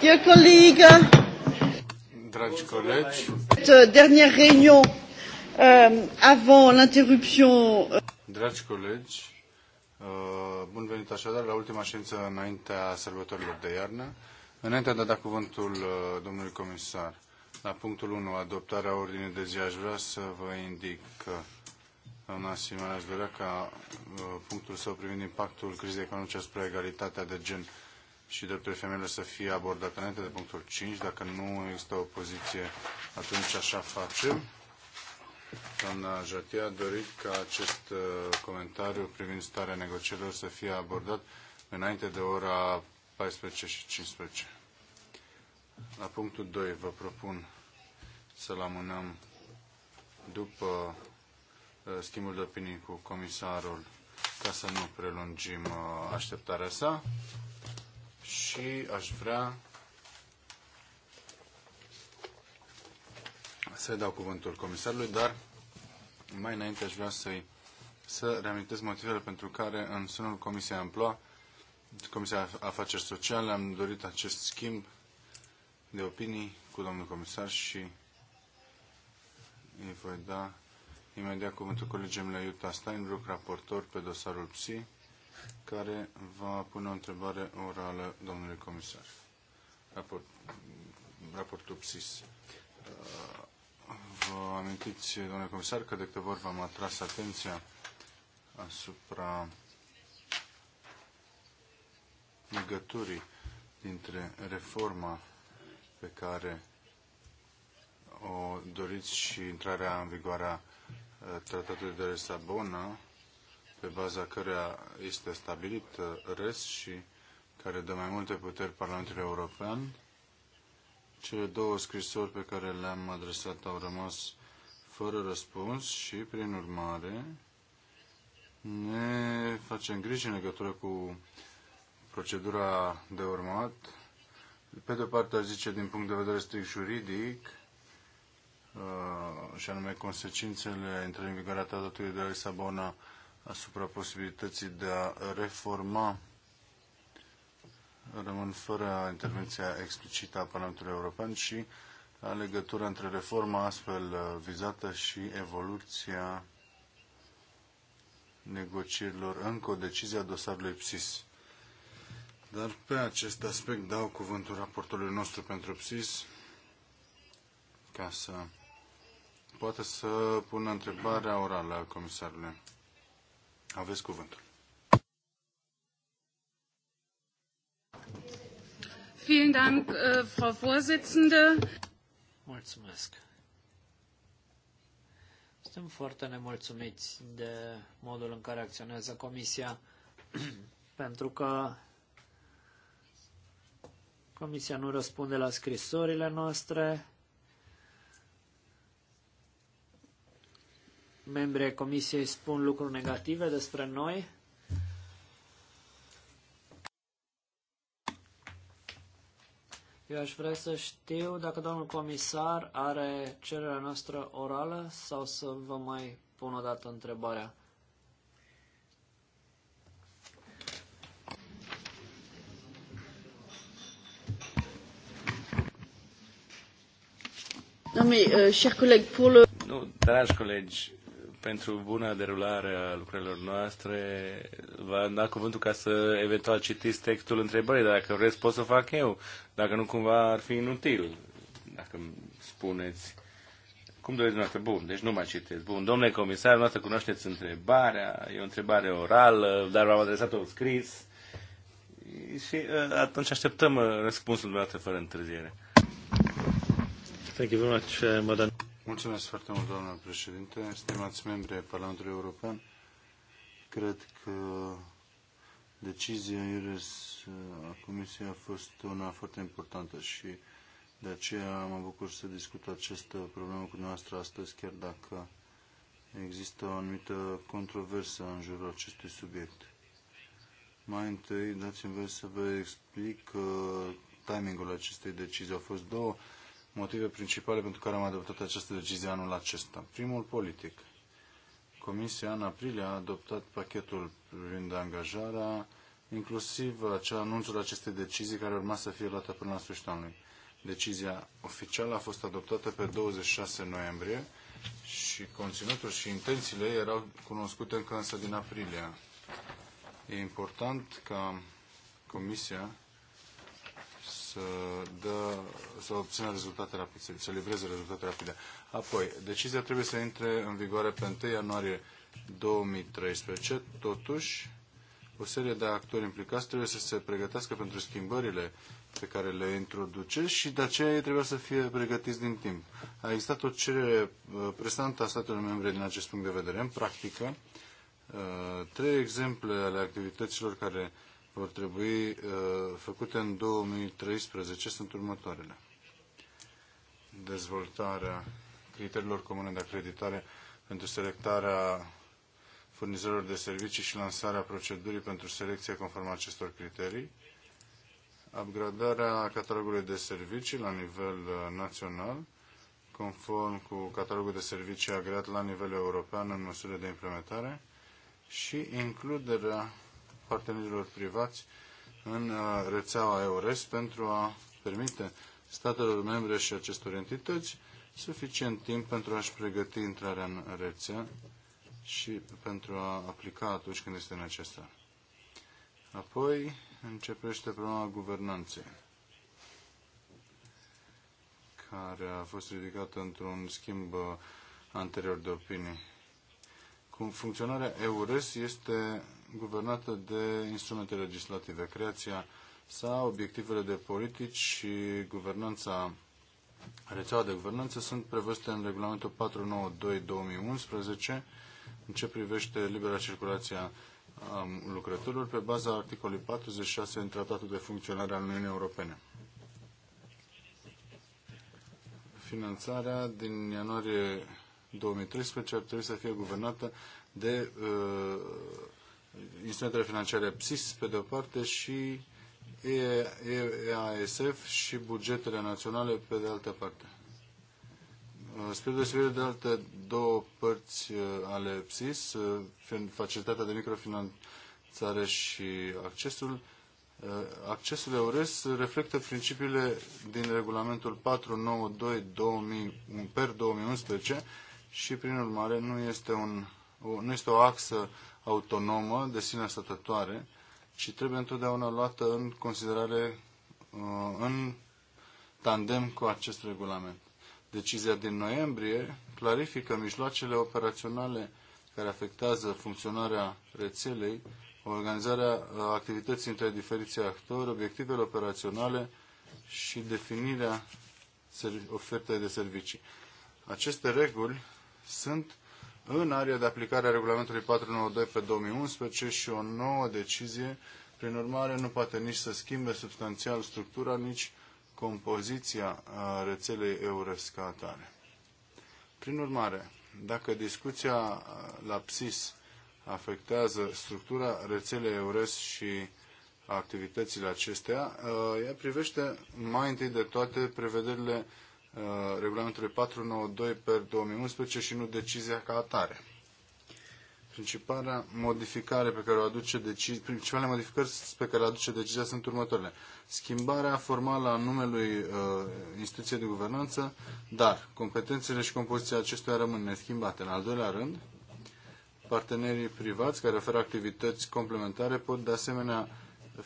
Uh, Dragi colegi, dernière réunion euh, avant l'interruption. Euh, Dragi colegi, uh, bun venit așadar la ultima ședință înaintea sărbătorilor de iarnă. Înainte de a da cuvântul uh, domnului comisar, la punctul 1, adoptarea ordinii de zi, aș vrea să vă indic că doamna Simona aș vrea ca punctul său privind impactul crizei economice asupra egalitatea de gen și drepturile femeilor să fie abordate înainte de punctul 5. Dacă nu există opoziție, atunci așa facem. Doamna Jatia a dorit ca acest uh, comentariu privind starea negocierilor să fie abordat înainte de ora 14 și 15. La punctul 2 vă propun să-l amânăm după uh, schimbul de opinii cu comisarul ca să nu prelungim uh, așteptarea sa și aș vrea să dau cuvântul comisarului, dar mai înainte aș vrea să-i să reamintesc motivele pentru care în sânul Comisiei Amploa, Comisia Afaceri Sociale, am dorit acest schimb de opinii cu domnul comisar și îi voi da imediat cuvântul colegii mele Iuta Steinbrück, raportor pe dosarul PSI care va pune o întrebare orală domnului comisar. Raport, raportul PSIS. Uh, vă amintiți, domnule comisar, că de câteva ori v-am atras atenția asupra legăturii dintre reforma pe care o doriți și intrarea în vigoare a uh, tratatului de Lisabona pe baza căreia este stabilit uh, RES și care dă mai multe puteri Parlamentului European. Cele două scrisori pe care le-am adresat au rămas fără răspuns și, prin urmare, ne facem griji în legătură cu procedura de urmat. Pe de o parte, aș zice, din punct de vedere strict juridic, uh, și anume consecințele intrării în vigoare a tratatului de Lisabona asupra posibilității de a reforma rămân fără intervenția explicită a Parlamentului European și la legătura între reforma astfel uh, vizată și evoluția negocierilor încă o decizie a dosarului PSIS. Dar pe acest aspect dau cuvântul raportului nostru pentru PSIS ca să poată să pună întrebarea orală a comisarului. Aveți cuvântul. Vielen Dank, äh, Frau Vorsitzende. Mulțumesc. Suntem foarte nemulțumiți de modul în care acționează Comisia, pentru că Comisia nu răspunde la scrisorile noastre, membri ai comisiei spun lucruri negative despre noi. Eu aș vrea să știu dacă domnul comisar are cererea noastră orală sau să vă mai pun o dată întrebarea. Euh, nu, dragi colegi, pentru buna derulare a lucrărilor noastre. Va dat cuvântul ca să eventual citiți textul întrebării, dar dacă vreți pot să fac eu, dacă nu cumva ar fi inutil, dacă îmi spuneți. Cum doriți dumneavoastră? Bun, deci nu mai citesc. Bun, domnule comisar, noastră cunoașteți întrebarea, e o întrebare orală, dar v-am adresat-o scris. Și uh, atunci așteptăm uh, răspunsul dumneavoastră fără întârziere. Thank you very much, uh, madam. Mulțumesc foarte mult, doamnă președinte. Stimați membri ai Parlamentului European, cred că decizia IRES a Comisiei a fost una foarte importantă și de aceea mă bucur să discut această problemă cu dumneavoastră astăzi, chiar dacă există o anumită controversă în jurul acestui subiect. Mai întâi, dați-mi voie să vă explic uh, timingul acestei decizii. Au fost două motive principale pentru care am adoptat această decizie anul acesta. Primul politic. Comisia în aprilie a adoptat pachetul privind angajarea, inclusiv acea anunțul acestei decizii care urma să fie luată până la sfârșitul anului. Decizia oficială a fost adoptată pe 26 noiembrie și conținutul și intențiile erau cunoscute încă însă din aprilie. E important ca Comisia să, dă, să obțină rezultate rapide, să, să livreze rezultate rapide. Apoi, decizia trebuie să intre în vigoare pe 1 ianuarie 2013, totuși o serie de actori implicați trebuie să se pregătească pentru schimbările pe care le introduce și de aceea ei trebuie să fie pregătiți din timp. A existat o cerere uh, presantă a statelor membre din acest punct de vedere. În practică, uh, trei exemple ale activităților care vor trebui uh, făcute în 2013 sunt următoarele. Dezvoltarea criteriilor comune de acreditare pentru selectarea furnizorilor de servicii și lansarea procedurii pentru selecție conform acestor criterii, upgradarea catalogului de servicii la nivel uh, național, conform cu catalogul de servicii agreat la nivel european în măsură de implementare și includerea partenerilor privați în uh, rețeaua EURES pentru a permite statelor membre și acestor entități suficient timp pentru a-și pregăti intrarea în rețea și pentru a aplica atunci când este necesar. Apoi începește problema guvernanței, care a fost ridicată într-un schimb uh, anterior de opinii. Cum funcționarea EURES este guvernată de instrumente legislative, creația sa, obiectivele de politici și guvernanța, rețeaua de guvernanță sunt prevăzute în regulamentul 492-2011 în ce privește libera circulația um, lucrătorilor pe baza articolului 46 în Tratatul de Funcționare al Uniunii Europene. Finanțarea din ianuarie 2013 ar trebui să fie guvernată de uh, instrumentele financiare PSIS pe de-o parte și EASF și bugetele naționale pe de altă parte. Uh, spre deosebire de alte două părți uh, ale PSIS, uh, facilitatea de microfinanțare și accesul, accesul EURES reflectă principiile din regulamentul 492 2011 și, prin urmare, nu este, un, nu este o axă autonomă de sine stătătoare și trebuie întotdeauna luată în considerare uh, în tandem cu acest regulament. Decizia din noiembrie clarifică mijloacele operaționale care afectează funcționarea rețelei, organizarea uh, activității între diferiții actori, obiectivele operaționale și definirea ofertei de servicii. Aceste reguli sunt în area de aplicare a regulamentului 492 pe 2011 și o nouă decizie, prin urmare nu poate nici să schimbe substanțial structura, nici compoziția rețelei EURES ca atare. Prin urmare, dacă discuția la PSIS afectează structura rețelei EURES și activitățile acestea, ea privește mai întâi de toate prevederile Uh, regulamentului 492 per 2011 și nu decizia ca atare. Principala modificare pe care o aduce deci... principalele modificări pe care le aduce decizia sunt următoarele. Schimbarea formală a numelui uh, instituției de guvernanță, dar competențele și compoziția acestuia rămân neschimbate. În al doilea rând, partenerii privați care oferă activități complementare pot de asemenea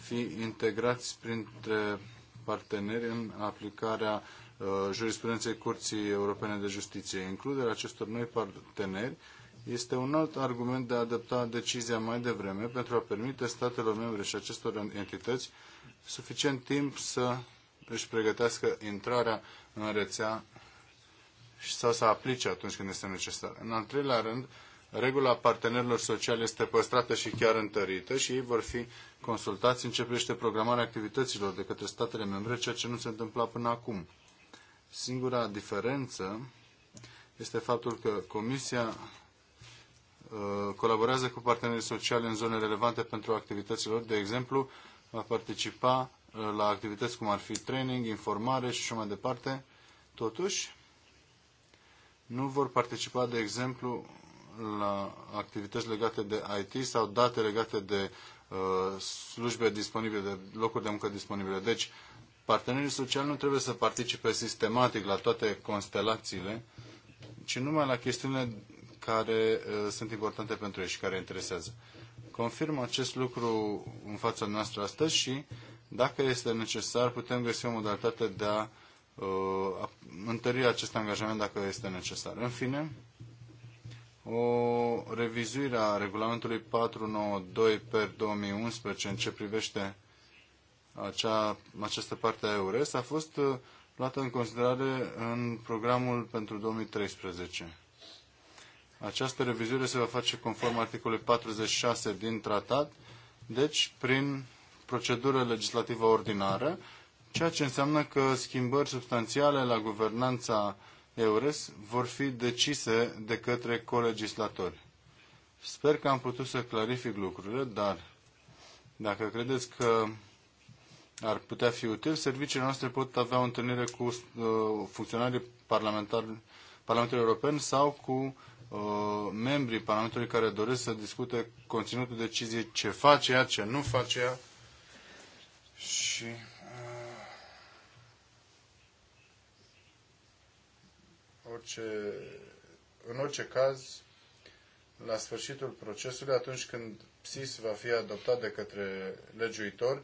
fi integrați printre parteneri în aplicarea Uh, jurisprudenței Curții Europene de Justiție. Includerea acestor noi parteneri este un alt argument de a adopta decizia mai devreme pentru a permite statelor membre și acestor entități suficient timp să își pregătească intrarea în rețea sau să aplice atunci când este necesar. În al treilea rând, regula partenerilor sociale este păstrată și chiar întărită și ei vor fi consultați în ce privește programarea activităților de către statele membre, ceea ce nu se întâmpla până acum. Singura diferență este faptul că Comisia uh, colaborează cu partenerii sociali în zone relevante pentru activitățile lor. de exemplu, va participa uh, la activități cum ar fi training, informare și așa mai departe. Totuși, nu vor participa, de exemplu, la activități legate de IT sau date legate de uh, slujbe disponibile, de locuri de muncă disponibile. Deci, Partenerii sociali nu trebuie să participe sistematic la toate constelațiile, ci numai la chestiunile care uh, sunt importante pentru ei și care interesează. Confirm acest lucru în fața noastră astăzi și, dacă este necesar, putem găsi o modalitate de a uh, întări acest angajament dacă este necesar. În fine, o revizuire a regulamentului 492 per 2011 în ce privește acea, această parte a EURES a fost uh, luată în considerare în programul pentru 2013. Această revizuire se va face conform articolului 46 din tratat, deci prin procedură legislativă ordinară, ceea ce înseamnă că schimbări substanțiale la guvernanța EURES vor fi decise de către colegislatori. Sper că am putut să clarific lucrurile, dar dacă credeți că ar putea fi util. Serviciile noastre pot avea o întâlnire cu uh, funcționarii parlamentari, Parlamentului European sau cu uh, membrii Parlamentului care doresc să discute conținutul deciziei, ce face ea, ce nu face ea. Și uh, orice, în orice caz, la sfârșitul procesului, atunci când PSIS va fi adoptat de către legiuitor,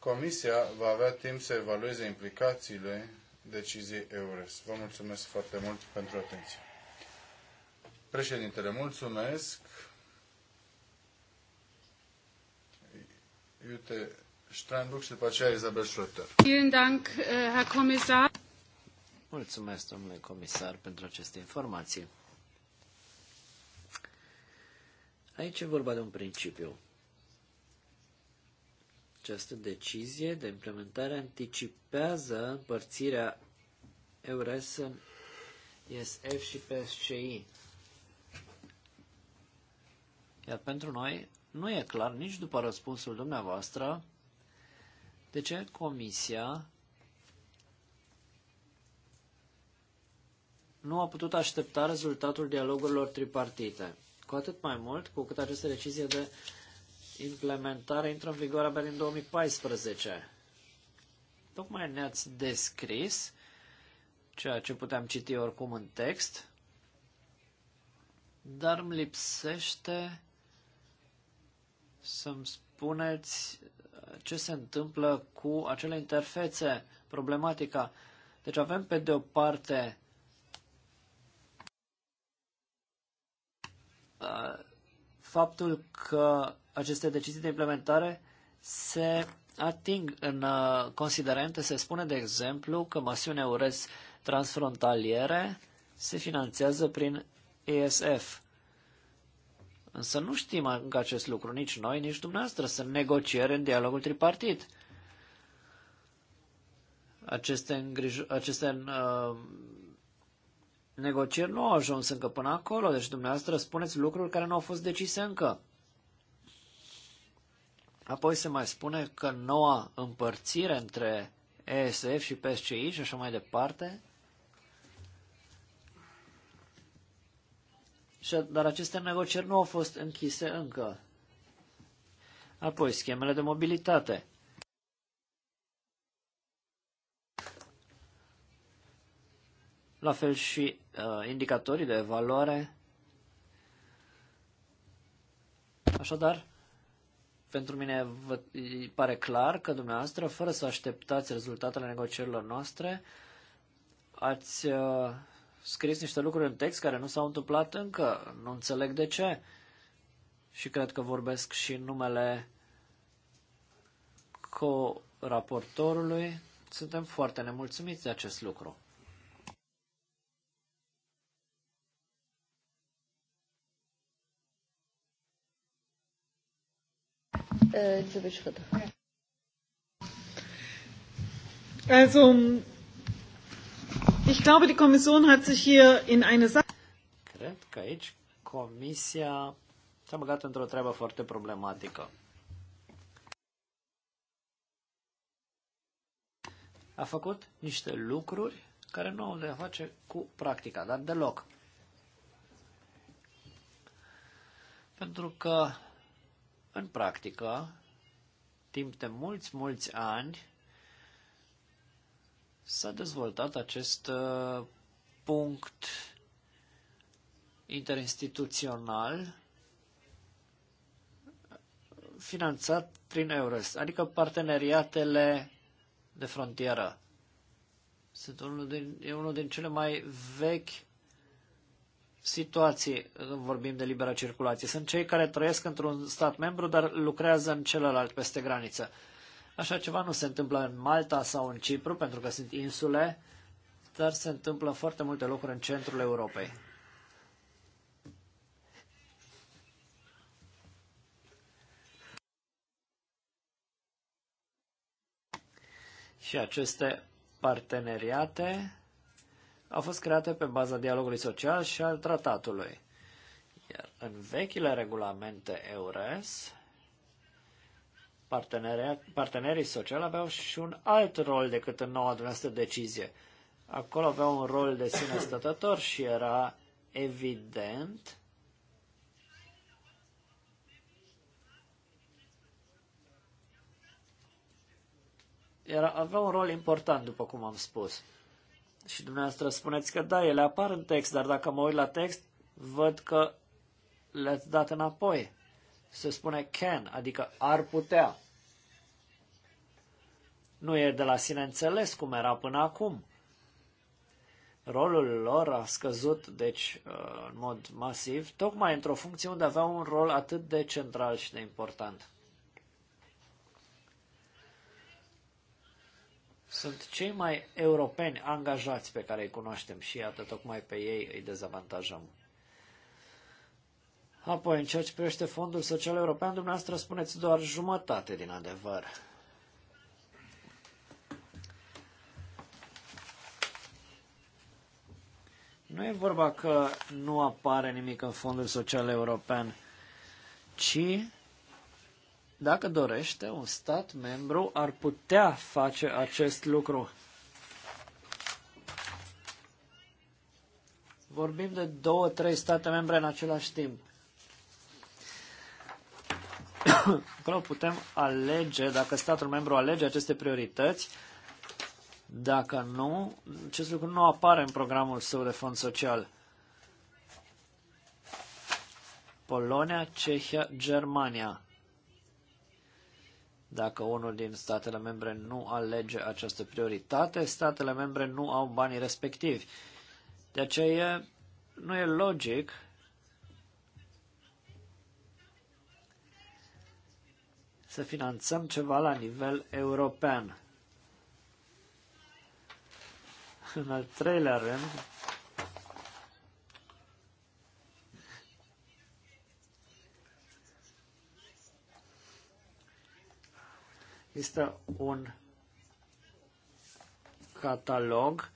Comisia va avea timp să evalueze implicațiile deciziei EURES. Vă mulțumesc foarte mult pentru atenție. Președintele, mulțumesc. Iute Steinbrück și după aceea Isabel Schroeter. Äh, mulțumesc, domnule comisar, pentru aceste informații. Aici e vorba de un principiu. Această decizie de implementare anticipează împărțirea EURES în ISF și PSCI. Iar pentru noi nu e clar nici după răspunsul dumneavoastră de ce Comisia nu a putut aștepta rezultatul dialogurilor tripartite. Cu atât mai mult cu cât această decizie de implementare intră în vigoare abia din 2014. Tocmai ne-ați descris ceea ce puteam citi oricum în text, dar îmi lipsește să-mi spuneți ce se întâmplă cu acele interfețe, problematica. Deci avem pe de o parte uh, faptul că aceste decizii de implementare se ating în uh, considerente. Se spune, de exemplu, că masiunea urez transfrontaliere se finanțează prin ESF. Însă nu știm încă acest lucru nici noi, nici dumneavoastră. să negociere în dialogul tripartit. Aceste, aceste uh, negocieri nu au ajuns încă până acolo, deci dumneavoastră spuneți lucruri care nu au fost decise încă. Apoi se mai spune că noua împărțire între ESF și PSCI și așa mai departe. Dar aceste negocieri nu au fost închise încă. Apoi, schemele de mobilitate. La fel și uh, indicatorii de evaluare. Așadar, pentru mine vă pare clar că dumneavoastră, fără să așteptați rezultatele negocierilor noastre, ați uh, scris niște lucruri în text care nu s-au întâmplat încă. Nu înțeleg de ce. Și cred că vorbesc și în numele co-raportorului. Suntem foarte nemulțumiți de acest lucru. zu beschritten. Also, ich glaube, die Kommission hat sich hier in eine Sache. Cred că aici Comisia s-a băgat într-o treabă foarte problematică. A făcut niște lucruri care nu au de a face cu practica, dar deloc. Pentru că în practică, timp de mulți, mulți ani, s-a dezvoltat acest uh, punct interinstituțional finanțat prin EURES, adică parteneriatele de frontieră. Sunt unul din, e unul din cele mai vechi situații vorbim de libera circulație. Sunt cei care trăiesc într-un stat membru, dar lucrează în celălalt peste graniță. Așa ceva nu se întâmplă în Malta sau în Cipru, pentru că sunt insule, dar se întâmplă foarte multe locuri în centrul Europei. Și aceste parteneriate au fost create pe baza dialogului social și al tratatului. Iar în vechile regulamente EURES, partenerii sociali aveau și un alt rol decât în noua dumneavoastră decizie. Acolo aveau un rol de sine stătător și era evident era, avea un rol important, după cum am spus. Și dumneavoastră spuneți că da, ele apar în text, dar dacă mă uit la text, văd că le-ați dat înapoi. Se spune can, adică ar putea. Nu e de la sine înțeles cum era până acum. Rolul lor a scăzut, deci, uh, în mod masiv, tocmai într-o funcție unde avea un rol atât de central și de important. sunt cei mai europeni angajați pe care îi cunoaștem și iată tocmai pe ei îi dezavantajăm. Apoi, în ceea ce privește Fondul Social European, dumneavoastră spuneți doar jumătate din adevăr. Nu e vorba că nu apare nimic în Fondul Social European, ci dacă dorește, un stat membru ar putea face acest lucru. Vorbim de două, trei state membre în același timp. Acolo putem alege, dacă statul membru alege aceste priorități, dacă nu, acest lucru nu apare în programul său de fond social. Polonia, Cehia, Germania. Dacă unul din statele membre nu alege această prioritate, statele membre nu au banii respectivi. De aceea nu e logic să finanțăm ceva la nivel european. În al treilea rând, Există un catalog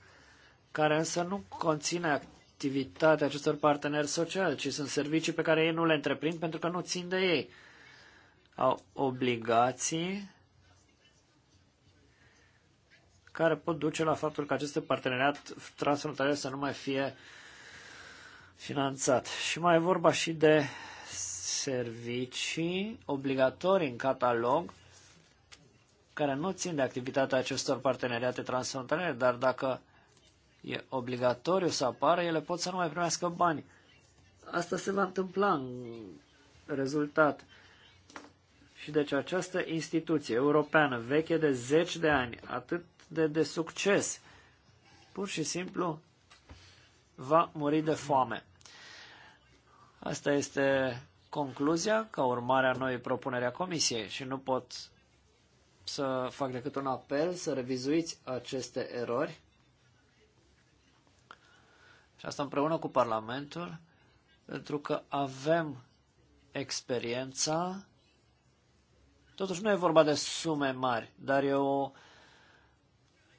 care însă nu conține activitatea acestor parteneri sociali, ci sunt servicii pe care ei nu le întreprind pentru că nu țin de ei. Au obligații care pot duce la faptul că acest parteneriat transfrontalier să nu mai fie finanțat. Și mai e vorba și de servicii obligatorii în catalog care nu țin de activitatea acestor parteneriate transfrontaliere, dar dacă e obligatoriu să apară, ele pot să nu mai primească bani. Asta se va întâmpla în rezultat. Și deci această instituție europeană veche de zeci de ani, atât de, de succes, pur și simplu va muri de foame. Asta este concluzia ca urmare a noii propuneri a Comisiei și nu pot să fac decât un apel să revizuiți aceste erori și asta împreună cu Parlamentul, pentru că avem experiența. Totuși nu e vorba de sume mari, dar e o,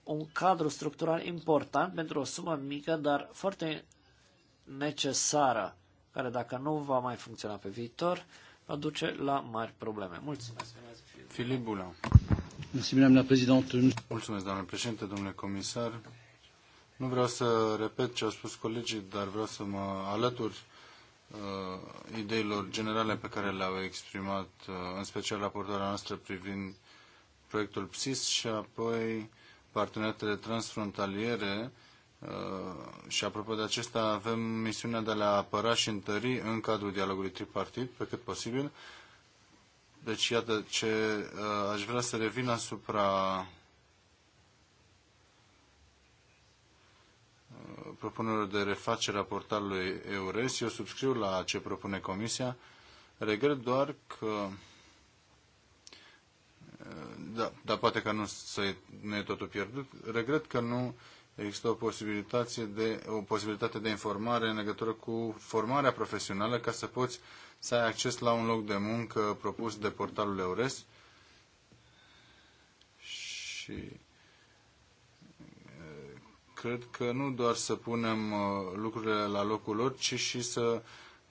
un cadru structural important pentru o sumă mică, dar foarte necesară, care dacă nu va mai funcționa pe viitor, va duce la mari probleme. Mulțumesc! Filip Bula. Mulțumesc, doamnă președinte, domnule comisar. Nu vreau să repet ce au spus colegii, dar vreau să mă alătur uh, ideilor generale pe care le-au exprimat, uh, în special raportarea noastră privind proiectul PSIS și apoi parteneriatele transfrontaliere. Uh, și apropo de acesta, avem misiunea de a le apăra și întări în cadrul dialogului tripartit, pe cât posibil, deci, iată ce uh, aș vrea să revin asupra uh, propunerilor de refacere a portalului EURES. Eu subscriu la ce propune Comisia. Regret doar că uh, da, dar poate că nu, să, nu e totul pierdut. Regret că nu există o posibilitate, de, o posibilitate de informare în legătură cu formarea profesională ca să poți să ai acces la un loc de muncă propus de portalul EURES și cred că nu doar să punem lucrurile la locul lor, ci și să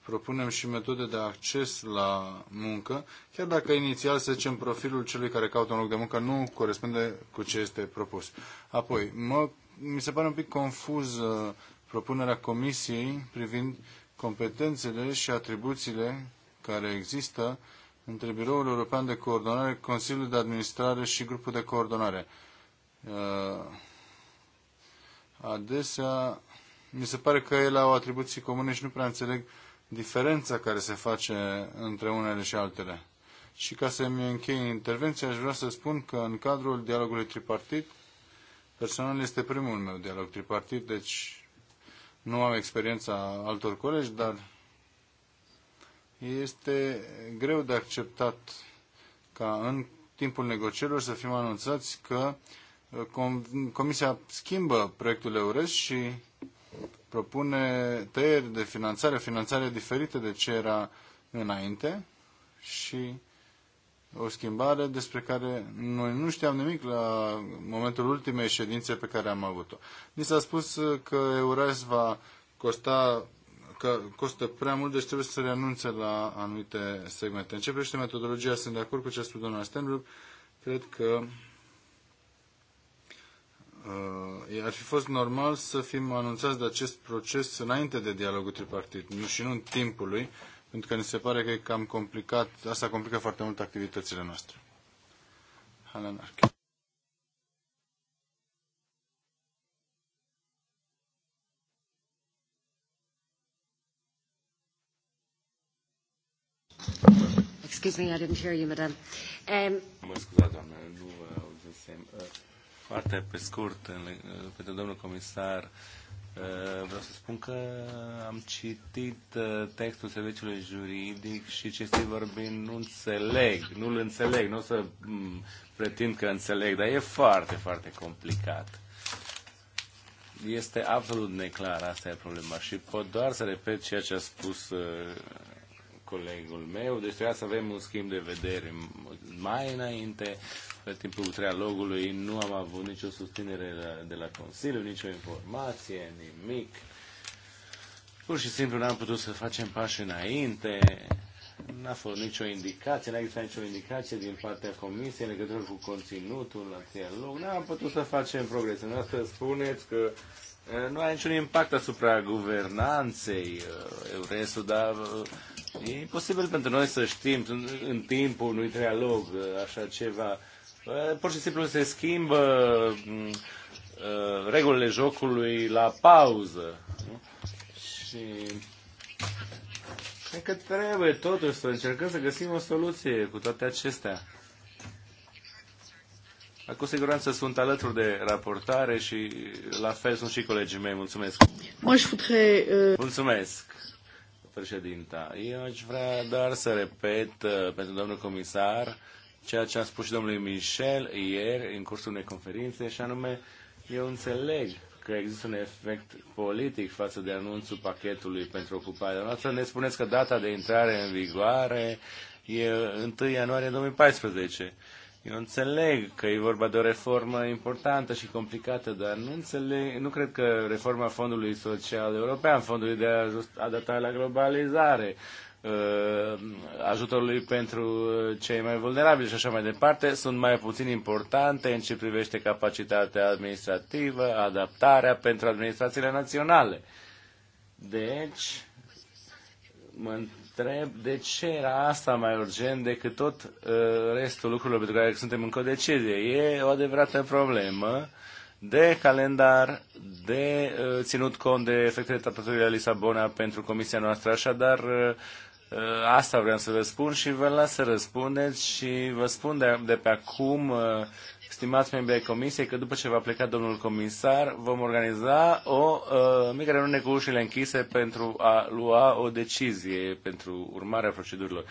propunem și metode de acces la muncă, chiar dacă inițial, să zicem, profilul celui care caută un loc de muncă nu corespunde cu ce este propus. Apoi, mă, mi se pare un pic confuz propunerea comisiei privind competențele și atribuțiile care există între Biroul European de Coordonare, Consiliul de Administrare și Grupul de Coordonare. Uh, adesea, mi se pare că ele au atribuții comune și nu prea înțeleg diferența care se face între unele și altele. Și ca să-mi închei intervenția, aș vrea să spun că în cadrul dialogului tripartit, personal este primul meu dialog tripartit, deci nu am experiența altor colegi, dar este greu de acceptat ca în timpul negocierilor să fim anunțați că uh, Comisia schimbă proiectul EURES și propune tăieri de finanțare, finanțare diferită de ce era înainte și o schimbare despre care noi nu știam nimic la momentul ultimei ședințe pe care am avut-o. Ni s-a spus că Eures va costa că costă prea mult, deci trebuie să renunțe la anumite segmente. În ce privește metodologia, sunt de acord cu ce a spus doamna Stenbruck. Cred că uh, ar fi fost normal să fim anunțați de acest proces înainte de dialogul tripartit, nu și nu în timpul lui, uh, pentru că ne se pare că e cam complicat, asta complică foarte mult activitățile noastre. Hanan Arche. Excuse me, I didn't hear you, madam. Um... Mă scuzați, doamnă, nu auzisem. Uh, foarte pe scurt, uh, pentru domnul comisar, uh, Uh, vreau să spun că am citit uh, textul serviciului juridic și cinstit vorbind nu înțeleg, nu-l înțeleg, nu o să mm, pretind că înțeleg, dar e foarte, foarte complicat. Este absolut neclar, asta e problema și pot doar să repet ceea ce a spus uh, colegul meu, deci trebuia să avem un schimb de vedere mai înainte. Pe timpul trialogului nu am avut nicio susținere de la Consiliu, nicio informație, nimic. Pur și simplu n-am putut să facem pași înainte. N-a fost nicio indicație, n-a existat nicio indicație din partea comisiei în legătură cu conținutul la trialog. N-am putut să facem Nu să spuneți că eh, nu are niciun impact asupra guvernanței eh, restul, dar eh, E imposibil pentru noi să știm în timpul unui trialog uh, așa ceva. Uh, pur și simplu se schimbă mm, uh, regulile jocului la pauză. Și cred că trebuie totuși să încercăm să găsim o soluție cu toate acestea. Cu siguranță sunt alături de raportare și la fel sunt și colegii mei. Mulțumesc. Euh, Mulțumesc președinta. Eu aș vrea doar să repet uh, pentru domnul comisar ceea ce a spus și domnului Michel ieri în cursul unei conferințe și anume eu înțeleg că există un efect politic față de anunțul pachetului pentru ocuparea noastră. Ne spuneți că data de intrare în vigoare e 1 ianuarie 2014. Eu înțeleg că e vorba de o reformă importantă și complicată, dar nu înțeleg, nu cred că reforma Fondului Social European, Fondului de Adaptare la Globalizare, uh, ajutorului pentru cei mai vulnerabili și așa mai departe, sunt mai puțin importante în ce privește capacitatea administrativă, adaptarea pentru administrațiile naționale. Deci, mă întreb de ce era asta mai urgent decât tot uh, restul lucrurilor pentru care suntem în codecizie. E o adevărată problemă de calendar, de uh, ținut cont de efectele tratatului la Lisabona pentru comisia noastră. Așadar, uh, uh, asta vreau să vă spun și vă las să răspundeți și vă spun de, de pe acum uh, stimați membri ai comisiei, că după ce va pleca domnul comisar, vom organiza o uh, mică reuniune cu ușile închise pentru a lua o decizie pentru urmarea procedurilor.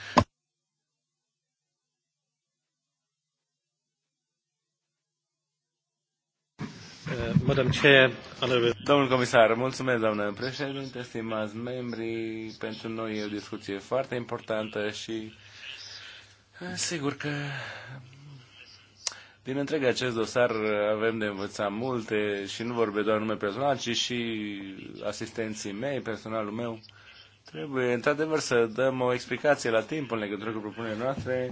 Domnul comisar, mulțumesc, doamnă președinte, stimați membri. Pentru noi e o discuție foarte importantă și uh, sigur că din întreg acest dosar uh, avem de învățat multe și nu vorbesc doar nume personal, ci și asistenții mei, personalul meu. Trebuie, într-adevăr, să dăm o explicație la timp în legătură cu propunerile noastre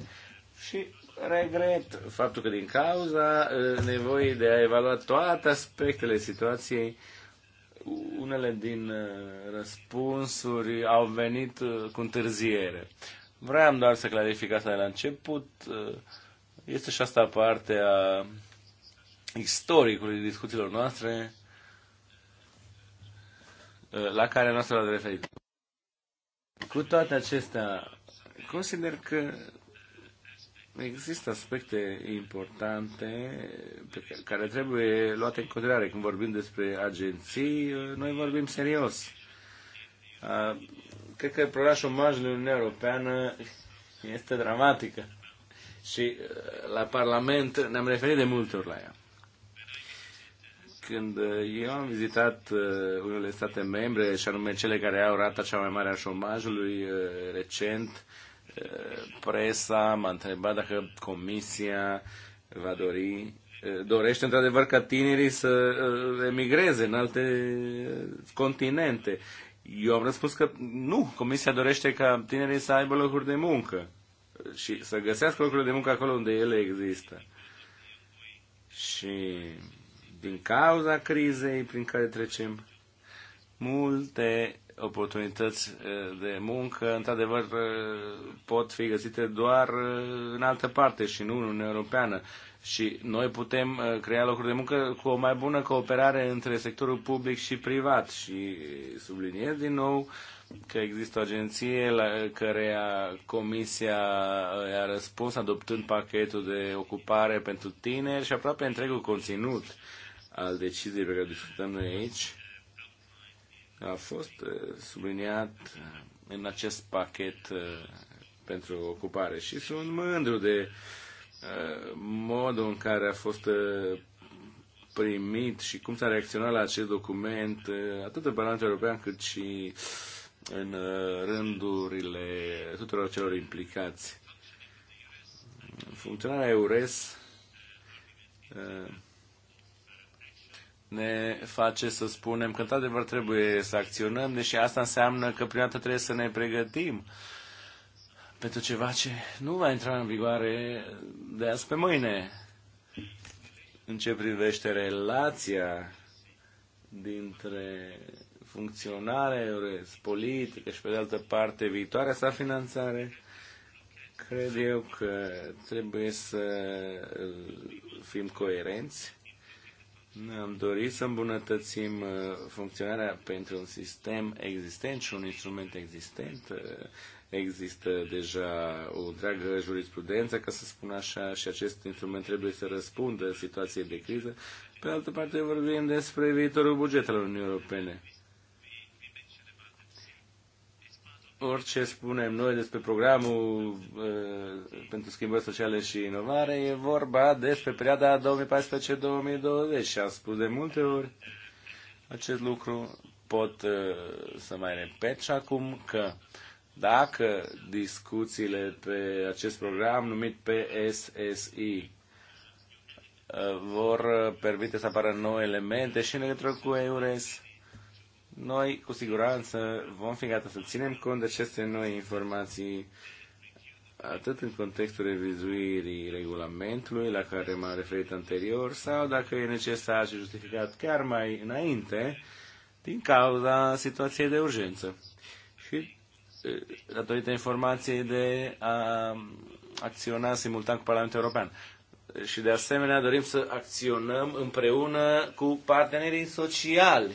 și regret faptul că din cauza uh, nevoii de a evalua toate aspectele situației, unele din uh, răspunsuri au venit cu întârziere. Vreau doar să clarific asta de la început este și asta parte a istoricului discuțiilor noastre uh, la care noastră l a referit. Cu toate acestea, consider că există aspecte importante pe care trebuie luate în considerare. Când vorbim despre agenții, uh, noi vorbim serios. Uh, cred că problema șomajului în Uniunea Europeană este dramatică și uh, la Parlament ne-am referit de multe ori la ea. Când uh, eu am vizitat uh, unele state membre, și anume cele care au rata cea mai mare a șomajului recent, presa m-a întrebat dacă Comisia va dori dorește într-adevăr ca tinerii să emigreze în alte continente. Eu am răspuns că nu, Comisia dorește ca tinerii să aibă locuri de muncă și să găsească locurile de muncă acolo unde ele există. Și din cauza crizei prin care trecem, multe oportunități eh, de muncă, într-adevăr, eh, pot fi găsite doar eh, în altă parte și nu în Uniunea Europeană. Și noi putem crea locuri de muncă cu o mai bună cooperare între sectorul public și privat. Și subliniez din nou că există o agenție la care Comisia a răspuns adoptând pachetul de ocupare pentru tineri și aproape întregul conținut al deciziei pe care discutăm noi aici a fost uh, subliniat uh, în acest pachet uh, pentru ocupare și sunt mândru de modul în care a fost primit și cum s-a reacționat la acest document, atât în Parlamentul European cât și în uh, rândurile tuturor celor implicați. Funcționarea EURES uh, ne face să spunem că într-adevăr trebuie să acționăm, deși asta înseamnă că prima dată trebuie să ne pregătim pentru ceva ce nu va intra în vigoare de azi pe mâine. În ce privește relația dintre funcționare, politică și pe de altă parte viitoarea sa finanțare, cred eu că trebuie să uh, fim coerenți. Ne-am dorit să îmbunătățim uh, funcționarea pentru un sistem existent și un instrument existent. Uh, există deja o dragă jurisprudență, ca să spun așa, și acest instrument trebuie să răspundă situației de criză. Pe altă parte, vorbim despre viitorul bugetelor Uniunii Europene. orice spunem noi despre programul uh, pentru schimbări sociale și inovare, e vorba despre perioada 2014-2020 și am spus de multe ori acest lucru. Pot uh, să mai repet și acum că dacă discuțiile pe acest program numit PSSI uh, vor uh, permite să apară noi elemente și în legătură cu EURES, noi, cu siguranță, vom fi gata să ținem cont de aceste noi informații, atât în contextul revizuirii regulamentului la care m-am referit anterior, sau dacă e necesar și justificat chiar mai înainte, din cauza situației de urgență. Și datorită informației de a acționa simultan cu Parlamentul European. Și de asemenea dorim să acționăm împreună cu partenerii sociali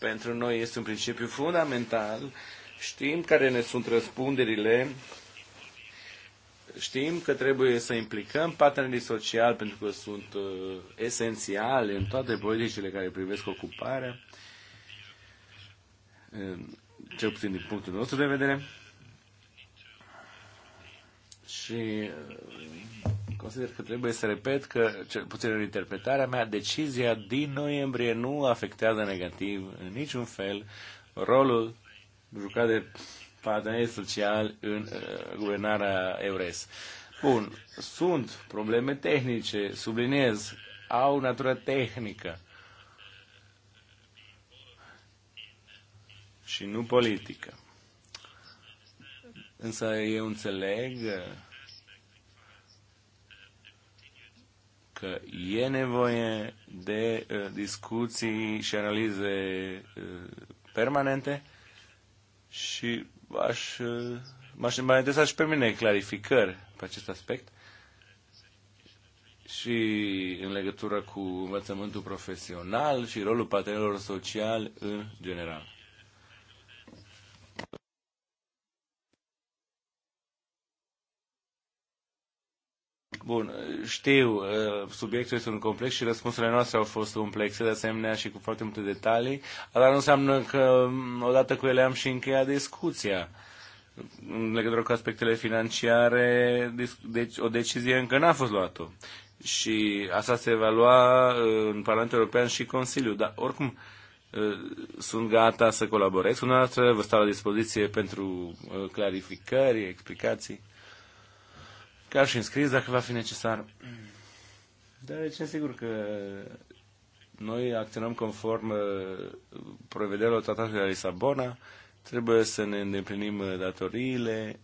pentru noi este un principiu fundamental. Știm care ne sunt răspunderile, știm că trebuie să implicăm partenerii sociali pentru că sunt uh, esențiale în toate politicile care privesc ocuparea, uh, cel puțin din punctul nostru de vedere. Și uh, consider că trebuie să repet că, cel puțin în interpretarea mea, decizia din noiembrie nu afectează negativ în niciun fel rolul jucat de partener social în uh, guvernarea EURES. Bun, sunt probleme tehnice, subliniez, au natură tehnică și nu politică. Însă eu înțeleg uh, că e nevoie de uh, discuții și analize uh, permanente și aș, uh, m-aș mai interesa și pe mine clarificări pe acest aspect și în legătură cu învățământul profesional și rolul partenerilor social în general. Bun, știu, uh, subiectul este un complex și răspunsurile noastre au fost complexe, de asemenea și cu foarte multe detalii, dar nu înseamnă că um, odată cu ele am și încheiat discuția în legătură cu aspectele financiare, deci o decizie încă n-a fost luată. Și asta se va lua uh, în Parlamentul European și Consiliu. Dar oricum uh, sunt gata să colaborez cu noastră, vă stau la dispoziție pentru clarificări, explicații chiar și înscris dacă va fi necesar. Deoarece, sigur că noi acționăm conform uh, prevederilor tratatului de la Lisabona, trebuie să ne îndeplinim uh, datoriile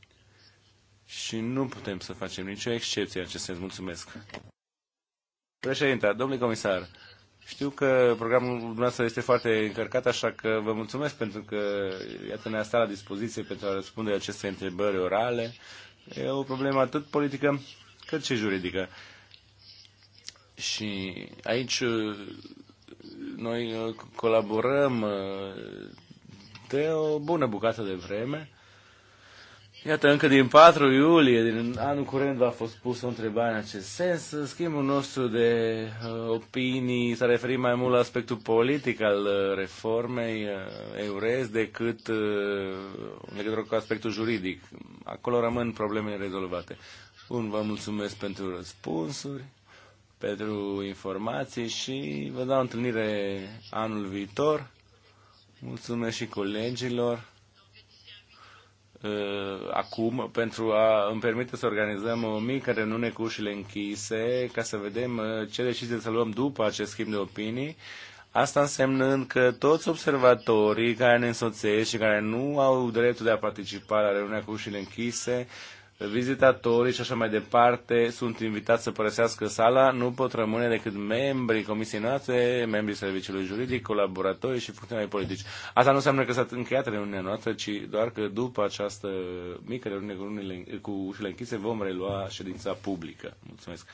și nu putem să facem nicio excepție în acest sens. Mulțumesc. Președinte, domnule comisar, știu că programul dumneavoastră este foarte încărcat, așa că vă mulțumesc pentru că, iată, ne-a stat la dispoziție pentru a răspunde aceste întrebări orale. E o problemă atât politică cât și juridică. Și aici uh, noi uh, colaborăm uh, de o bună bucată de vreme Iată, încă din 4 iulie, din anul curent, a fost pusă o întrebare în acest sens. Schimbul nostru de uh, opinii s-a referit mai mult la aspectul politic al uh, reformei uh, EURES decât uh, în legătură cu aspectul juridic. Acolo rămân probleme rezolvate. Bun, vă mulțumesc pentru răspunsuri, pentru informații și vă dau întâlnire anul viitor. Mulțumesc și colegilor Uh, acum pentru a îmi permite să organizăm o mică reuniune cu ușile închise ca să vedem uh, ce decizie să luăm după acest schimb de opinii. Asta însemnând că toți observatorii care ne însoțesc și care nu au dreptul de a participa la reuniunea cu ușile închise vizitatorii și așa mai departe sunt invitați să părăsească sala, nu pot rămâne decât membrii comisiei noastre, membrii serviciului juridic, colaboratorii și funcționarii politici. Asta nu înseamnă că s-a încheiat reuniunea noastră, ci doar că după această mică reuniune cu ușile închise vom relua ședința publică. Mulțumesc!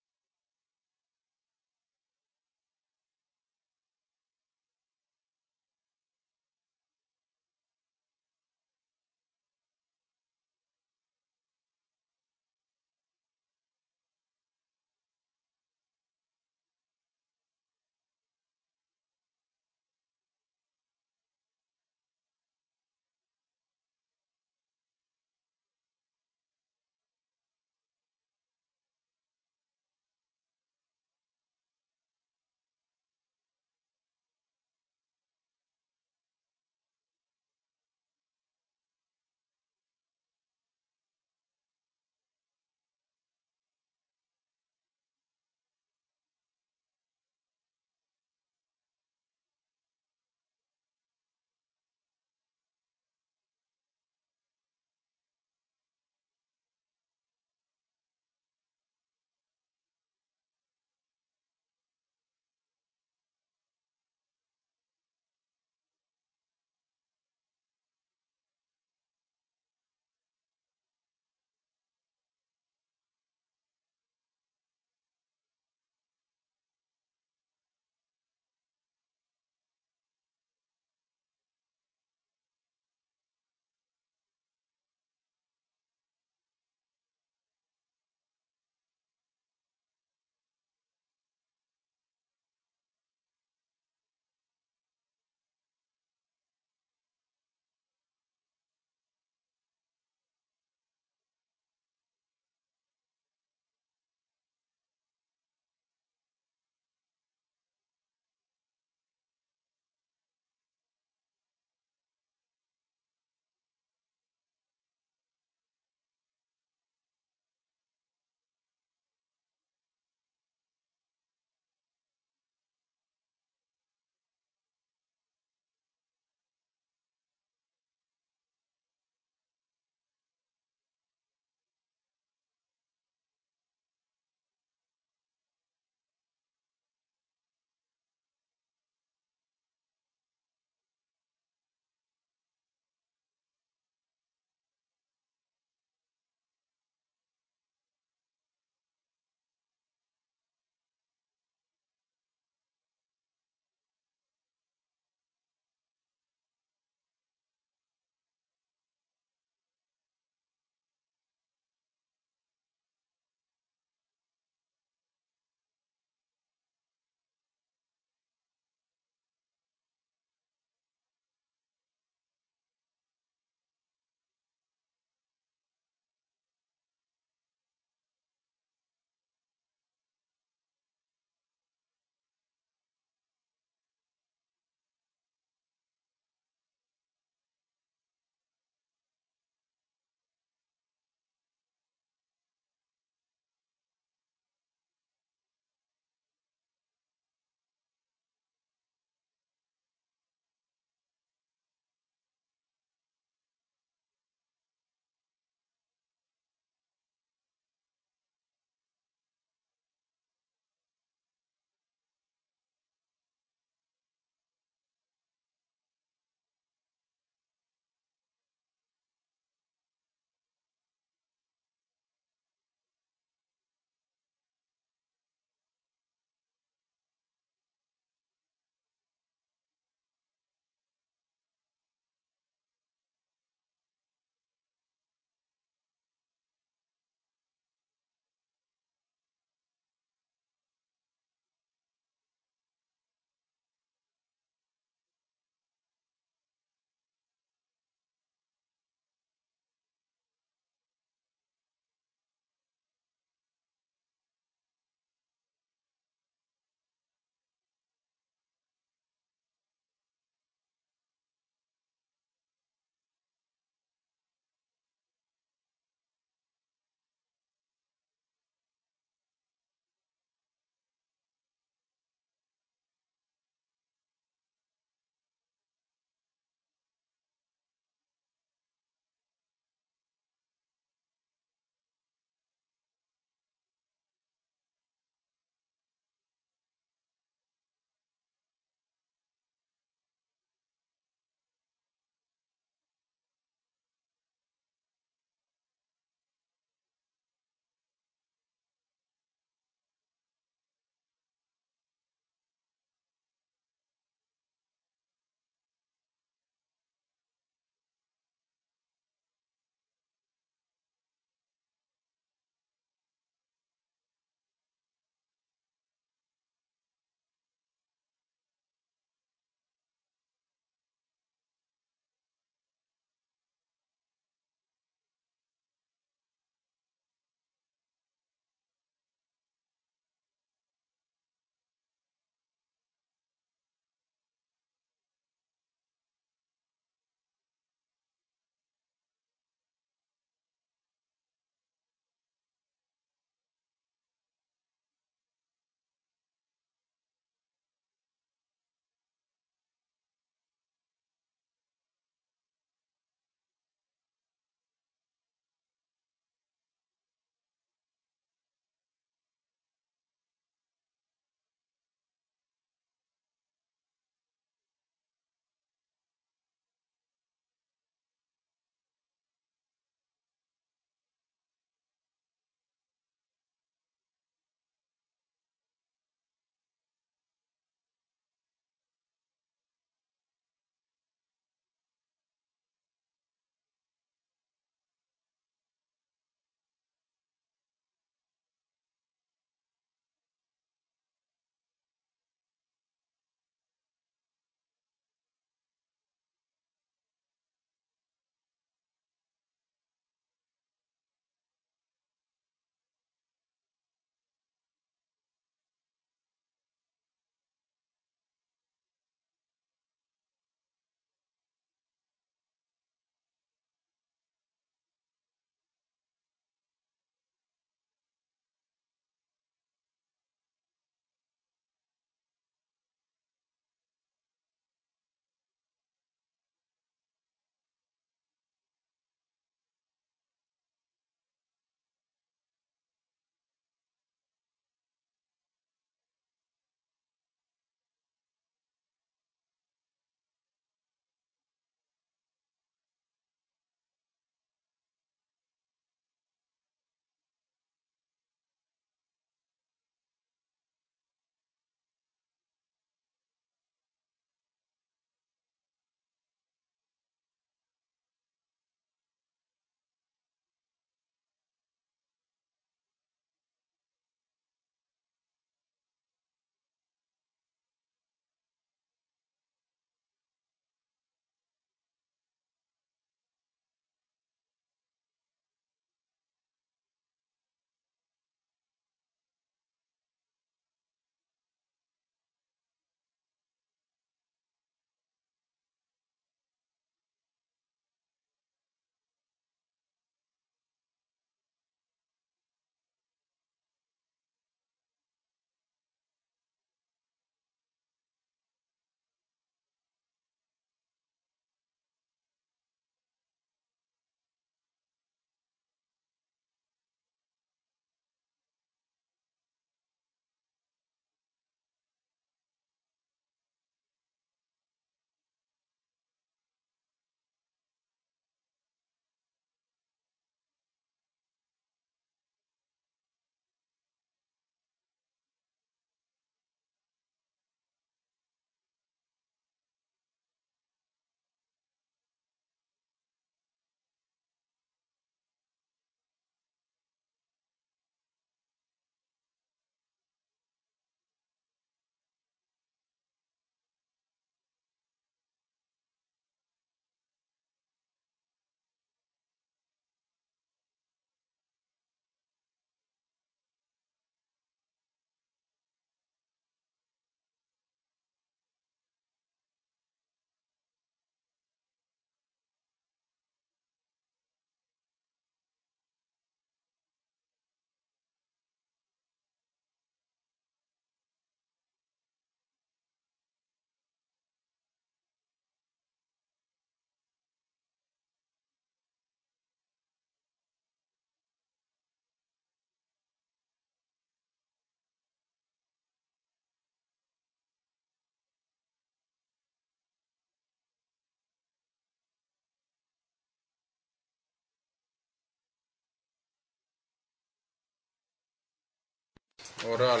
oral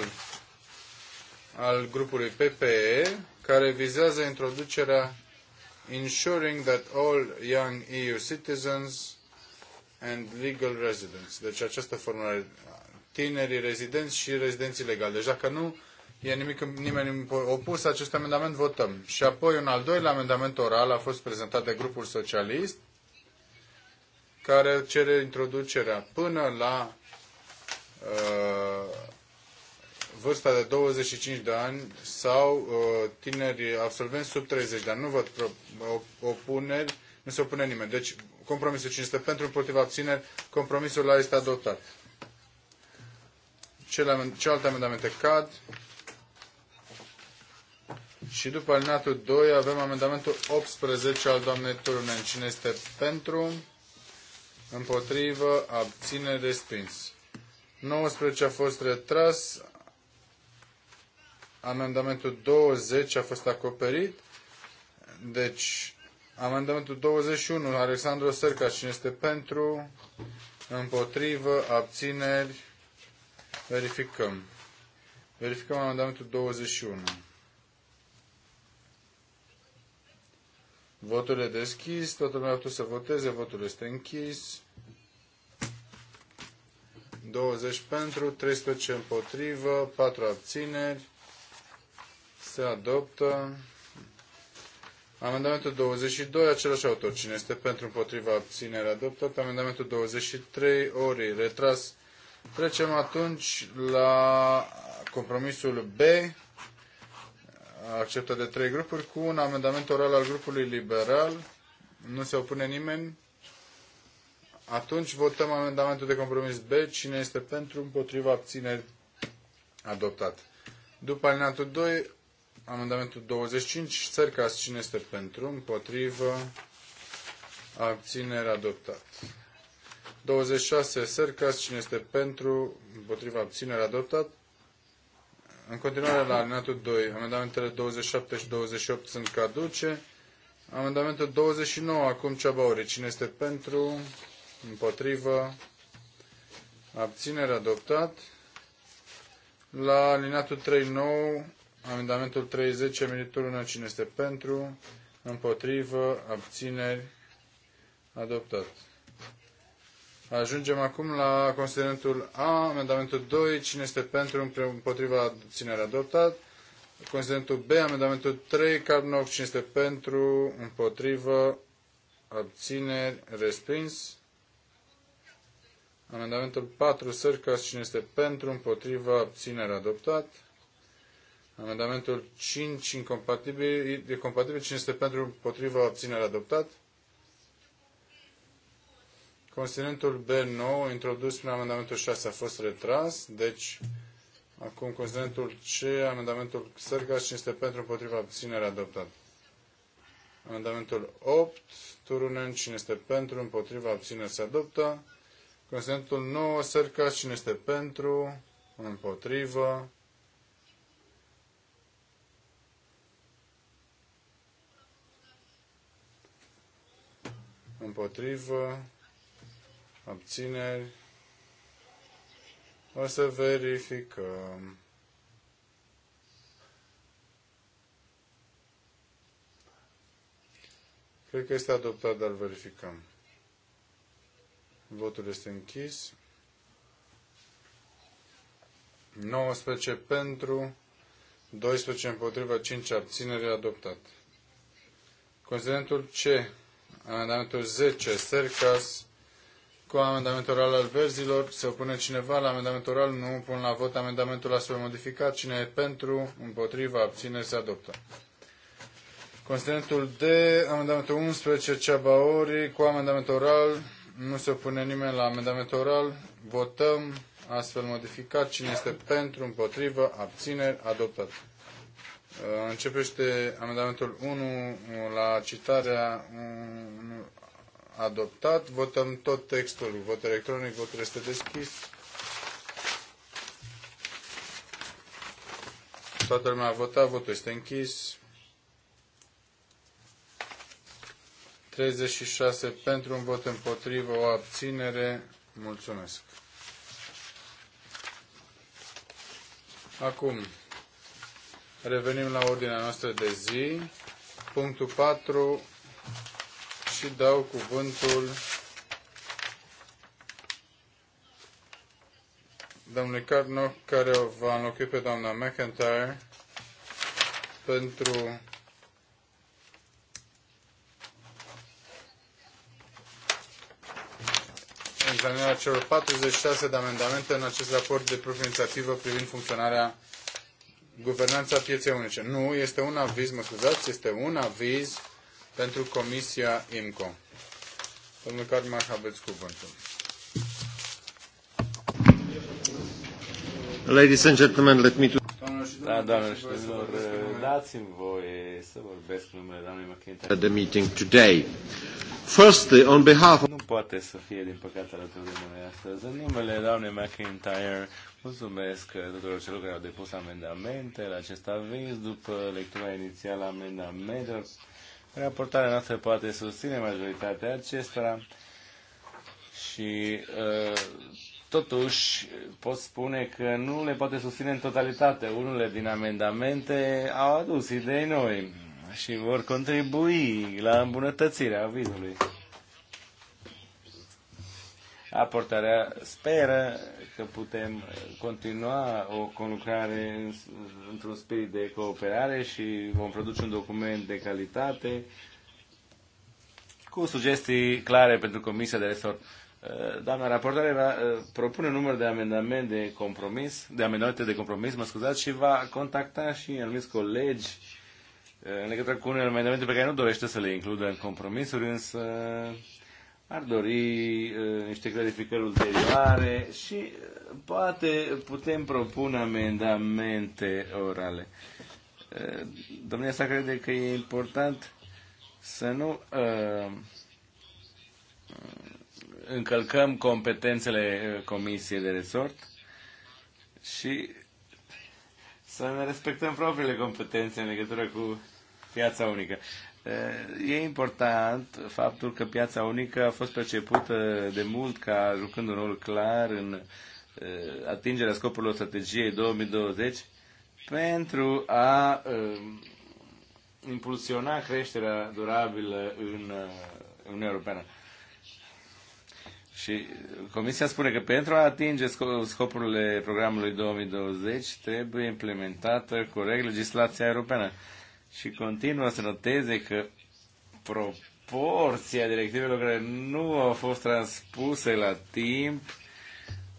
al grupului PPE, care vizează introducerea ensuring that all young EU citizens and legal residents. Deci această formulare, tinerii rezidenți și rezidenții legali. Deci dacă nu e nimic, nimeni opus acest amendament, votăm. Și apoi un al doilea amendament oral a fost prezentat de grupul socialist, care cere introducerea până la uh, vârsta de 25 de ani sau uh, tineri absolvenți sub 30 de ani. Nu văd opuneri, nu se opune nimeni. Deci compromisul 500 pentru împotriva abțineri, compromisul la este adoptat. celelalte amendamente cad. Și după alineatul 2 avem amendamentul 18 al doamnei Turunen. Cine este pentru? Împotrivă, abține, respins. 19 a fost retras, Amendamentul 20 a fost acoperit. Deci, amendamentul 21, Alexandru Sărca, cine este pentru, împotrivă, abțineri, verificăm. Verificăm amendamentul 21. Votul e deschis, toată lumea a putut să voteze, votul este închis. 20 pentru, 13 împotrivă, 4 abțineri se adoptă. Amendamentul 22, același autor. Cine este pentru, împotriva, abținerea adoptat. Amendamentul 23, ori, retras. Trecem atunci la compromisul B, acceptat de trei grupuri, cu un amendament oral al grupului liberal. Nu se opune nimeni. Atunci votăm amendamentul de compromis B. Cine este pentru, împotriva, abținerea adoptat. După alineatul 2, Amendamentul 25, Țărcas, cine este pentru? Împotrivă. Abținere adoptat. 26, Sercas, cine este pentru? Împotriva abținere adoptat. În continuare, la alineatul 2, amendamentele 27 și 28 sunt caduce. Amendamentul 29, acum Ceabauri, cine este pentru? Împotrivă. Abținere adoptat. La alineatul 3, nou, Amendamentul 30, emilitul 1, cine este pentru, împotrivă, abțineri, adoptat. Ajungem acum la considerentul A, amendamentul 2, cine este pentru, împotriva, abțineri adoptat. Considerentul B, amendamentul 3, Carnov, cine este pentru, împotrivă, abțineri, respins. Amendamentul 4, Sărcas, cine este pentru, împotriva abțineri adoptat. Amendamentul 5 incompatibil, e compatibil, cine este pentru, împotriva, abținere adoptat. Considerentul B9, introdus prin amendamentul 6, a fost retras, deci acum considerentul C, amendamentul Sergaș, cine este pentru, împotriva, abținere adoptat. Amendamentul 8, Turunen, cine este pentru, împotriva, abținere se adoptă. Considerentul 9, Sercaș, cine este pentru, împotriva, împotrivă, abțineri. O să verificăm. Cred că este adoptat, dar verificăm. Votul este închis. 19 pentru, 12 împotriva, 5 abțineri adoptat. Considerentul C Amendamentul 10, Sercas, cu amendamentul oral al verzilor. Se opune cineva la amendamentul oral? Nu. Pun la vot amendamentul astfel modificat. Cine e pentru? Împotriva? Abține? Se adoptă. Considerentul D, amendamentul 11, Ceabaori, cu amendamentul oral. Nu se opune nimeni la amendamentul oral. Votăm astfel modificat. Cine este pentru, împotrivă, abțineri, adoptat. Uh, începește amendamentul 1 uh, la citarea uh, adoptat. Votăm tot textul. Vot electronic, votul este deschis. Toată lumea a votat, votul este închis. 36 pentru un vot împotrivă, o abținere. Mulțumesc. Acum, Revenim la ordinea noastră de zi. Punctul 4 și dau cuvântul domnului Carnoc, care o va înlocui pe doamna McIntyre pentru examinarea celor 46 de amendamente în acest raport de proprie inițiativă privind funcționarea guvernanța pieței unice. Nu, este un aviz, mă scuzați, este un aviz pentru Comisia IMCO. Domnul Carmar, aveți cuvântul. Ladies and gentlemen, let me do... Da, doamnelor și domnilor, dați-mi voie să vorbesc numele doamnei McIntyre. The meeting today. Firstly, uh, on behalf of... Nu poate să fie, din păcate, alături de noi astăzi. În numele doamnei McIntyre, mulțumesc uh, tuturor celor care au depus amendamente la acest aviz. După lectura inițială a amendamentelor, raportarea noastră poate susține majoritatea acestora și uh, Totuși, pot spune că nu le poate susține în totalitate. Unele din amendamente au adus idei noi și vor contribui la îmbunătățirea avizului. Aportarea speră că putem continua o conlucrare într-un spirit de cooperare și vom produce un document de calitate cu sugestii clare pentru Comisia de Resort. Eh, doamna raportare va eh, propune un număr de amendamente de compromis, de amendamente de compromis, mă scuzați, și va contacta și anumiți colegi eh, în legătură cu unele amendamente pe care nu dorește să le includă în compromisuri, însă ar dori niște clarificări ulterioare și poate putem propune amendamente orale. Domnia sa crede că e important să nu încălcăm competențele uh, Comisiei de Resort și să ne respectăm propriile competențe în legătură cu piața unică. Uh, e important faptul că piața unică a fost percepută de mult ca jucând un rol clar în uh, atingerea scopurilor strategiei 2020 pentru a impulsiona creșterea durabilă în Uniunea Europeană. Și Comisia spune că pentru a atinge scopurile programului 2020 trebuie implementată corect legislația europeană. Și continuă să noteze că proporția directivelor care nu au fost transpuse la timp,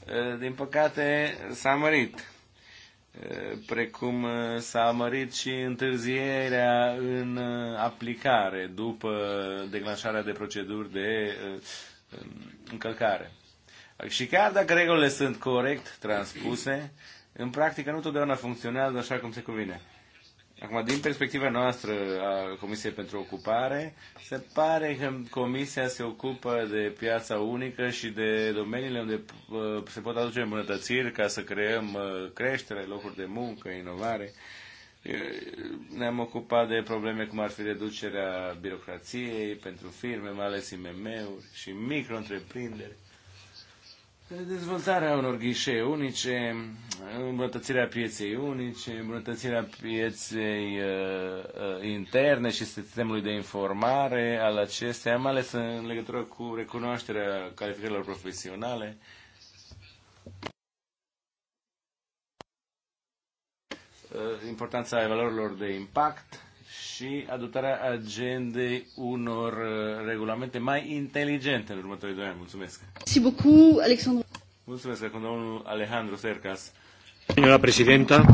eh, din păcate, s-a mărit. Eh, precum eh, s-a mărit și întârzierea în aplicare după declanșarea de proceduri de încălcare. Și chiar dacă regulile sunt corect transpuse, în practică nu totdeauna funcționează așa cum se cuvine. Acum, din perspectiva noastră a Comisiei pentru Ocupare, se pare că Comisia se ocupă de piața unică și de domeniile unde uh, se pot aduce îmbunătățiri ca să creăm uh, creștere, locuri de muncă, inovare. Uh, ne-am ocupat de probleme cum ar fi reducerea birocrației pentru firme, mai ales IMM-uri și micro-întreprinderi, dezvoltarea unor ghișee unice, îmbunătățirea pieței unice, îmbunătățirea pieței uh, uh, interne și sistemului de informare al acesteia, mai ales în legătură cu recunoașterea calificărilor profesionale. Uh, importanța evaluărilor de impact și adoptarea agendei unor uh, regulamente mai inteligente în următorii doi ani. Mulțumesc! Mulțumesc, Alexandru! Mulțumesc, acum domnul Alejandro Sercas. Doamna președintă,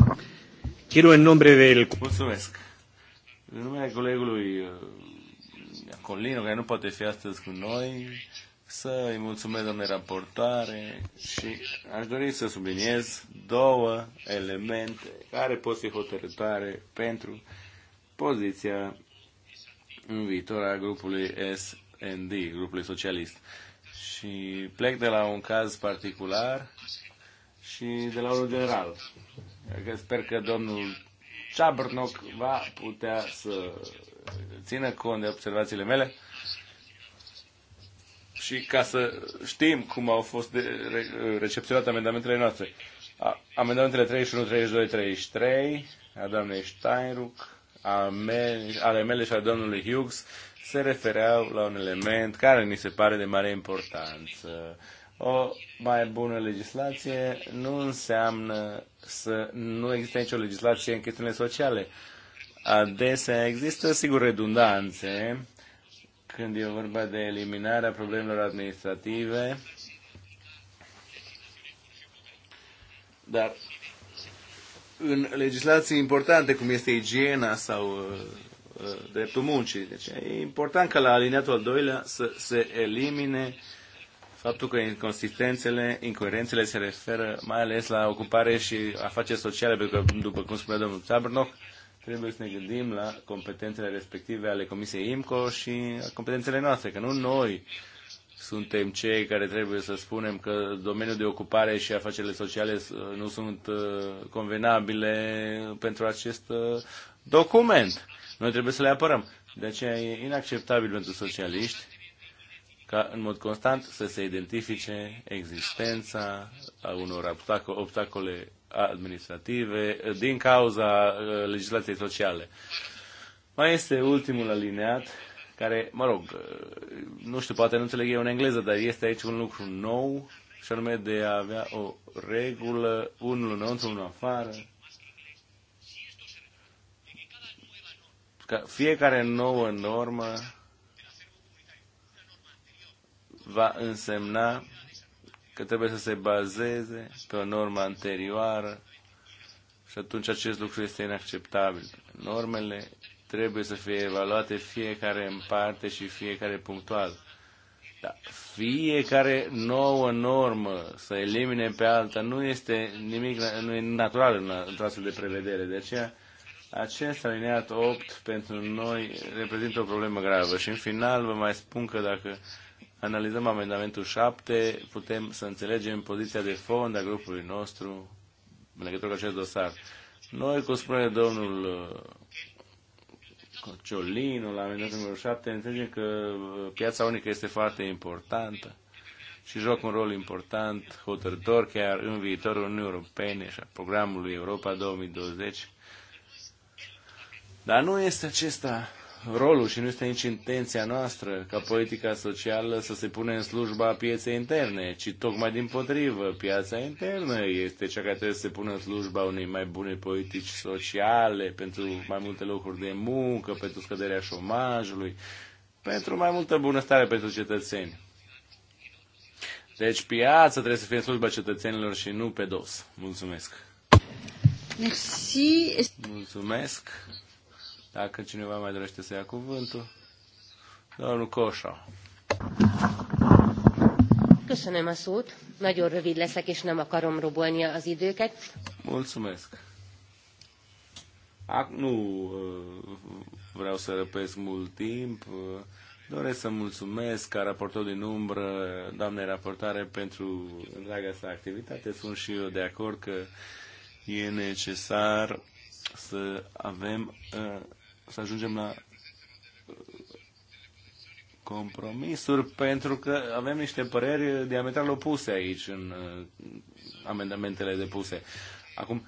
quiero în nombre del... Mulțumesc! În numele colegului uh, Colino, care nu poate fi astăzi cu noi, să îi mulțumesc, domnule raportoare, și aș dori să subliniez două elemente care pot fi hotărătoare pentru poziția în viitor a grupului SND, grupului socialist. Și plec de la un caz particular și de la unul general. Că sper că domnul Ceabrnoc va putea să țină cont de observațiile mele și ca să știm cum au fost recepționate amendamentele noastre. Amendamentele 31, 32, 33 a doamnei Steinruck, a me, ale mele și a domnului Hughes se refereau la un element care mi se pare de mare importanță. O mai bună legislație nu înseamnă să nu există nicio legislație în chestiunile sociale. Adesea există, sigur, redundanțe când e vorba de eliminarea problemelor administrative. Dar în legislații importante, cum este igiena sau uh, uh, dreptul muncii, deci e important ca la aliniatul al doilea să se elimine faptul că inconsistențele, incoerențele se referă mai ales la ocupare și afaceri sociale, pentru că, după cum spunea domnul Tabernoch, trebuie să ne gândim la competențele respective ale Comisiei IMCO și competențele noastre, că nu noi suntem cei care trebuie să spunem că domeniul de ocupare și afacerile sociale uh, nu sunt uh, convenabile pentru acest uh, document. Noi trebuie să le apărăm. De aceea e inacceptabil pentru socialiști ca în mod constant să se identifice existența a unor obstacole administrative din cauza uh, legislației sociale. Mai este ultimul alineat care, mă rog, uh, nu știu, poate nu înțeleg eu în engleză, dar este aici un lucru nou și anume de a avea o regulă, unul înăuntru, unul afară. Ca fiecare nouă normă va însemna că trebuie să se bazeze pe o normă anterioară și atunci acest lucru este inacceptabil. Normele trebuie să fie evaluate fiecare în parte și fiecare punctual. Da. Fiecare nouă normă să elimine pe alta nu este nimic, nu e natural în într-o astfel de prevedere. De aceea, acest alineat 8 pentru noi reprezintă o problemă gravă. Și în final vă mai spun că dacă analizăm amendamentul 7, putem să înțelegem poziția de fond a grupului nostru în legătură cu acest dosar. Noi, cum spune domnul uh, Ciolinu la amendamentul numărul 7, înțelegem că uh, piața unică este foarte importantă și joacă un rol important, hotărător chiar în viitorul Uniunii Europene și a programului Europa 2020. Dar nu este acesta rolul și nu este nici intenția noastră ca politica socială să se pune în slujba pieței interne, ci tocmai din potrivă. Piața internă este cea care trebuie să se pună în slujba unei mai bune politici sociale, pentru mai multe locuri de muncă, pentru scăderea șomajului, pentru mai multă bunăstare pentru cetățeni. Deci piața trebuie să fie în slujba cetățenilor și nu pe dos. Mulțumesc! Merci. Mulțumesc! Dacă cineva mai dorește să ia cuvântul, domnul Coșa. Köszönöm a szót. Nagyon rövid leszek, és nem akarom robolni az időket. Mulțumesc. Ac nu uh, vreau să răpesc mult timp. Doresc să mulțumesc ca raportor din umbră, doamne raportare, pentru întreaga sa activitate. Sunt și eu de acord că e necesar să avem uh, să ajungem la uh, compromisuri, pentru că avem niște păreri diametral opuse aici în uh, amendamentele depuse. Acum,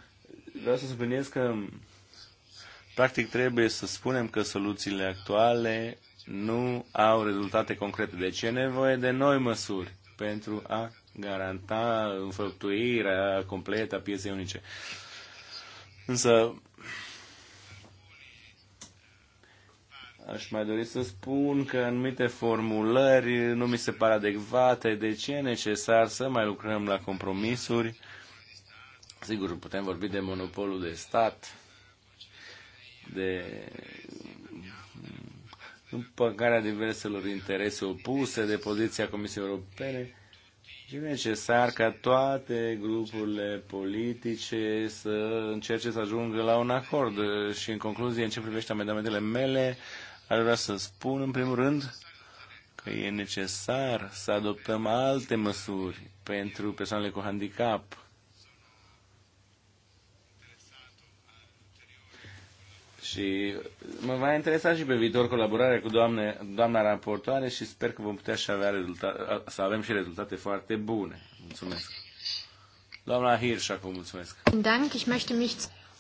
vreau să subliniez că practic trebuie să spunem că soluțiile actuale nu au rezultate concrete. Deci e nevoie de noi măsuri pentru a garanta înfăptuirea completă a pieței unice. Însă aș mai dori să spun că anumite formulări nu mi se par adecvate, deci e necesar să mai lucrăm la compromisuri. Sigur, putem vorbi de monopolul de stat, de împăcarea diverselor interese opuse, de poziția Comisiei Europene. E necesar ca toate grupurile politice să încerce să ajungă la un acord. Și în concluzie, în ce privește amendamentele mele, Aș vrea să spun, în primul rând, că e necesar să adoptăm alte măsuri pentru persoanele cu handicap. Și mă va interesa și pe viitor colaborarea cu doamne, doamna raportoare și sper că vom putea și avea rezultate, să avem și rezultate foarte bune. Mulțumesc. Doamna Hirsch, acum mulțumesc.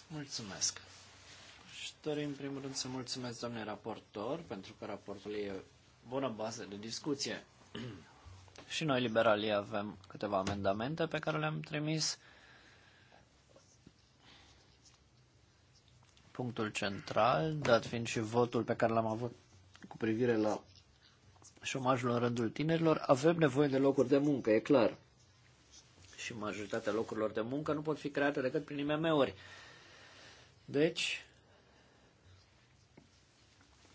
Mulțumesc dori în primul rând să mulțumesc doamnei raportor pentru că raportul e bună bază de discuție. și noi liberalii avem câteva amendamente pe care le-am trimis. Punctul central, dat fiind și votul pe care l-am avut cu privire la șomajul în rândul tinerilor, avem nevoie de locuri de muncă, e clar. Și majoritatea locurilor de muncă nu pot fi create decât prin IMM-uri. Deci,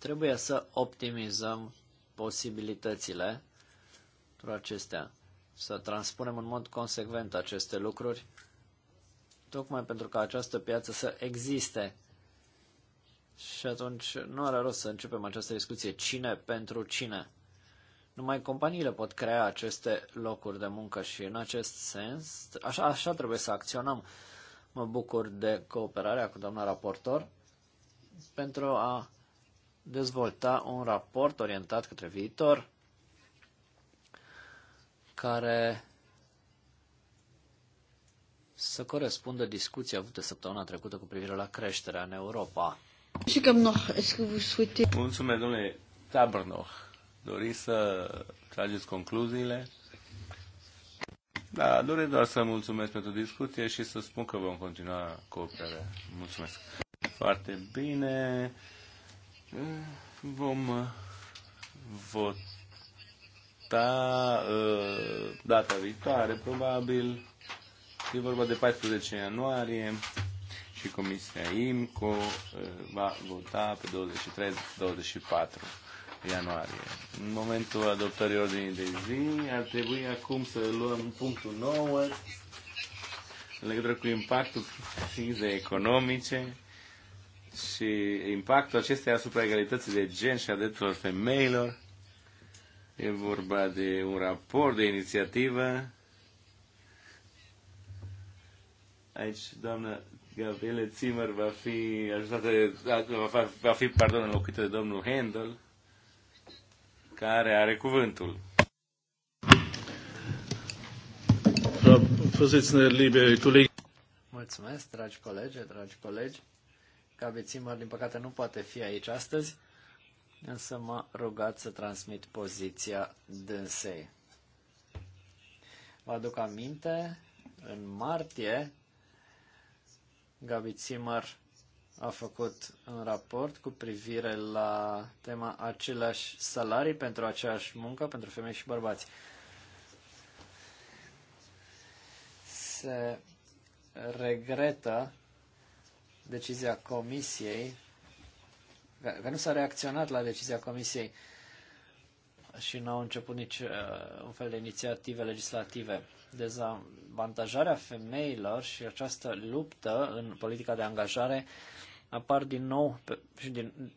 Trebuie să optimizăm posibilitățile pentru acestea, să transpunem în mod consecvent aceste lucruri, tocmai pentru ca această piață să existe. Și atunci nu are rost să începem această discuție cine pentru cine. Numai companiile pot crea aceste locuri de muncă și în acest sens, așa, așa trebuie să acționăm. Mă bucur de cooperarea cu doamna raportor pentru a dezvolta un raport orientat către viitor care să corespundă discuția avută săptămâna trecută cu privire la creșterea în Europa. Și că Mulțumesc, domnule Tabernoch. Doriți să trageți concluziile? Da, doresc doar să mulțumesc pentru discuție și să spun că vom continua cooperarea. Mulțumesc. Foarte bine. Vom uh, vota uh, data viitoare, probabil. E vorba de 14 ianuarie și Comisia IMCO uh, va vota pe 23-24 ianuarie. În momentul adoptării ordinii de zi ar trebui acum să luăm punctul 9 în legătură cu impactul crizei economice și impactul acestei asupra egalității de gen și a drepturilor femeilor. E vorba de un raport de inițiativă. Aici, doamna Gabriele Zimmer va fi ajutată, va, va fi, pardon, înlocuită de domnul Handel, care are cuvântul. Mulțumesc, dragi colegi, dragi colegi. Gabi Zimmer, din păcate, nu poate fi aici astăzi, însă m-a rugat să transmit poziția dânsei. Vă aduc aminte, în martie, Gabi Zimmer a făcut un raport cu privire la tema aceleași salarii pentru aceeași muncă pentru femei și bărbați. Se regretă decizia comisiei, că nu s-a reacționat la decizia comisiei și nu au început nici uh, un fel de inițiative legislative. Dezavantajarea femeilor și această luptă în politica de angajare apar din nou pe, și din,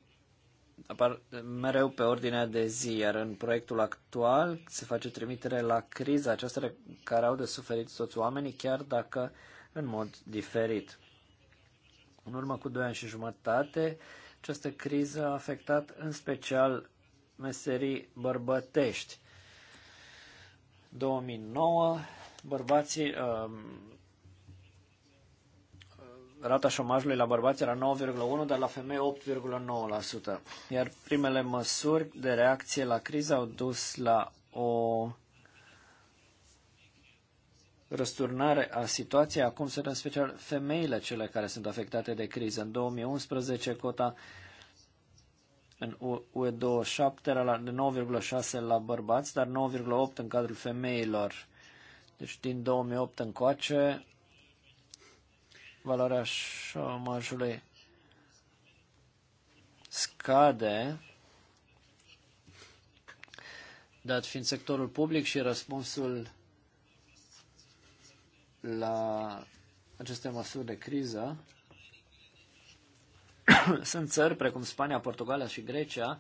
apar mereu pe ordinea de zi, iar în proiectul actual se face trimitere la criza aceasta care au de suferit toți oamenii, chiar dacă în mod diferit. În urmă cu doi ani și jumătate, această criză a afectat în special meserii bărbătești. 2009, bărbații, uh, rata șomajului la bărbați era 9,1, dar la femei 8,9%. Iar primele măsuri de reacție la criză au dus la o răsturnare a situației. Acum sunt în special femeile cele care sunt afectate de criză. În 2011, cota în UE27 era la 9,6 la bărbați, dar 9,8 în cadrul femeilor. Deci din 2008 încoace, valoarea șomajului scade, dat fiind sectorul public și răspunsul la aceste măsuri de criză, sunt țări precum Spania, Portugalia și Grecia,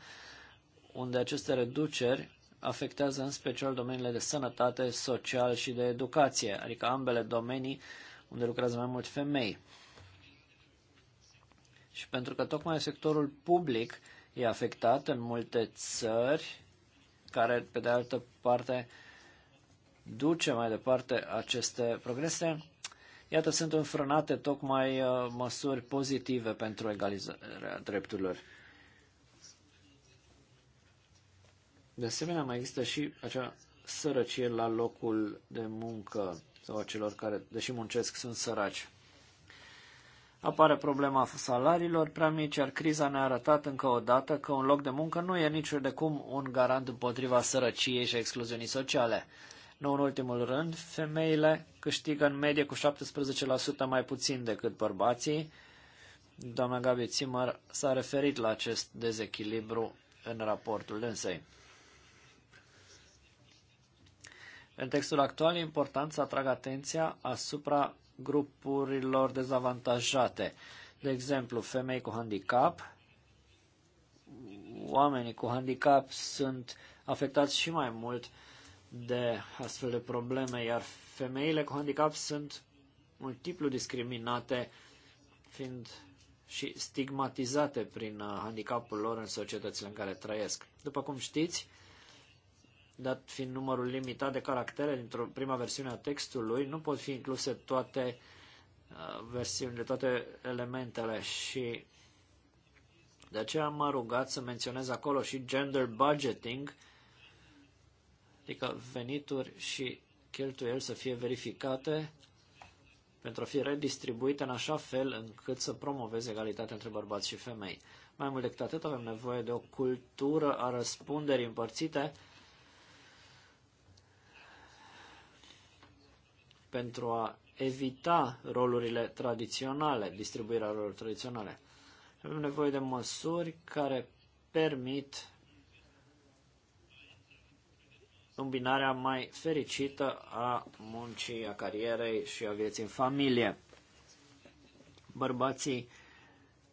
unde aceste reduceri afectează în special domeniile de sănătate, social și de educație, adică ambele domenii unde lucrează mai mulți femei. Și pentru că tocmai sectorul public e afectat în multe țări, care, pe de altă parte, duce mai departe aceste progrese, iată, sunt înfrânate tocmai uh, măsuri pozitive pentru egalizarea drepturilor. De asemenea, mai există și acea sărăcie la locul de muncă sau celor care, deși muncesc, sunt săraci. Apare problema salariilor prea mici, iar criza ne-a arătat încă o dată că un loc de muncă nu e nici de cum un garant împotriva sărăciei și excluziunii sociale. Nu în ultimul rând, femeile câștigă în medie cu 17% mai puțin decât bărbații. Doamna Gabi Țimăr s-a referit la acest dezechilibru în raportul însei. În textul actual e important să atrag atenția asupra grupurilor dezavantajate, de exemplu femei cu handicap. Oamenii cu handicap sunt afectați și mai mult de astfel de probleme, iar femeile cu handicap sunt multiplu discriminate, fiind și stigmatizate prin uh, handicapul lor în societățile în care trăiesc. După cum știți, dat fiind numărul limitat de caractere dintr-o prima versiune a textului, nu pot fi incluse toate uh, versiunile, toate elementele și de aceea m-a rugat să menționez acolo și gender budgeting, adică venituri și cheltuieli să fie verificate pentru a fi redistribuite în așa fel încât să promoveze egalitatea între bărbați și femei. Mai mult decât atât, avem nevoie de o cultură a răspunderii împărțite pentru a evita rolurile tradiționale, distribuirea rolurilor tradiționale. Avem nevoie de măsuri care permit îmbinarea mai fericită a muncii, a carierei și a vieții în familie. Bărbații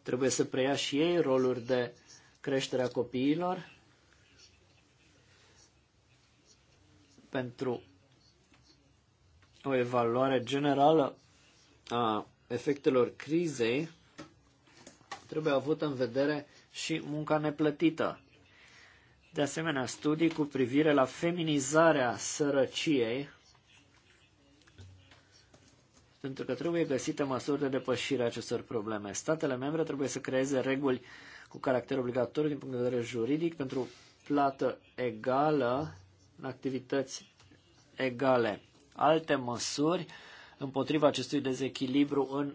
trebuie să preia și ei roluri de creșterea copiilor pentru o evaluare generală a efectelor crizei trebuie avut în vedere și munca neplătită de asemenea studii cu privire la feminizarea sărăciei, pentru că trebuie găsite măsuri de depășire a acestor probleme. Statele membre trebuie să creeze reguli cu caracter obligatoriu din punct de vedere juridic pentru plată egală în activități egale. Alte măsuri împotriva acestui dezechilibru în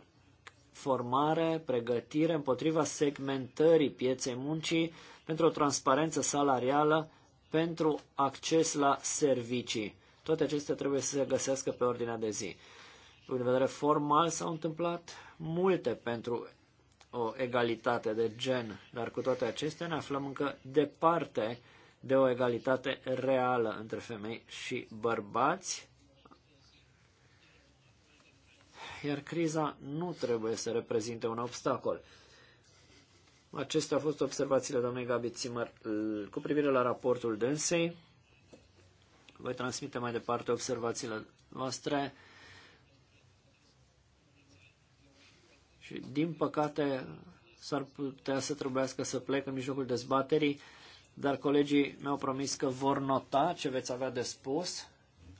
formare, pregătire împotriva segmentării pieței muncii pentru o transparență salarială, pentru acces la servicii. Toate acestea trebuie să se găsească pe ordinea de zi. Din vedere formal s-au întâmplat multe pentru o egalitate de gen, dar cu toate acestea ne aflăm încă departe de o egalitate reală între femei și bărbați iar criza nu trebuie să reprezinte un obstacol. Acestea au fost observațiile doamnei Gabi Zimmer cu privire la raportul dânsei. Voi transmite mai departe observațiile noastre. Și, din păcate, s-ar putea să trebuiască să plec în mijlocul dezbaterii, dar colegii mi-au promis că vor nota ce veți avea de spus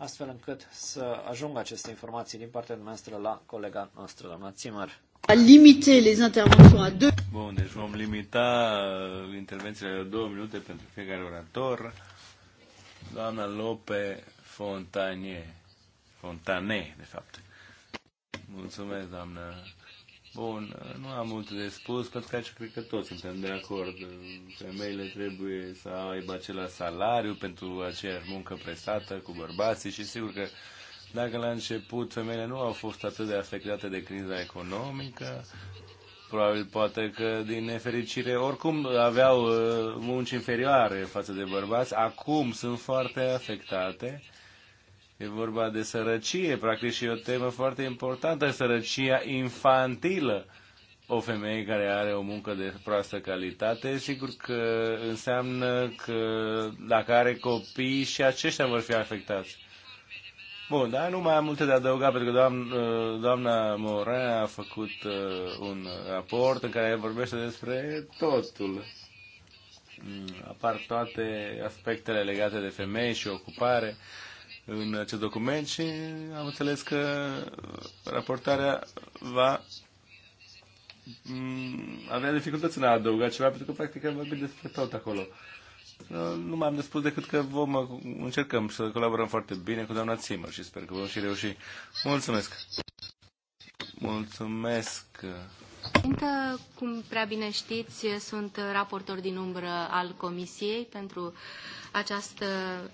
astfel încât să ajungă aceste informații din partea noastră la colega noastră, doamna Țimăr. A limite les interventions à deux. Bun, deci vom limita uh, intervențiile la două minute pentru fiecare orator. Doamna Lope Fontanie. Fontane, de fapt. Mulțumesc, doamna. Bun, nu am multe de spus, pentru că aici cred că toți suntem de acord. Femeile trebuie să aibă același salariu pentru aceeași muncă prestată cu bărbații și sigur că dacă la început femeile nu au fost atât de afectate de criza economică, probabil poate că din nefericire oricum aveau uh, munci inferioare față de bărbați, acum sunt foarte afectate E vorba de sărăcie, practic, și e o temă foarte importantă, sărăcia infantilă. O femeie care are o muncă de proastă calitate, sigur că înseamnă că dacă are copii și aceștia vor fi afectați. Bun, dar nu mai am multe de adăugat, pentru că uh, doamna, doamna Morin a făcut uh, un raport în care vorbește despre totul. Mm, apar toate aspectele legate de femei și ocupare în acest document și am înțeles că raportarea va mm, avea dificultăți în a adăuga ceva, pentru că practic am vorbit despre tot acolo. Nu m-am de spus decât că vom încercăm să colaborăm foarte bine cu doamna Zimmer și sper că vom și reuși. Mulțumesc! Mulțumesc! Încă, cum prea bine știți, sunt raportor din umbră al Comisiei pentru această,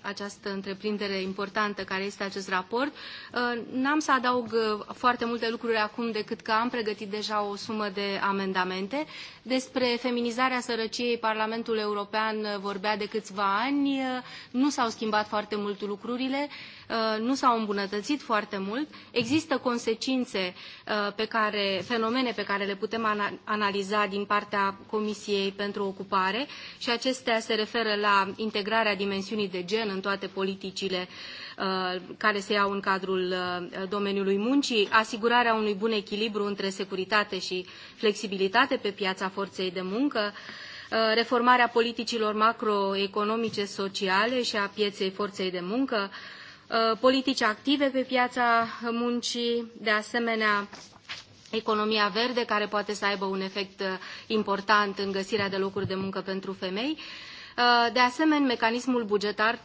această întreprindere importantă care este acest raport. Uh, n-am să adaug uh, foarte multe lucruri acum decât că am pregătit deja o sumă de amendamente. Despre feminizarea sărăciei, Parlamentul European uh, vorbea de câțiva ani, nu s-au schimbat foarte mult lucrurile. Uh, nu s-au îmbunătățit foarte mult. Există consecințe uh, pe care, fenomene pe care le putem analiza din partea Comisiei pentru Ocupare și acestea se referă la integrarea dimensiunii de gen în toate politicile uh, care se iau în cadrul domeniului muncii, asigurarea unui bun echilibru între securitate și flexibilitate pe piața forței de muncă, reformarea politicilor macroeconomice sociale și a pieței forței de muncă, Uh, politici active pe piața muncii, de asemenea economia verde, care poate să aibă un efect uh, important în găsirea de locuri de muncă pentru femei, uh, de asemenea mecanismul bugetar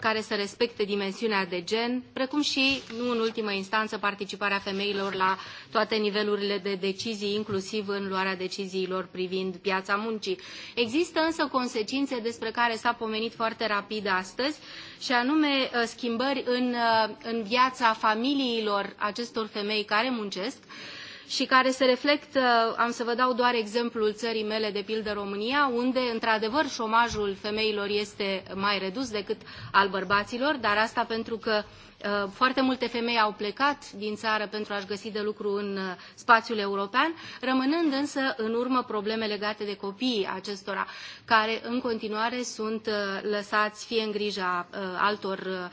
care să respecte dimensiunea de gen, precum și, nu în ultimă instanță, participarea femeilor la toate nivelurile de decizii, inclusiv în luarea deciziilor privind piața muncii. Există însă consecințe despre care s-a pomenit foarte rapid astăzi, și anume uh, schimbări în, uh, în viața familiilor acestor femei care muncesc, și care se reflectă, am să vă dau doar exemplul țării mele, de pildă România, unde, într-adevăr, șomajul femeilor este mai redus decât al bărbaților, dar asta pentru că Uh, foarte multe femei au plecat din țară pentru a-și găsi de lucru în uh, spațiul european, rămânând însă în urmă probleme legate de copiii acestora, care în continuare sunt uh, lăsați fie în grija altor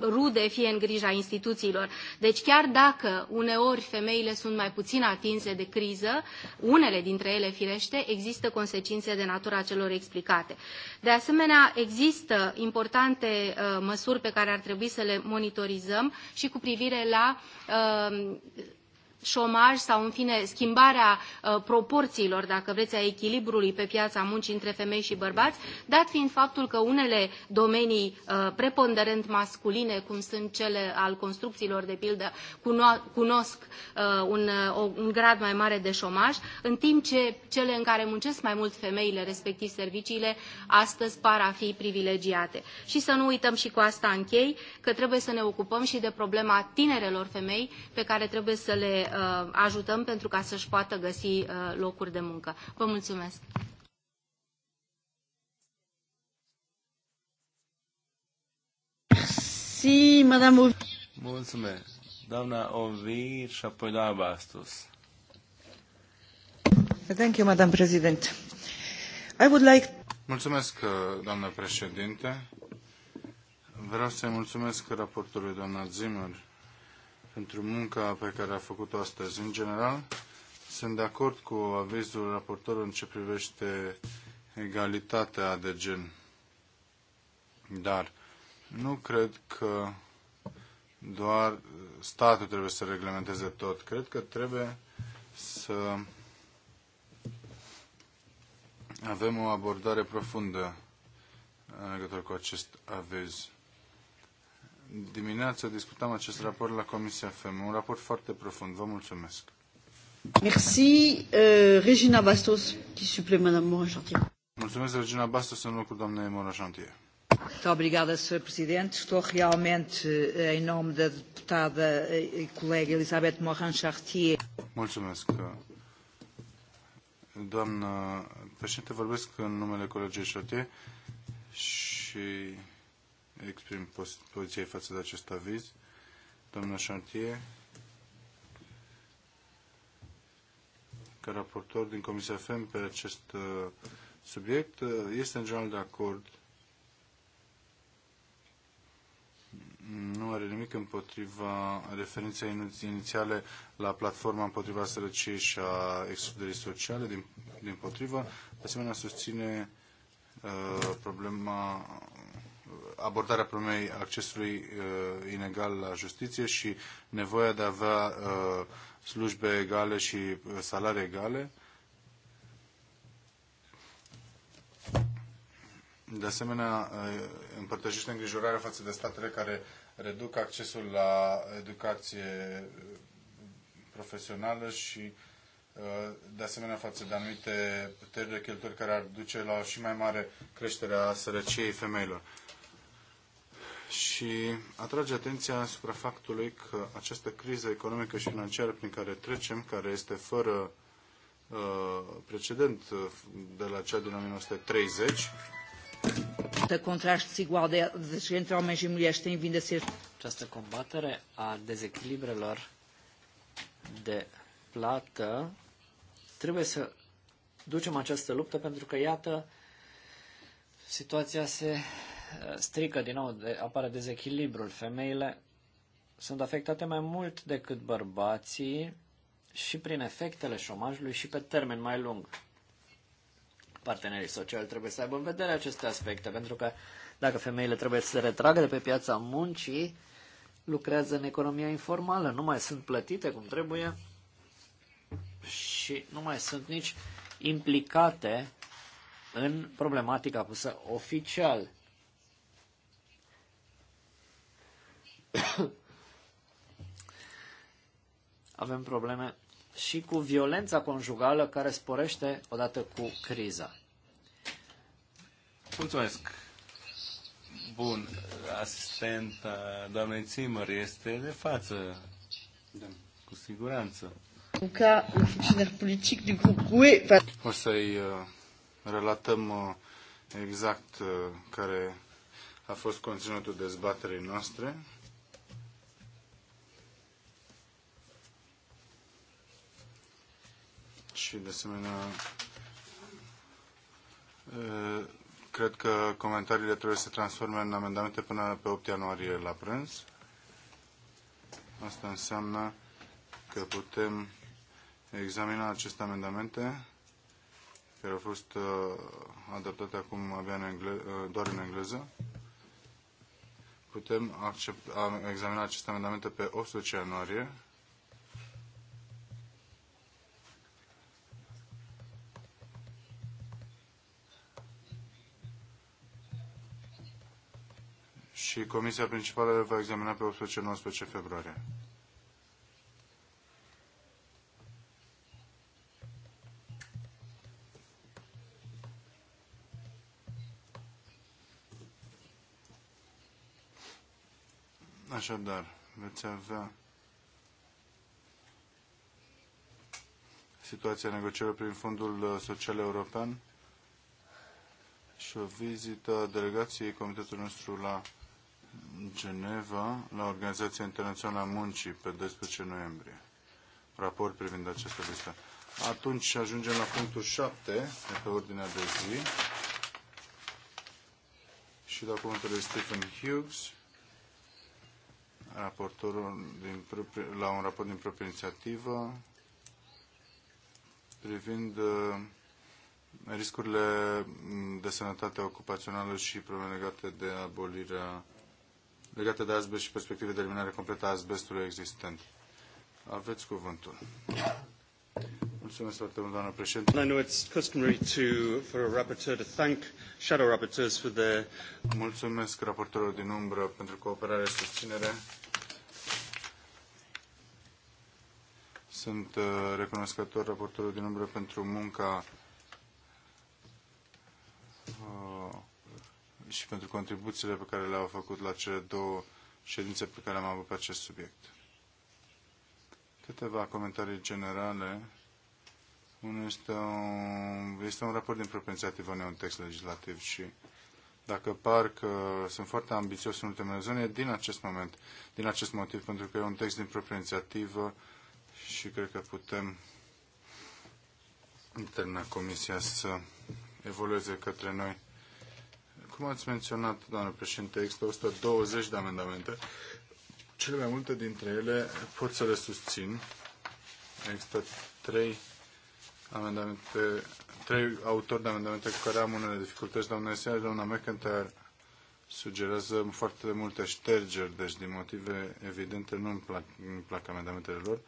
rude, fie în grija instituțiilor. Deci chiar dacă uneori femeile sunt mai puțin atinse de criză, unele dintre ele firește, există consecințe de natura celor explicate. De asemenea, există importante măsuri pe care ar trebui să le monitorizăm monitorizăm și cu privire la uh, șomaj sau, în fine, schimbarea uh, proporțiilor, dacă vreți, a echilibrului pe piața muncii între femei și bărbați, dat fiind faptul că unele domenii uh, preponderent masculine, cum sunt cele al construcțiilor, de pildă, cunosc uh, un, un grad mai mare de șomaj, în timp ce cele în care muncesc mai mult femeile, respectiv serviciile, astăzi par a fi privilegiate. Și să nu uităm și cu asta închei, că trebuie să ne ocupăm și de problema tinerelor femei pe care trebuie să le Uh, ajutăm pentru ca să-și poată găsi uh, locuri de muncă. Vă mulțumesc! Si, Madame Mulțumesc. Doamna Ovir și apoi doamna Bastos. Thank you, Madame President. I would like... Mulțumesc, uh, doamnă președinte. Vreau să-i mulțumesc raportului doamna Zimmer pentru munca pe care a făcut-o astăzi. În general, sunt de acord cu avizul raportorului în ce privește egalitatea de gen. Dar nu cred că doar statul trebuie să reglementeze tot. Cred că trebuie să avem o abordare profundă în legătură cu acest aviz dimineață discutam acest raport la Comisia FEM. Un raport foarte profund. Vă mulțumesc. Merci, euh, Regina Bastos, qui supplée Madame morin Mulțumesc, Regina Bastos, în locul doamnei morin Muito obrigada, Sr. Presidente. Estou realmente eh, em nome da deputada eh, e colega Elisabeth Morin-Chartier. Mulțumesc. Doamnă președinte, vorbesc în numele colegii Chartier și exprim poziția față de acest aviz. Doamna Șantie, ca raportor din Comisia FEM pe acest uh, subiect, uh, este în general de acord. Nu are nimic împotriva referinței inițiale la platforma împotriva sărăciei și a excluderii sociale, din, din potrivă. De asemenea, susține uh, problema abordarea problemei accesului uh, inegal la justiție și nevoia de a avea uh, slujbe egale și uh, salarii egale. De asemenea, împărtășește îngrijorarea față de statele care reduc accesul la educație profesională și de asemenea față de anumite tăieri de cheltuieli care ar duce la o și mai mare creștere a sărăciei femeilor și atrage atenția asupra faptului că această criză economică și financiară prin care trecem, care este fără uh, precedent uh, de la cea din 1930, Luta contra de desigualdades între oameni și mulheres tem vindo ser. Această combatere a dezechilibrelor de plată trebuie să ducem această luptă pentru că, iată, situația se strică din nou, de, apare dezechilibrul. Femeile sunt afectate mai mult decât bărbații și prin efectele șomajului și pe termen mai lung. Partenerii sociali trebuie să aibă în vedere aceste aspecte, pentru că dacă femeile trebuie să se retragă de pe piața muncii, lucrează în economia informală, nu mai sunt plătite cum trebuie și nu mai sunt nici implicate în problematica pusă oficial. Avem probleme și cu violența conjugală care sporește odată cu criza. Mulțumesc! Bun, asistenta doamnei Zimmer este de față, da. cu siguranță. ca funcționar politic din O să-i uh, relatăm uh, exact uh, care a fost conținutul dezbaterii noastre. și de asemenea cred că comentariile trebuie să se transforme în amendamente până pe 8 ianuarie la prânz. Asta înseamnă că putem examina aceste amendamente care au fost adaptate acum abia în engle- doar în engleză. Putem accept, examina aceste amendamente pe 18 ianuarie și Comisia Principală le va examina pe 18-19 februarie. Așadar, veți avea situația negocierilor prin Fondul Social European și o vizită a delegației comitetului nostru la Geneva la Organizația Internațională a Muncii pe 12 noiembrie. Raport privind această listă. Atunci ajungem la punctul 7 de pe ordinea de zi și la cuvântul lui Stephen Hughes, raportorul din propri, la un raport din proprie inițiativă privind uh, riscurile de sănătate ocupațională și probleme legate de abolirea legate de azbest și perspective de eliminare completă a azbestului existent. Aveți cuvântul. Mulțumesc foarte mult, doamnă președinte. I know it's customary to, for a rapporteur to thank shadow rapporteurs for their... Mulțumesc raportorul din umbră pentru cooperare și susținere. Sunt uh, recunoscător raportorul din umbră pentru munca uh, și pentru contribuțiile pe care le-au făcut la cele două ședințe pe care am avut pe acest subiect. Câteva comentarii generale. Unul este un, este un raport din proprie inițiativă, un text legislativ și dacă par că sunt foarte ambițios în ultimele zone, din acest moment, din acest motiv, pentru că e un text din proprie inițiativă și cred că putem interna Comisia să evolueze către noi cum ați menționat, doamnă președinte, există 120 de amendamente. Cele mai multe dintre ele pot să le susțin. Există trei amendamente, trei autori de amendamente cu care am unele dificultăți. Doamna Esia, doamna McIntyre sugerează foarte multe ștergeri, deci din motive evidente nu îmi plac, îmi plac amendamentele lor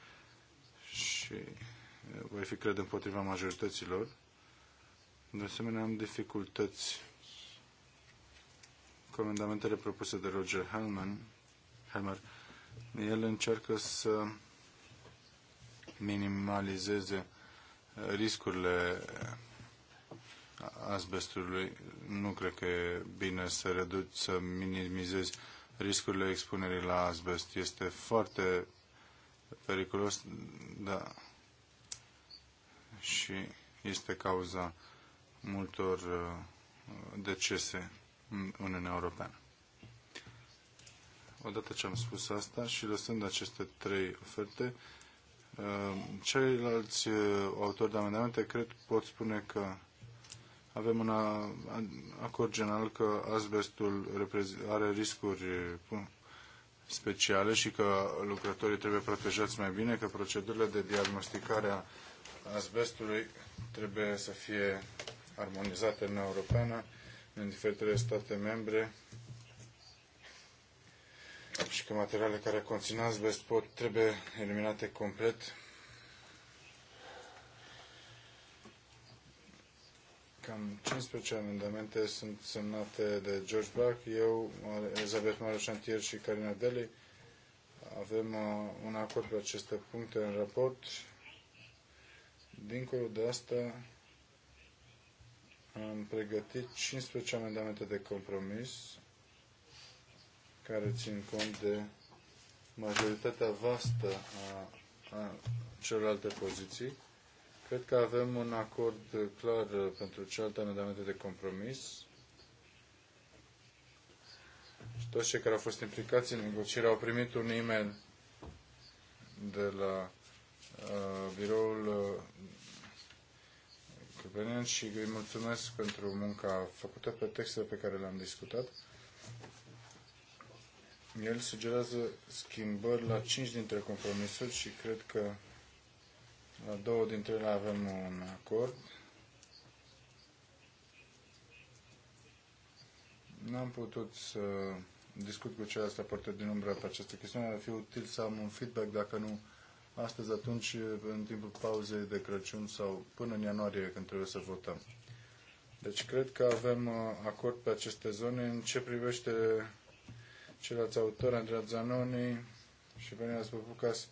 și uh, voi fi, cred, împotriva majorităților. De asemenea, am dificultăți cu propuse de Roger Hellman, Hammer. El încearcă să minimalizeze uh, riscurile asbestului. Nu cred că e bine să reduci, să minimizezi riscurile expunerii la asbest. Este foarte periculos, da. Și este cauza multor uh, decese în Uniunea Europeană. Odată ce am spus asta și lăsând aceste trei oferte, uh, ceilalți uh, autori de amendamente cred pot spune că avem un acord general că asbestul are riscuri uh, speciale și că lucrătorii trebuie protejați mai bine, că procedurile de diagnosticare a asbestului trebuie să fie armonizate în Europeană în diferitele state membre și că materialele care conțin asbest pot, trebuie eliminate complet. Cam 15 amendamente sunt semnate de George Black, eu, Elizabeth Maroșantier și Carina Deli. Avem uh, un acord pe aceste puncte în raport. Dincolo de asta, am pregătit 15 amendamente de compromis care țin cont de majoritatea vastă a, a celorlalte poziții. Cred că avem un acord clar pentru celelalte amendamente de compromis. Și toți cei care au fost implicați în negociere au primit un e-mail de la uh, biroul uh, Tupenian și îi mulțumesc pentru munca făcută pe textele pe care le-am discutat. El sugerează schimbări la Cinci dintre compromisuri și cred că la două dintre ele avem un acord. N-am putut să discut cu ceilalți raportări din umbră pe această chestiune. Ar fi util să am un feedback, dacă nu astăzi, atunci, în timpul pauzei de Crăciun sau până în ianuarie, când trebuie să votăm. Deci cred că avem uh, acord pe aceste zone. În ce privește ceilalți autori, Andrea Zanoni și Benias Zbăbucas,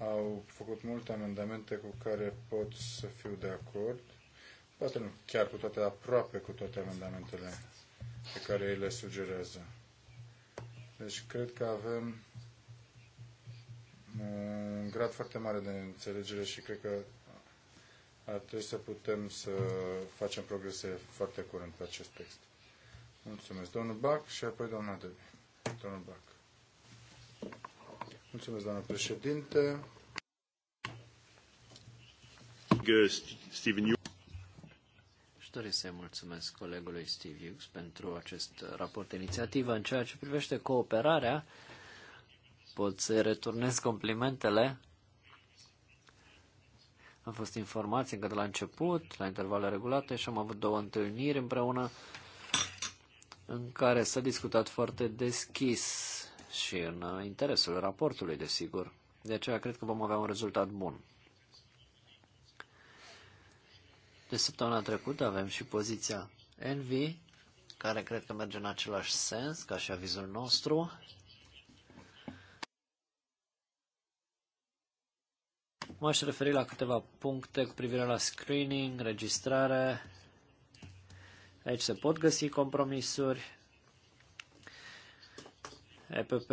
au făcut multe amendamente cu care pot să fiu de acord. Poate nu chiar cu toate, aproape cu toate amendamentele pe care ei le sugerează. Deci cred că avem un grad foarte mare de înțelegere și cred că ar trebui să putem să facem progrese foarte curând pe acest text. Mulțumesc, domnul Bac și apoi doamna Debi. Domnul Bac. Mulțumesc, doamna președinte. Steven Și doresc să-i mulțumesc colegului Steve Hughes pentru acest raport de inițiativă în ceea ce privește cooperarea pot să-i returnez complimentele. Am fost informați încă de la început, la intervale regulate și am avut două întâlniri împreună în care s-a discutat foarte deschis și în interesul raportului, desigur. De aceea cred că vom avea un rezultat bun. De săptămâna trecută avem și poziția Envy, care cred că merge în același sens ca și avizul nostru M-aș referi la câteva puncte cu privire la screening, registrare. Aici se pot găsi compromisuri. EPP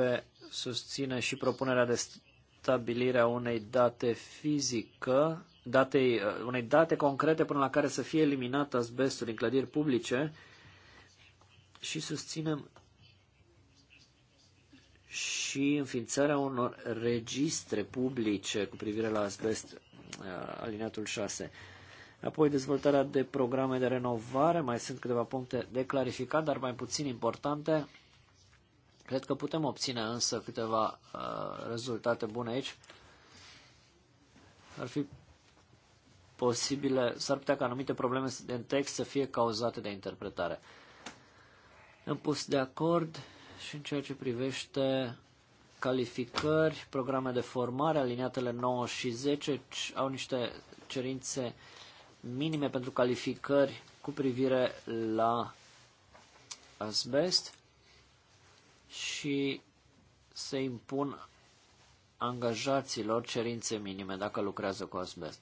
susține și propunerea de stabilire a unei date fizică, datei, uh, unei date concrete până la care să fie eliminat asbestul din clădiri publice și susținem și înființarea unor registre publice cu privire la asbest uh, alineatul 6. Apoi dezvoltarea de programe de renovare, mai sunt câteva puncte de clarificat, dar mai puțin importante. Cred că putem obține însă câteva uh, rezultate bune aici. Ar fi posibile, s-ar putea ca anumite probleme în text să fie cauzate de interpretare. Am pus de acord și în ceea ce privește calificări, programe de formare, aliniatele 9 și 10 au niște cerințe minime pentru calificări cu privire la asbest și se impun angajaților cerințe minime dacă lucrează cu asbest.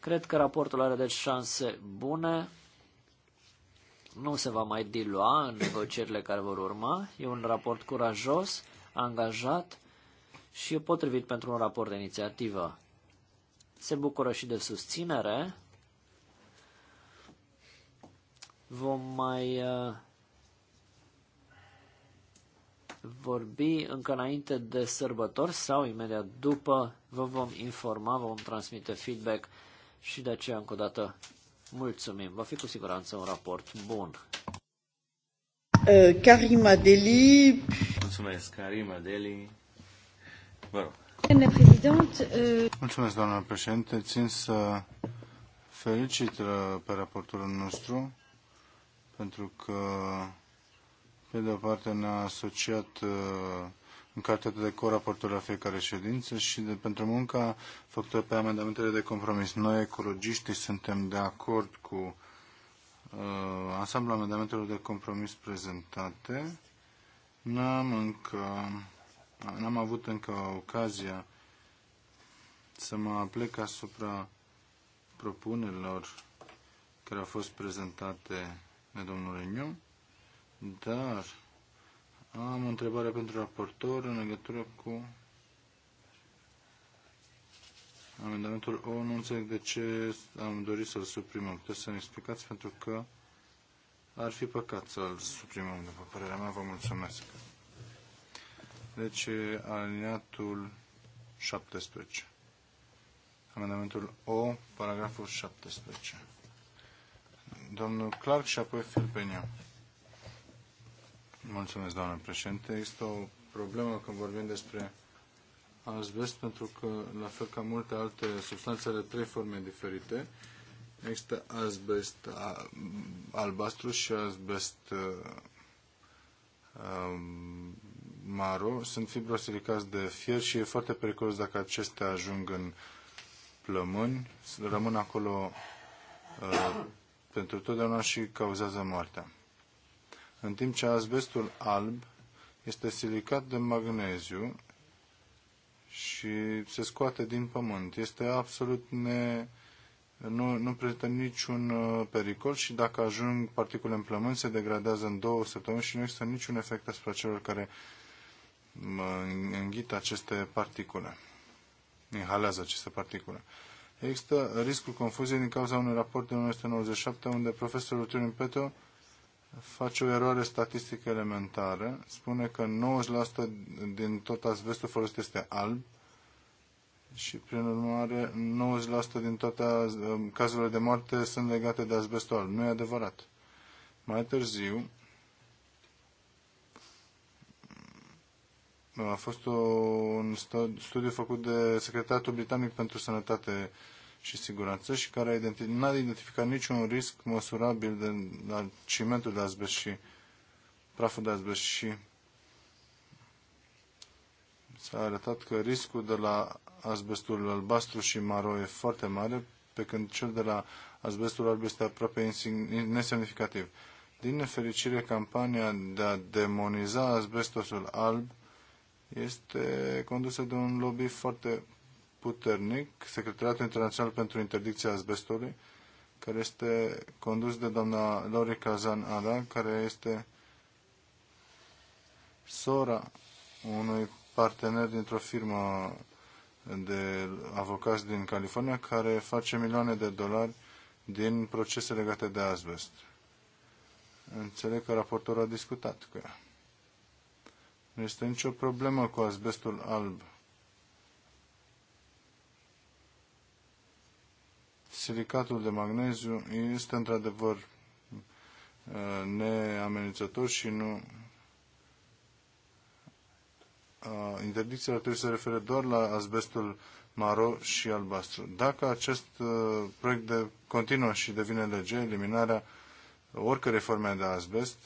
Cred că raportul are deci șanse bune nu se va mai dilua în negocierile care vor urma. E un raport curajos, angajat și e potrivit pentru un raport de inițiativă. Se bucură și de susținere. Vom mai uh, vorbi încă înainte de sărbători sau imediat după. Vă vom informa, vă vom transmite feedback și de aceea încă o dată Mulțumim, va fi cu siguranță un raport bun. Uh, Karima Deli. Mulțumesc, Karima Deli. Vă rog. Uh, Mulțumesc, doamnă președinte. Țin să felicit uh, pe raportul nostru pentru că, pe de o parte, ne-a asociat uh, în calitate de co-raportor la fiecare ședință și de, pentru munca făcută pe amendamentele de compromis. Noi, ecologiștii, suntem de acord cu uh, ansamblul amendamentelor de compromis prezentate. N-am încă, n-am avut încă ocazia să mă aplec asupra propunerilor care au fost prezentate de domnul Reniu, dar am o întrebare pentru raportor în legătură cu amendamentul O. Nu înțeleg de ce am dorit să-l suprimăm. Puteți să mi explicați pentru că ar fi păcat să-l suprimăm, după părerea mea. Vă mulțumesc. Deci, aliniatul 17. Amendamentul O, paragraful 17. Domnul Clark și apoi Filpenia. Mulțumesc, doamnă președinte. Există o problemă când vorbim despre azbest, pentru că, la fel ca multe alte substanțe, are trei forme diferite. Există azbest albastru și azbest maro. Sunt fibrosilicați de fier și e foarte periculos dacă acestea ajung în plămâni, rămân acolo pentru totdeauna și cauzează moartea în timp ce azbestul alb este silicat de magneziu și se scoate din pământ. Este absolut ne... Nu, nu prezintă niciun uh, pericol și dacă ajung particule în plămâni, se degradează în două săptămâni și nu există niciun efect asupra celor care înghit aceste particule, inhalează aceste particule. Există riscul confuziei din cauza unui raport din 1997 unde profesorul Turin Petro face o eroare statistică elementară. Spune că 90% din tot asbestul folosit este alb și, prin urmare, 90% din toate um, cazurile de moarte sunt legate de asbestul alb. Nu e adevărat. Mai târziu, a fost un studiu făcut de Secretariatul Britanic pentru Sănătate și siguranță și care n-a identificat niciun risc măsurabil de la cimentul de azbest și praful de azbest și s-a arătat că riscul de la azbestul albastru și maro e foarte mare, pe când cel de la azbestul alb este aproape nesemnificativ. Din nefericire, campania de a demoniza azbestosul alb este condusă de un lobby foarte Puternic, Secretariatul Internațional pentru Interdicția Asbestului, care este condus de doamna Lori Kazan Ada, care este sora unui partener dintr-o firmă de avocați din California care face milioane de dolari din procese legate de asbest. Înțeleg că raportorul a discutat cu ea. Nu este nicio problemă cu asbestul alb silicatul de magneziu este într-adevăr uh, neamenințător și nu uh, interdicția trebuie să se refere doar la asbestul maro și albastru. Dacă acest uh, proiect de continuă și devine lege, eliminarea oricărei forme de asbest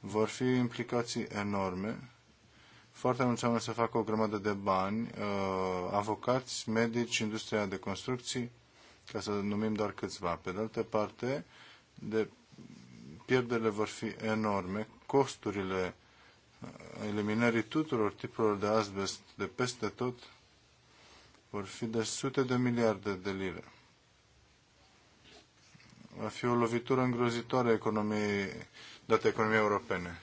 vor fi implicații enorme. Foarte mulți oameni să facă o grămadă de bani, avocați, medici, industria de construcții, ca să numim doar câțiva. Pe de altă parte, de pierderile vor fi enorme, costurile uh, eliminării tuturor tipurilor de asbest de peste tot vor fi de sute de miliarde de lire. Va fi o lovitură îngrozitoare economiei, dată economiei europene.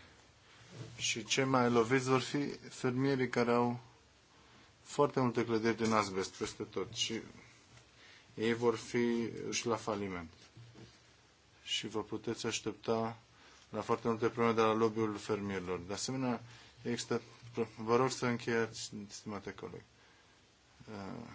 Și cei mai loviți vor fi fermierii care au foarte multe clădiri din asbest peste tot. Și ei vor fi și la faliment. Și vă puteți aștepta la foarte multe probleme de la lobby-ul fermierilor. De asemenea, există... Vă rog să încheiați, stimate coleg. Uh,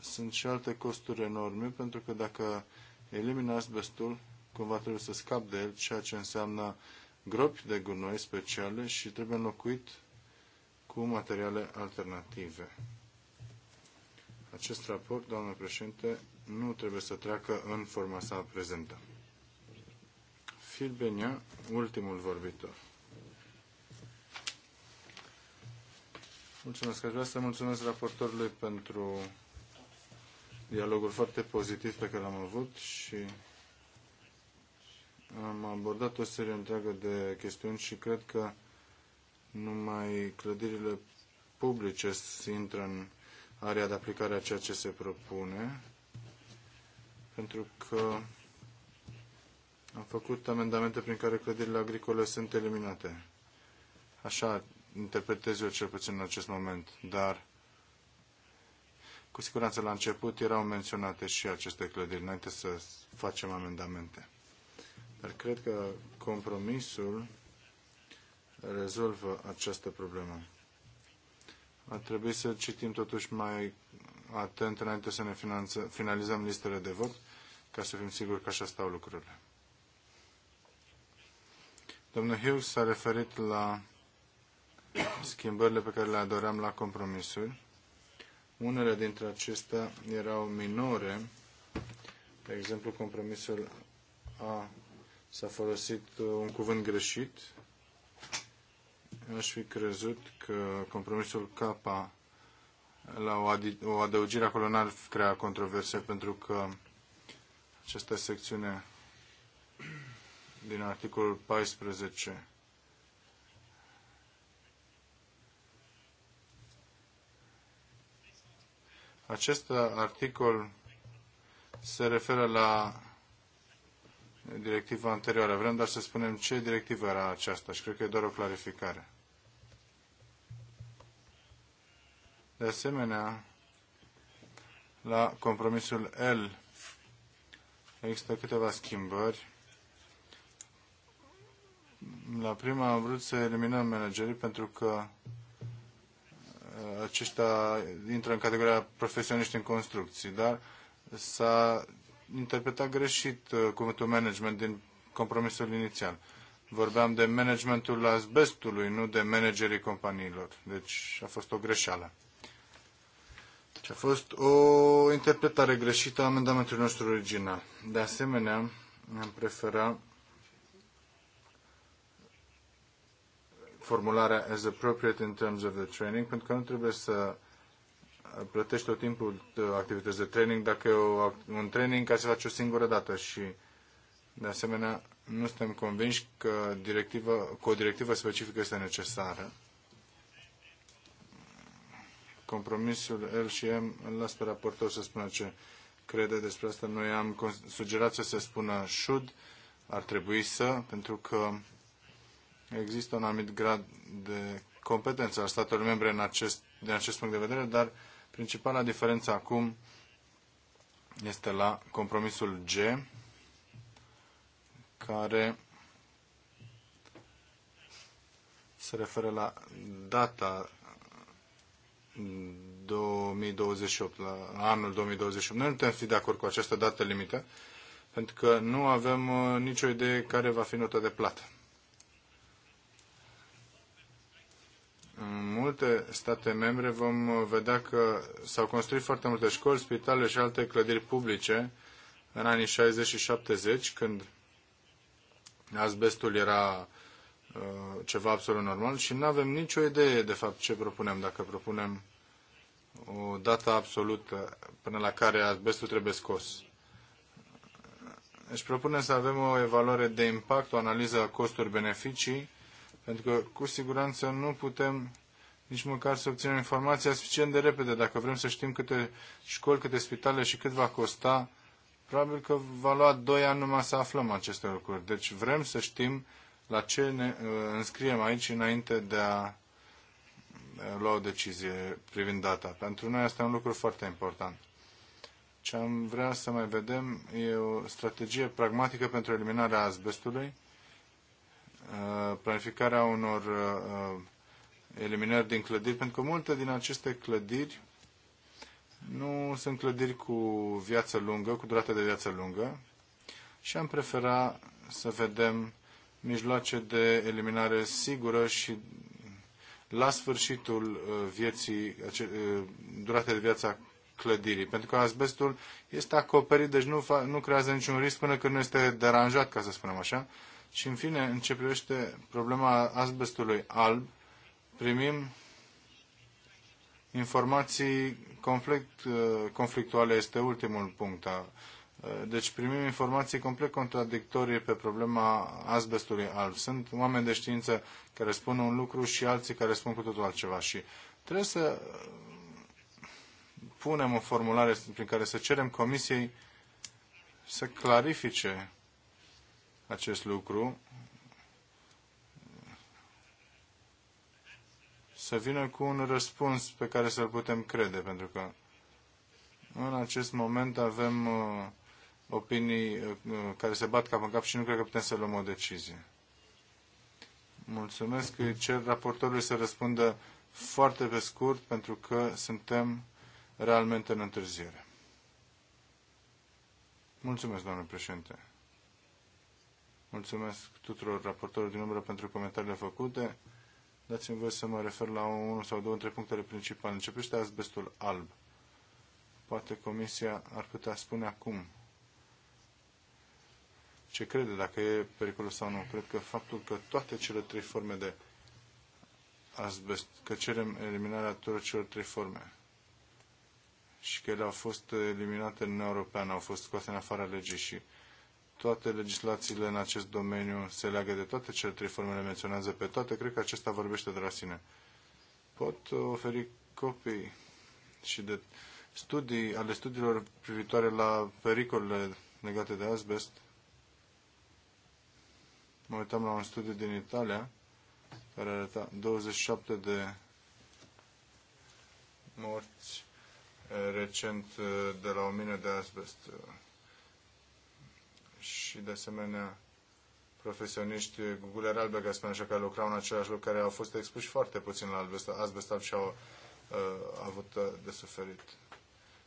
sunt și alte costuri enorme, pentru că dacă eliminați asbestul, cumva trebuie să scap de el, ceea ce înseamnă gropi de gunoi speciale și trebuie înlocuit cu materiale alternative acest raport, doamnă președinte, nu trebuie să treacă în forma sa prezentă. Filbenia, ultimul vorbitor. Mulțumesc. Aș vrea să mulțumesc raportorului pentru dialogul foarte pozitiv pe care l-am avut și am abordat o serie întreagă de chestiuni și cred că numai clădirile publice se intră în area de aplicare a ceea ce se propune, pentru că am făcut amendamente prin care clădirile agricole sunt eliminate. Așa interpretez eu cel puțin în acest moment, dar cu siguranță la început erau menționate și aceste clădiri, înainte să facem amendamente. Dar cred că compromisul rezolvă această problemă. Ar trebui să citim totuși mai atent înainte să ne finanță, finalizăm listele de vot, ca să fim siguri că așa stau lucrurile. Domnul Hughes s-a referit la schimbările pe care le adoream la compromisuri. Unele dintre acestea erau minore. De exemplu, compromisul A s-a folosit un cuvânt greșit aș fi crezut că compromisul K la o, o adăugire acolo n-ar crea controverse pentru că această secțiune din articolul 14 Acest articol se referă la directiva anterioară. Vrem doar să spunem ce directivă era aceasta și cred că e doar o clarificare. De asemenea, la compromisul L există câteva schimbări. La prima am vrut să eliminăm managerii pentru că uh, aceștia intră în categoria profesioniști în construcții, dar s-a interpretat greșit uh, cuvântul management din compromisul inițial. Vorbeam de managementul asbestului, nu de managerii companiilor. Deci a fost o greșeală. Deci a fost o interpretare greșită a amendamentului nostru original. De asemenea, am preferat formularea as appropriate in terms of the training, pentru că nu trebuie să plătești tot timpul uh, activități de training dacă e o, un training care se face o singură dată și de asemenea nu suntem convinși că, directivă, că o directivă specifică este necesară. Compromisul L și M, îl las pe raportor să spună ce crede despre asta. Noi am sugerat să se spună should, ar trebui să, pentru că există un anumit grad de competență al statelor membre în acest, din acest punct de vedere, dar uh, Principala diferență acum este la compromisul G, care se referă la data 2028, la anul 2028. Noi nu putem fi de acord cu această dată limită, pentru că nu avem uh, nicio idee care va fi nota de plată. în multe state membre vom uh, vedea că s-au construit foarte multe școli, spitale și alte clădiri publice în anii 60 și 70, când asbestul era uh, ceva absolut normal și nu avem nicio idee de fapt ce propunem, dacă propunem o dată absolută până la care asbestul trebuie scos. Deci propunem să avem o evaluare de impact, o analiză a costuri-beneficii pentru că, cu siguranță, nu putem nici măcar să obținem informația suficient de repede. Dacă vrem să știm câte școli, câte spitale și cât va costa, probabil că va lua doi ani numai să aflăm aceste lucruri. Deci vrem să știm la ce ne uh, înscriem aici înainte de a lua o decizie privind data. Pentru noi asta e un lucru foarte important. Ce am vrea să mai vedem e o strategie pragmatică pentru eliminarea azbestului Uh, planificarea unor uh, uh, eliminări din clădiri, pentru că multe din aceste clădiri nu sunt clădiri cu viață lungă, cu durată de viață lungă și am prefera să vedem mijloace de eliminare sigură și la sfârșitul vieții, durate de viață clădirii. Pentru că asbestul este acoperit, deci nu, nu creează niciun risc până când nu este deranjat, ca să spunem așa. Și în fine, în ce privește problema asbestului alb, primim informații conflict, uh, conflictuale, este ultimul punct. Uh, deci primim informații complet contradictorii pe problema asbestului alb. Sunt oameni de știință care spun un lucru și alții care spun cu totul altceva. Și trebuie să uh, punem o formulare prin care să cerem comisiei să clarifice acest lucru, să vină cu un răspuns pe care să-l putem crede, pentru că în acest moment avem uh, opinii uh, uh, care se bat cap în cap și nu cred că putem să luăm o decizie. Mulțumesc. Îi cer raportorului să răspundă foarte pe scurt, pentru că suntem realmente în întârziere. Mulțumesc, domnule președinte. Mulțumesc tuturor raportorilor din umbră pentru comentariile făcute. Dați-mi voi să mă refer la unul sau două dintre punctele principale. Începește asbestul alb. Poate Comisia ar putea spune acum ce crede, dacă e periculos sau nu. Cred că faptul că toate cele trei forme de asbest, că cerem eliminarea tuturor celor trei forme și că ele au fost eliminate în Europeană, au fost scoase în afara legii și toate legislațiile în acest domeniu se leagă de toate cele trei formele, menționează pe toate. Cred că acesta vorbește de la sine. Pot oferi copii și de studii ale studiilor privitoare la pericolele legate de asbest. Mă uitam la un studiu din Italia care arăta 27 de morți eh, recent eh, de la o mină de asbest și de asemenea profesioniști guguleri albe, ca spune așa, care lucrau în același loc, care au fost expuși foarte puțin la asbest și au uh, avut uh, de suferit.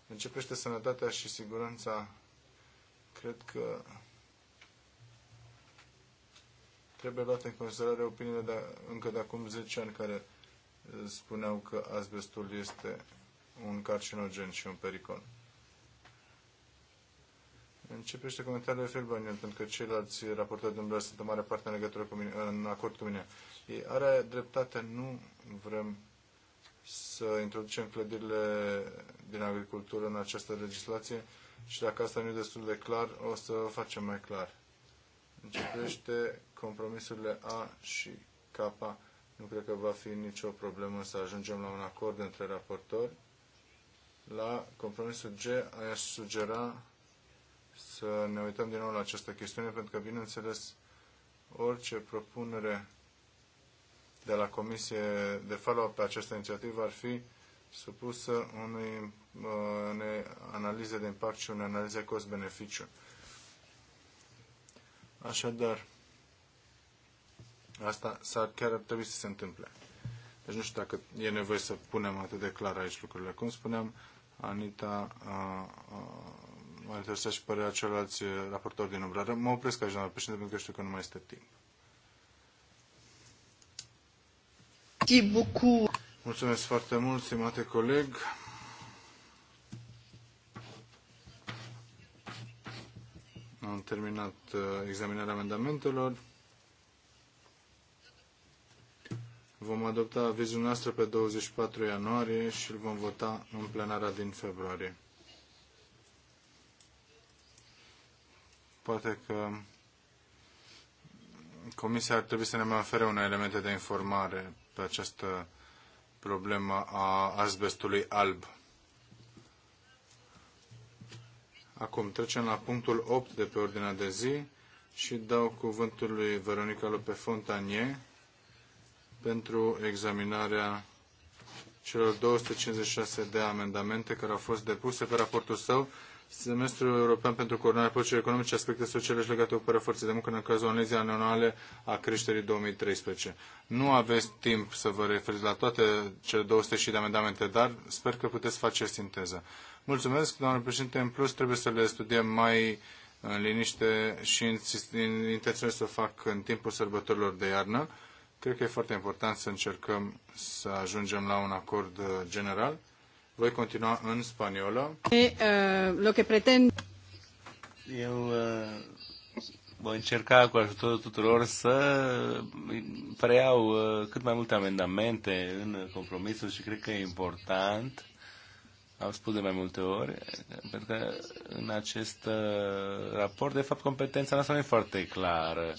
Începește sănătatea și siguranța. Cred că trebuie luate în considerare opiniile de, încă de acum 10 ani care uh, spuneau că asbestul este un carcinogen și un pericol. Începește comentariul Bani, pentru că ceilalți raportori dumneavoastră sunt în mare parte în, legătură cu mine, în acord cu mine. Ei are dreptate, nu vrem să introducem clădirile din agricultură în această legislație și dacă asta nu e destul de clar, o să o facem mai clar. Începește compromisurile A și K. Nu cred că va fi nicio problemă să ajungem la un acord între raportori. La compromisul G aș sugera să ne uităm din nou la această chestiune, pentru că, bineînțeles, orice propunere de la Comisie de follow-up pe această inițiativă ar fi supusă unui, uh, unei analize de impact și unei analize cost-beneficiu. Așadar, asta s-ar chiar ar trebui să se întâmple. Deci nu știu dacă e nevoie să punem atât de clar aici lucrurile. Cum spuneam, Anita uh, uh, Mă interesa și părerea celorlalți eh, raportori din umbrare. Mă opresc aici, doamna președinte, pentru că știu că nu mai este timp. Mulțumesc foarte mult, stimate coleg. Am terminat eh, examinarea amendamentelor. Vom adopta avizul noastră pe 24 ianuarie și îl vom vota în plenara din februarie. Poate că Comisia ar trebui să ne mai ofere unele elemente de informare pe această problemă a azbestului alb. Acum trecem la punctul 8 de pe ordinea de zi și dau cuvântul lui Veronica Lope Fontanie pentru examinarea celor 256 de amendamente care au fost depuse pe raportul său Semestrul European pentru Coordonarea Politicilor Economice, aspecte sociale și legate de ocuparea forței de muncă în cazul analizei anuale a creșterii 2013. Nu aveți timp să vă referiți la toate cele 200 și de amendamente, dar sper că puteți face sinteză. Mulțumesc, doamnă președinte. În plus, trebuie să le studiem mai în liniște și intenționez să o fac în timpul sărbătorilor de iarnă. Cred că e foarte important să încercăm să ajungem la un acord uh, general voi continua în spaniolă. Uh, lo que pretend... Eu uh, voi încerca cu ajutorul tuturor să preiau uh, cât mai multe amendamente în compromisul și cred că e important am spus de mai multe ori, pentru că în acest raport, de fapt, competența noastră nu e foarte clară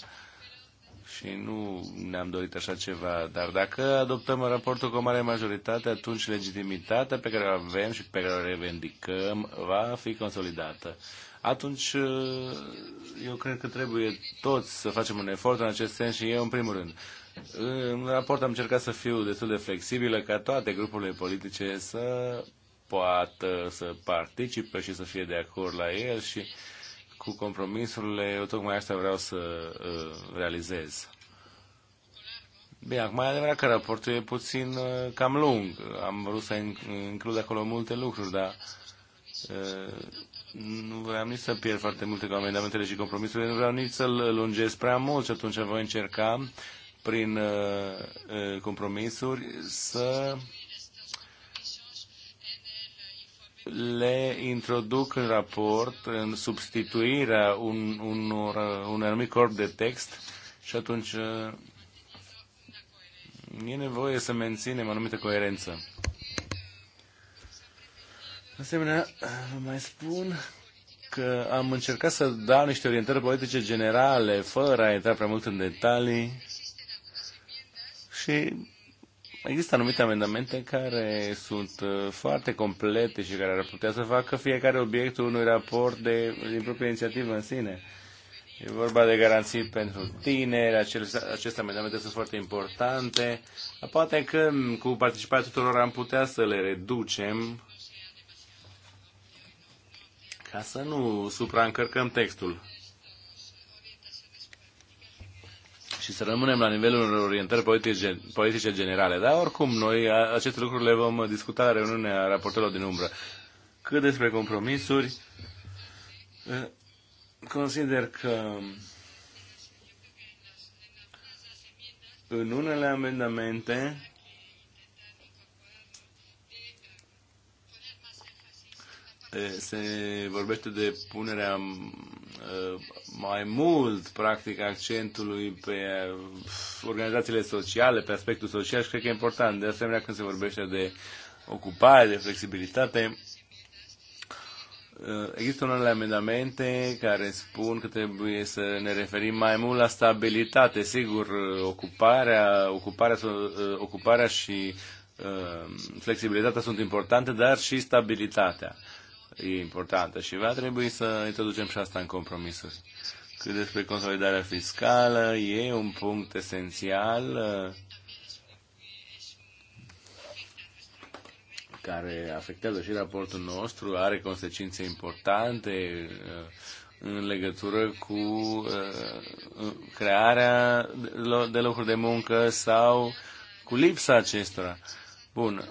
și nu ne-am dorit așa ceva, dar dacă adoptăm raportul cu o mare majoritate, atunci legitimitatea pe care o avem și pe care o revendicăm va fi consolidată. Atunci eu cred că trebuie toți să facem un efort în acest sens și eu în primul rând. În raport am încercat să fiu destul de flexibilă ca toate grupurile politice să poată să participe și să fie de acord la el și uh, cu compromisurile, eu tocmai asta vreau să uh, realizez. Bine, acum e adevărat că raportul e puțin uh, cam lung. Am vrut să includ acolo multe lucruri, dar uh, nu vreau nici să pierd foarte multe cu amendamentele și compromisurile, nu vreau nici să-l lungez prea mult și atunci voi încerca prin uh, uh compromisuri să le introduc în raport, în substituirea un, unor, un anumit corp de text și atunci uh, e nevoie să menținem anumită coerență. De asemenea, vă mai spun că am încercat să dau niște orientări politice generale, fără a intra prea mult în detalii. Și Există anumite amendamente care sunt uh, foarte complete și care ar putea să facă fiecare obiectul unui raport de, din propria inițiativă în sine. E vorba de garanții pentru tineri, aceste, aceste amendamente sunt foarte importante. Poate că cu participarea tuturor am putea să le reducem ca să nu supraîncărcăm textul. și să rămânem la nivelul unor orientări politice, politice generale. Dar oricum, noi aceste lucruri le vom discuta la reuniunea raportelor din umbră. Cât despre compromisuri, eh, consider că în unele amendamente se vorbește de punerea uh, mai mult, practic, accentului pe uh, organizațiile sociale, pe aspectul social și cred că e important. De asemenea, când se vorbește de ocupare, de flexibilitate, uh, Există unele amendamente care spun că trebuie să ne referim mai mult la stabilitate. Sigur, ocuparea, ocuparea, ocuparea și flexibilitatea sunt importante, dar și stabilitatea e importantă și va trebui să introducem și asta în compromisuri. Cât despre consolidarea fiscală, e un punct esențial uh, care afectează și raportul nostru, are consecințe importante uh, în legătură cu uh, crearea de locuri de muncă sau cu lipsa acestora. Bun.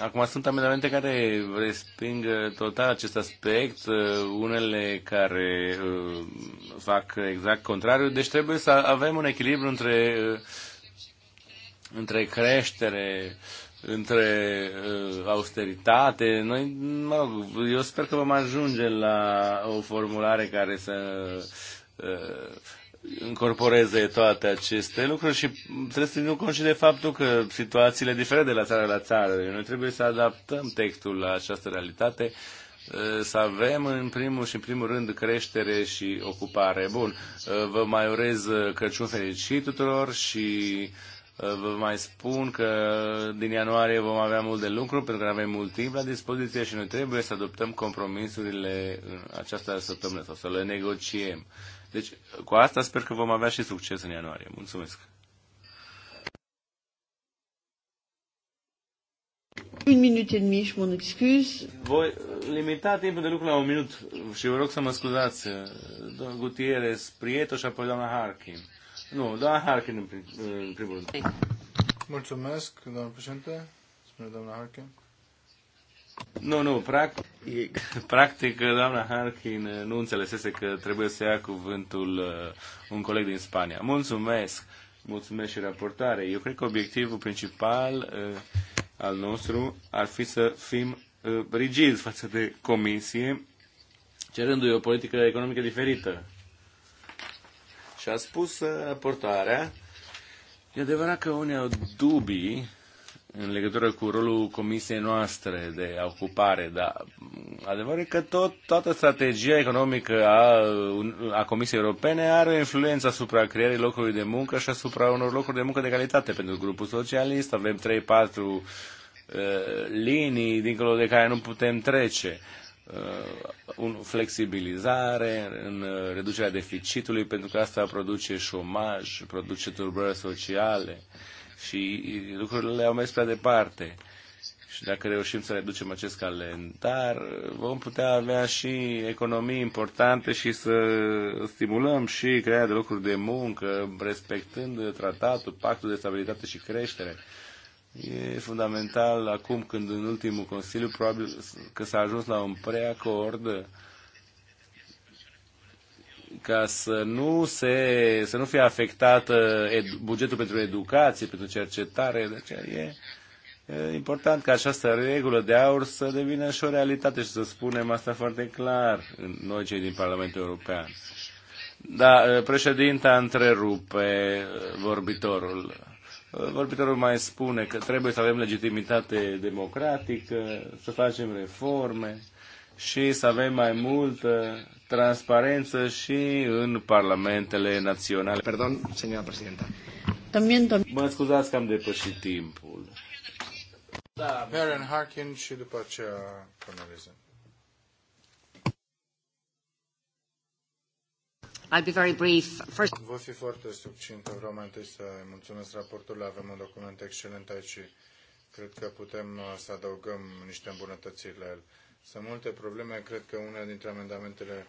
Acum sunt amendamente care resping uh, total acest aspect, uh, unele care uh, fac exact contrariu. deci trebuie să avem un echilibru între, între creștere, între austeritate. Noi, mă rog, eu sper că vom ajunge la o formulare care să încorporeze toate aceste lucruri și trebuie să nu conștient de faptul că situațiile diferă de la țară la țară. Noi trebuie să adaptăm textul la această realitate, eh, să avem în primul și în primul rând creștere și ocupare. Bun, eh, vă mai urez eh, Crăciun fericit tuturor și Vă mai spun că din ianuarie vom avea mult de lucru pentru că avem mult timp la dispoziție și noi trebuie să adoptăm compromisurile în această săptămână sau să le negociem. Deci, cu asta sper că vom avea și succes în ianuarie. Mulțumesc! Un minut și demi, mă excuz. Voi limita timpul de lucru la un minut și vă rog să mă scuzați, domnul Gutierrez, Prieto și apoi doamna Harkin. Nu, doamna Harkin în, prim, în primul rând. Mulțumesc, doamna președinte, spune doamna Harkin. Nu, nu, practic, practic doamna Harkin uh, nu înțelesese că trebuie să ia cuvântul uh, un coleg din Spania. Mulțumesc! Mulțumesc și raportare. Eu cred că obiectivul principal uh, al nostru ar fi să fim rigizi față de comisie, cerându-i o politică economică diferită. Și a spus raportarea, e adevărat că unii au dubii în legătură cu rolul comisiei noastre de ocupare, dar adevărul e că tot, toată strategia economică a, a Comisiei Europene are influență asupra creării locului de muncă și asupra unor locuri de muncă de calitate pentru grupul socialist. Avem 3-4 uh, linii dincolo de care nu putem trece. Uh, un, flexibilizare în uh, reducerea deficitului, pentru că asta produce șomaj, produce turbări sociale. Uh, și lucrurile le-am au mers prea departe. Și dacă reușim să reducem acest calendar, vom putea avea și economii importante și să stimulăm și crearea de locuri de muncă, respectând tratatul, pactul de stabilitate și creștere. E fundamental acum când în ultimul Consiliu probabil că s-a ajuns la un preacord ca să nu, se, să nu fie afectat uh, bugetul pentru educație, pentru cercetare. Deci e, e important ca această regulă de aur să devină și o realitate și să spunem asta foarte clar noi cei din Parlamentul European. Da, uh, președinta întrerupe uh, vorbitorul. Vorbitorul mai spune că trebuie să avem legitimitate democratică, să facem reforme și să avem mai multă transparență și în parlamentele naționale. Pardon, señora presidenta. También, también. Mă scuzați că am depășit timpul. Da, Baron Harkin și după aceea Cornelisen. I'll be very brief. First... Voi fi foarte succintă. Vreau mai întâi să mulțumesc raportul. Avem un document excelent aici și cred că putem să adăugăm niște îmbunătățiri la el. Sunt multe probleme, cred că una dintre amendamentele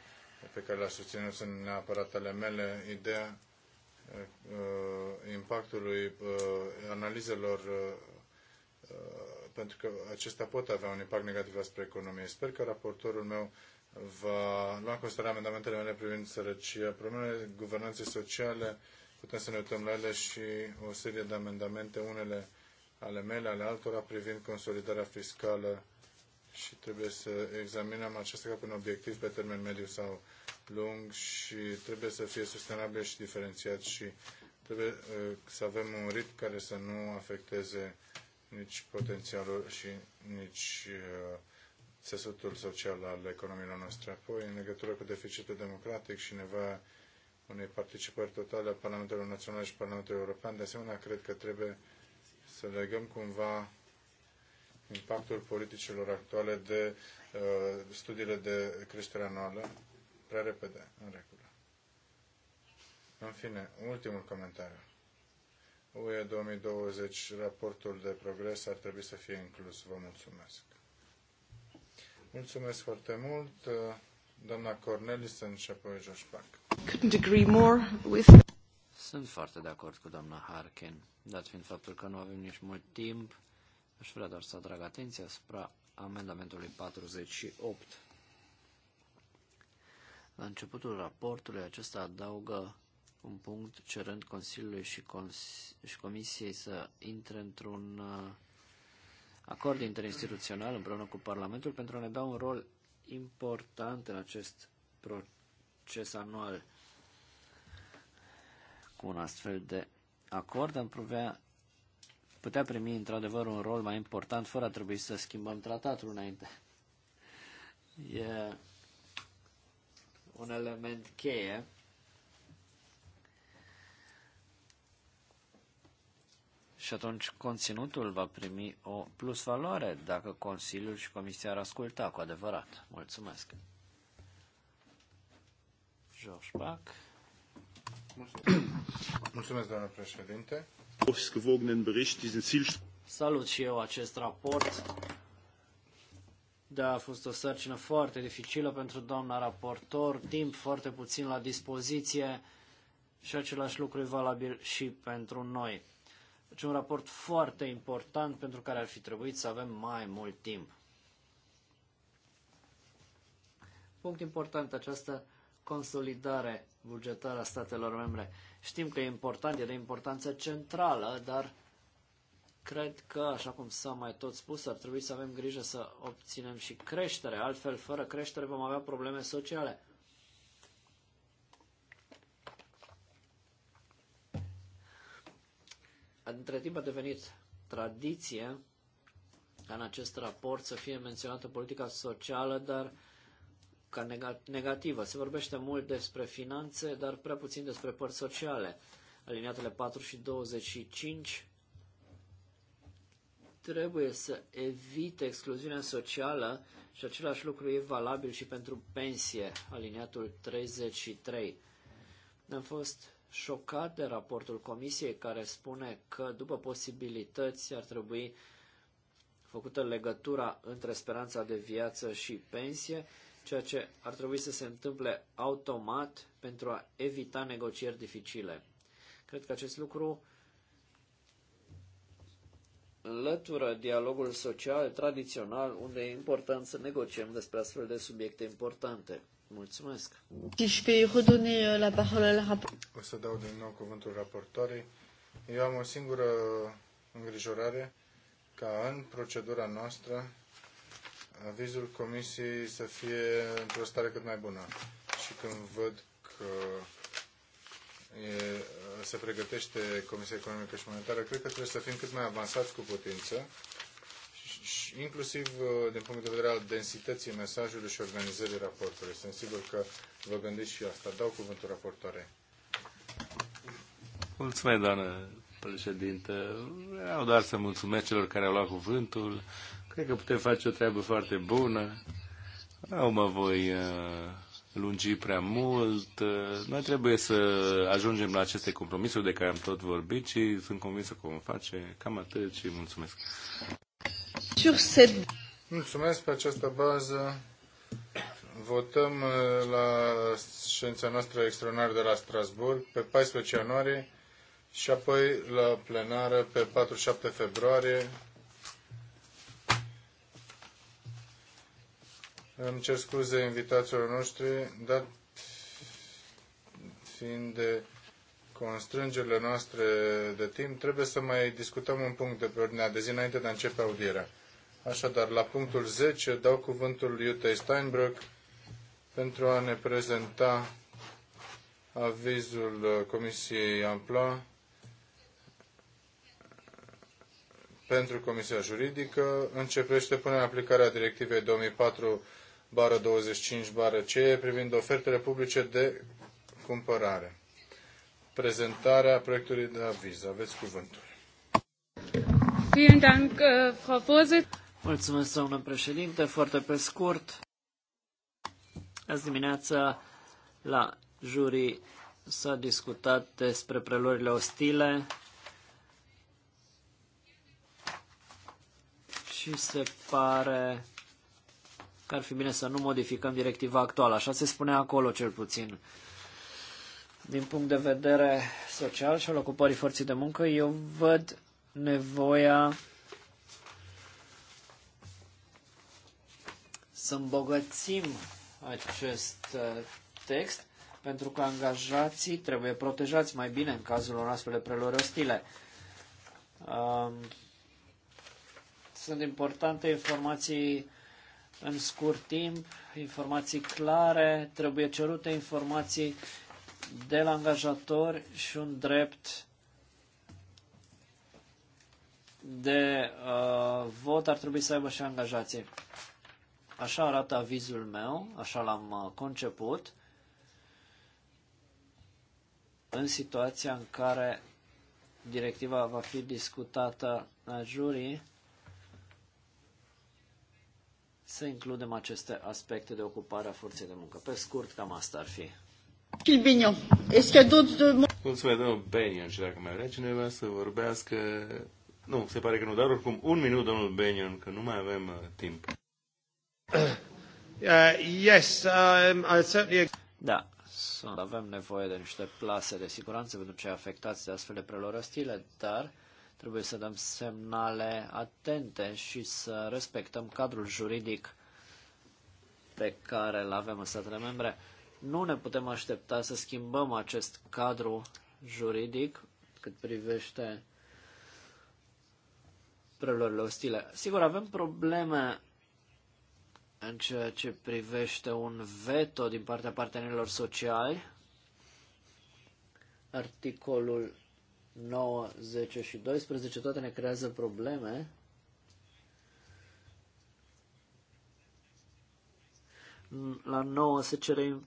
pe care le-a susținut sunt neapărat ale mele, ideea uh, impactului uh, analizelor uh, pentru că acestea pot avea un impact negativ asupra economiei. Sper că raportorul meu va lua în considerare amendamentele mele privind sărăcia, problemele guvernanței sociale, putem să ne uităm la ele și o serie de amendamente, unele ale mele, ale altora, privind consolidarea fiscală și trebuie să examinăm acesta ca un obiectiv pe termen mediu sau lung și trebuie să fie sustenabil și diferențiat și trebuie uh, să avem un ritm care să nu afecteze nici potențialul și nici uh, țesutul social al economiilor noastre. Apoi, în legătură cu deficitul democratic și nevoia unei participări totale a Parlamentelor Naționale și Parlamentului European, de asemenea, cred că trebuie să legăm cumva impactul politicilor actuale de uh, studiile de creștere anuală. Prea repede, în regulă. În fine, ultimul comentariu. UE 2020, raportul de progres ar trebui să fie inclus. Vă mulțumesc. Mulțumesc foarte mult, doamna Cornelison și apoi Josh Pack. Sunt foarte de acord cu doamna Harkin, dat fiind faptul că nu avem nici mult timp, Aș vrea doar să atrag atenția asupra amendamentului 48. La începutul raportului acesta adaugă un punct cerând Consiliului și, Cons- și Comisiei să intre într-un uh, acord interinstituțional împreună cu Parlamentul pentru a ne da un rol important în acest proces anual. Cu un astfel de acord am provea putea primi într-adevăr un rol mai important fără a trebui să schimbăm tratatul înainte. E un element cheie. Și atunci conținutul va primi o plus valoare dacă Consiliul și Comisia ar asculta cu adevărat. Mulțumesc! George Bach Mulțumesc, doamnă președinte. Salut și eu acest raport. Da, a fost o sarcină foarte dificilă pentru doamna raportor, timp foarte puțin la dispoziție și același lucru e valabil și pentru noi. Deci un raport foarte important pentru care ar fi trebuit să avem mai mult timp. Punct important, această consolidare bugetară a statelor membre. Știm că e important, e de importanță centrală, dar cred că, așa cum s-a mai tot spus, ar trebui să avem grijă să obținem și creștere. Altfel, fără creștere, vom avea probleme sociale. Între timp a devenit tradiție ca în acest raport să fie menționată politica socială, dar uh, ca negativă. Se vorbește mult despre finanțe, dar prea puțin despre părți sociale. Aliniatele 4 și 25 trebuie să evite excluziunea socială și același lucru e valabil și pentru pensie, aliniatul 33. Am fost șocat de raportul comisiei care spune că după posibilități ar trebui făcută legătura între speranța de viață și pensie ceea ce ar trebui să se întâmple automat pentru a evita negocieri dificile. Cred că acest lucru înlătură dialogul social tradițional, unde e important să negociem despre astfel de subiecte importante. Mulțumesc! Deci, uh, o să dau din nou cuvântul raportoarei. Eu am o singură îngrijorare ca în procedura noastră avizul comisiei să fie într-o stare cât mai bună. Și când văd că e, se pregătește Comisia Economică și Monetară, cred că trebuie să fim cât mai avansați cu putință, și, inclusiv uh, din punct de vedere al densității mesajului și organizării raportului. Sunt sigur că vă gândiți și asta. Dau cuvântul raportoarei. Mulțumesc, doamnă președinte. Vreau doar să mulțumesc celor care au luat cuvântul, Cred că putem face o treabă foarte bună. Nu mă voi uh, lungi prea mult. Uh, noi trebuie să ajungem la aceste compromisuri de care am tot vorbit și sunt convins că vom face cam atât și mulțumesc. Mulțumesc pe această bază. Votăm uh, la ședința noastră extraordinară de la Strasburg pe 14 ianuarie și apoi la plenară pe 4-7 februarie Îmi cer scuze invitațiilor noștri, dar fiind de constrângerile noastre de timp, trebuie să mai discutăm un punct de pe ordinea de zi înainte de a începe audierea. Așadar, la punctul 10 dau cuvântul Iutei Steinbrück pentru a ne prezenta avizul Comisiei Ampla pentru Comisia Juridică. Începește punerea în aplicare a Directivei 2004 bară 25 bară CE privind ofertele publice de cumpărare. Prezentarea proiectului de aviz. Aveți cuvântul. Uh, Mulțumesc, doamnă președinte. Foarte pe scurt, azi dimineața la juri s-a discutat despre preluările ostile și se pare că ar fi bine să nu modificăm directiva actuală. Așa se spune acolo cel puțin. Din punct de vedere social și al ocupării forții de muncă, eu văd nevoia să îmbogățim acest uh, text pentru că angajații trebuie protejați mai bine în cazul unor astfel de preluări ostile. Um, sunt importante informații în scurt timp, informații clare, trebuie cerute informații de la angajatori și un drept de uh, vot ar trebui să aibă și angajații. Așa arată avizul meu, așa l-am uh, conceput, în situația în care directiva va fi discutată la jurii să includem aceste aspecte de ocupare a forței de muncă. Pe scurt, cam asta ar fi. Este Mulțumesc, domnul Benion, și dacă mai vrea cineva să vorbească... Nu, se pare că nu, dar oricum un minut, domnul Benion, că nu mai avem uh, timp. Uh, yes, um, I certainly... Da, sunt. avem nevoie de niște plase de siguranță pentru cei afectați de astfel de prelor ostile, dar Trebuie să dăm semnale atente și să respectăm cadrul juridic pe care îl avem în statele membre. Nu ne putem aștepta să schimbăm acest cadru juridic cât privește preluările ostile. Sigur, avem probleme în ceea ce privește un veto din partea partenerilor sociali. Articolul 9, 10 și 12, toate ne creează probleme. La 9 se cere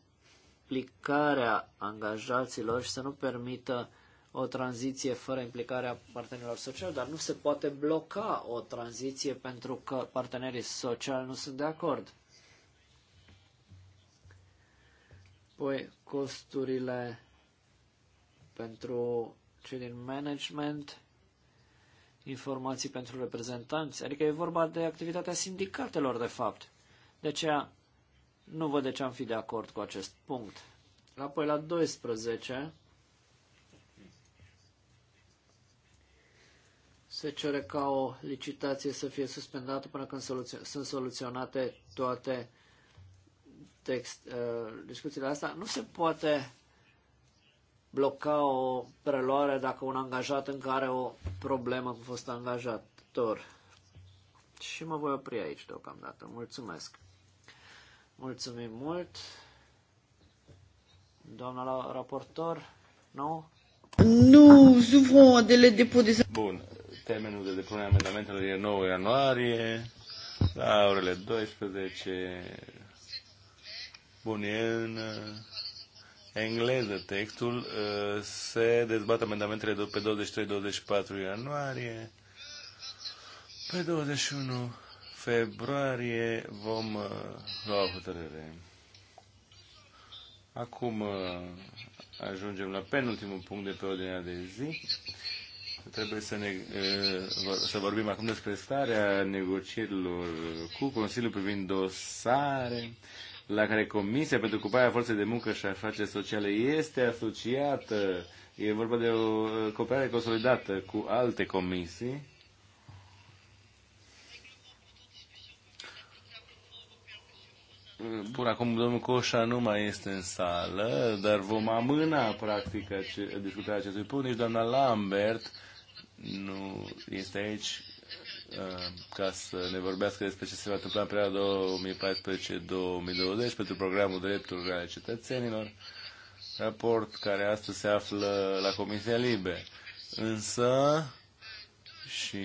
implicarea angajaților și să nu permită o tranziție fără implicarea partenerilor sociali, dar nu se poate bloca o tranziție pentru că partenerii sociali nu sunt de acord. Păi costurile pentru cei din management, informații pentru reprezentanți, adică e vorba de activitatea sindicatelor, de fapt. De aceea nu văd de ce am fi de acord cu acest punct. Apoi la 12 se cere ca o licitație să fie suspendată până când soluțio- sunt soluționate toate text, uh, discuțiile astea. Nu se poate bloca o preluare dacă un angajat încă are o problemă cu fost angajator. Și mă voi opri aici deocamdată. Mulțumesc! Mulțumim mult! Doamna raportor, nu? Nu, zuvon de le depot de... Bun, termenul de depunere amendamentelor e 9 ianuarie, la orele 12. Bun, e în engleză textul. Uh, se dezbat amendamentele pe 23-24 ianuarie. Pe 21 februarie vom uh, lua hotărâre. Acum uh, ajungem la penultimul punct de pe ordinea de zi. Trebuie să, ne, să vorbim acum despre starea negocierilor cu Consiliul privind dosare la care Comisia pentru Ocuparea Forței de Muncă și Afaceri Sociale este asociată, e vorba de o uh, cooperare consolidată cu alte comisii, Bun, acum domnul Coșa nu mai este în sală, dar vom amâna practică discutarea acestui punct. Nici doamna Lambert nu este aici Uh, ca să ne vorbească despre ce se va întâmpla în perioada 2014-2020 pentru programul drepturilor ale cetățenilor, raport care astăzi se află la Comisia Libe. Însă, și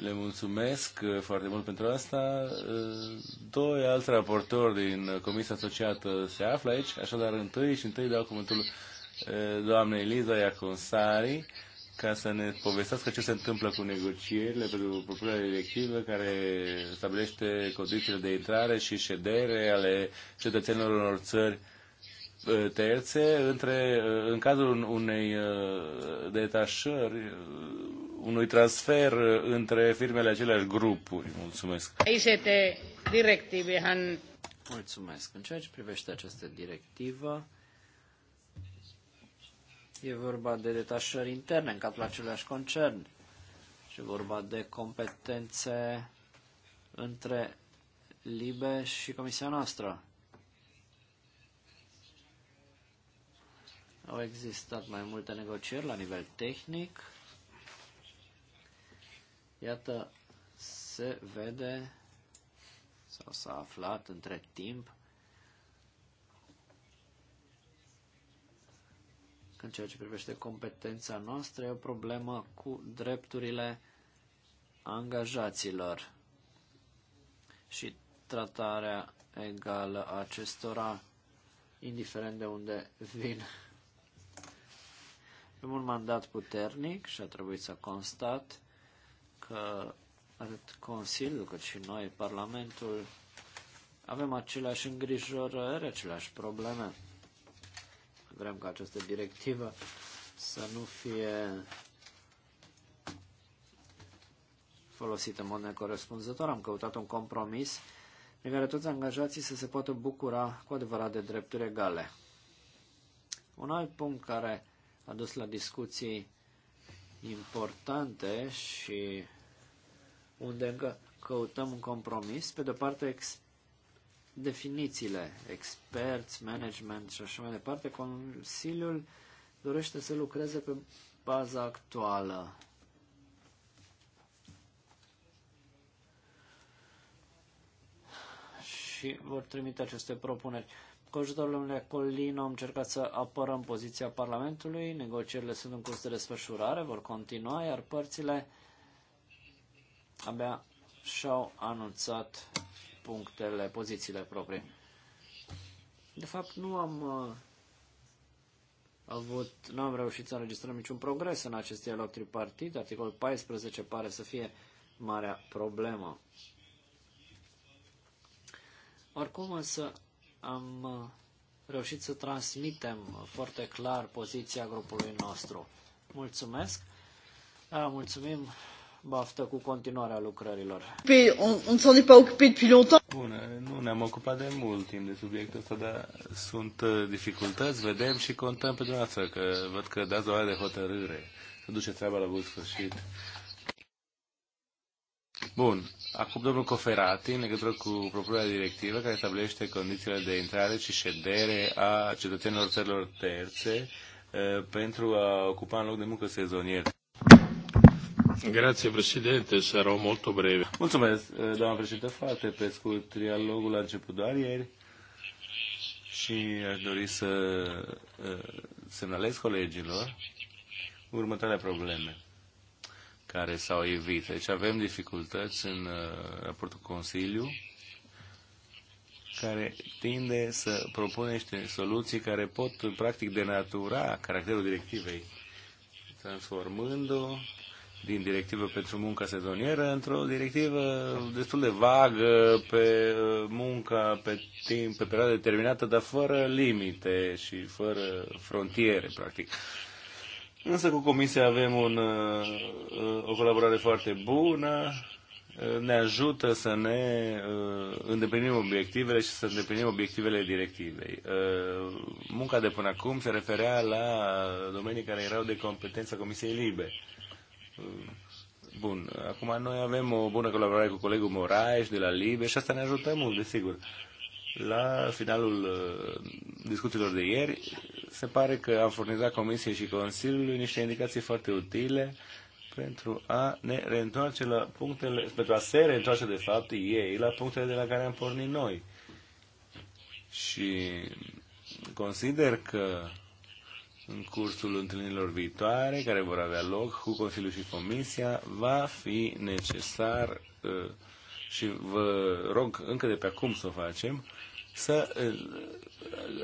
le mulțumesc foarte mult pentru asta, uh, doi alți raportori din Comisia Asociată se află aici, așadar întâi și întâi dau cuvântul uh, doamnei Eliza Iaconsari, ca să ne povestească ce se întâmplă cu negocierile pentru propunerea directivă care stabilește condițiile de intrare și ședere ale cetățenilor unor țări ă, terțe între, ă, în cazul unei ă, detașări, unui transfer între firmele aceleași grupuri. Mulțumesc. Mulțumesc. În ceea ce privește această directivă, E vorba de detașări interne în cadrul același concern. Și e vorba de competențe între LIBE și comisia noastră. Au existat mai multe negocieri la nivel tehnic. Iată, se vede sau s-a aflat între timp în ceea ce privește competența noastră, e o problemă cu drepturile angajaților și tratarea egală a acestora, indiferent de unde vin. Am un mandat puternic și a trebuit să constat că atât Consiliul cât și noi, Parlamentul, avem aceleași îngrijorări, aceleași probleme. Vrem ca această directivă să nu fie folosită în mod necorespunzător. Am căutat un compromis prin care toți angajații să se poată bucura cu adevărat de drepturi egale. Un alt punct care a dus la discuții importante și unde încă căutăm un compromis, pe de-o parte ex- definițiile, experți, management și așa mai departe, Consiliul dorește să lucreze pe baza actuală. Și vor trimite aceste propuneri. Cu ajutorul domnului Colin am încercat să apărăm poziția Parlamentului, negocierile sunt în curs de desfășurare, vor continua, iar părțile abia și-au anunțat punctele, pozițiile proprii. De fapt, nu am uh, avut, nu am reușit să înregistrăm niciun progres în acest dialog tripartit. Articolul 14 pare să fie marea problemă. Oricum însă am uh, reușit să transmitem foarte clar poziția grupului nostru. Mulțumesc! Da, mulțumim baftă cu continuarea lucrărilor. On s'en est pas occupé depuis Bun, nu ne-am ocupat de mult timp de subiectul ăsta, dar sunt uh, dificultăți, vedem și contăm pe dumneavoastră, că văd că dați o de hotărâre, să duce treaba la bun sfârșit. Bun, acum domnul Coferati, în legătură cu propria directivă care stabilește condițiile de intrare și ședere a cetățenilor țărilor terțe uh, pentru a ocupa în loc de muncă sezonier. Grazie Presidente, sarò molto breve. Mulțumesc, eh, doamna președinte, foarte pe scurt. Trialogul a început doar ieri și aș dori să eh, semnalez colegilor următoarele probleme care s-au evit. Deci avem dificultăți în eh, raportul Consiliu care tinde să propune niște soluții care pot practic denatura caracterul directivei, transformându. o din directivă pentru munca sezonieră într-o directivă destul de vagă pe uh, munca pe timp, pe perioadă determinată, dar fără limite și fără frontiere, practic. Însă cu Comisia avem un, uh, o colaborare foarte bună, uh, ne ajută să ne îndeplinim obiectivele și să îndeplinim obiectivele directivei. Munca de până acum se referea la domenii care erau de competența Comisiei Libe. Mm. Bun, acum noi avem o bună colaborare cu colegul Moraes de la Libe și asta ne ajută mult, desigur. La finalul uh, discuțiilor de ieri, se pare că am furnizat Comisiei și Consiliului niște indicații foarte utile pentru a ne reîntoarce la punctele, pentru a se reîntoarce de fapt ei la punctele de la care am pornit noi. Și consider că în cursul întâlnirilor viitoare, care vor avea loc cu Consiliul și Comisia, va fi necesar uh, și vă rog încă de pe acum să o facem, să uh,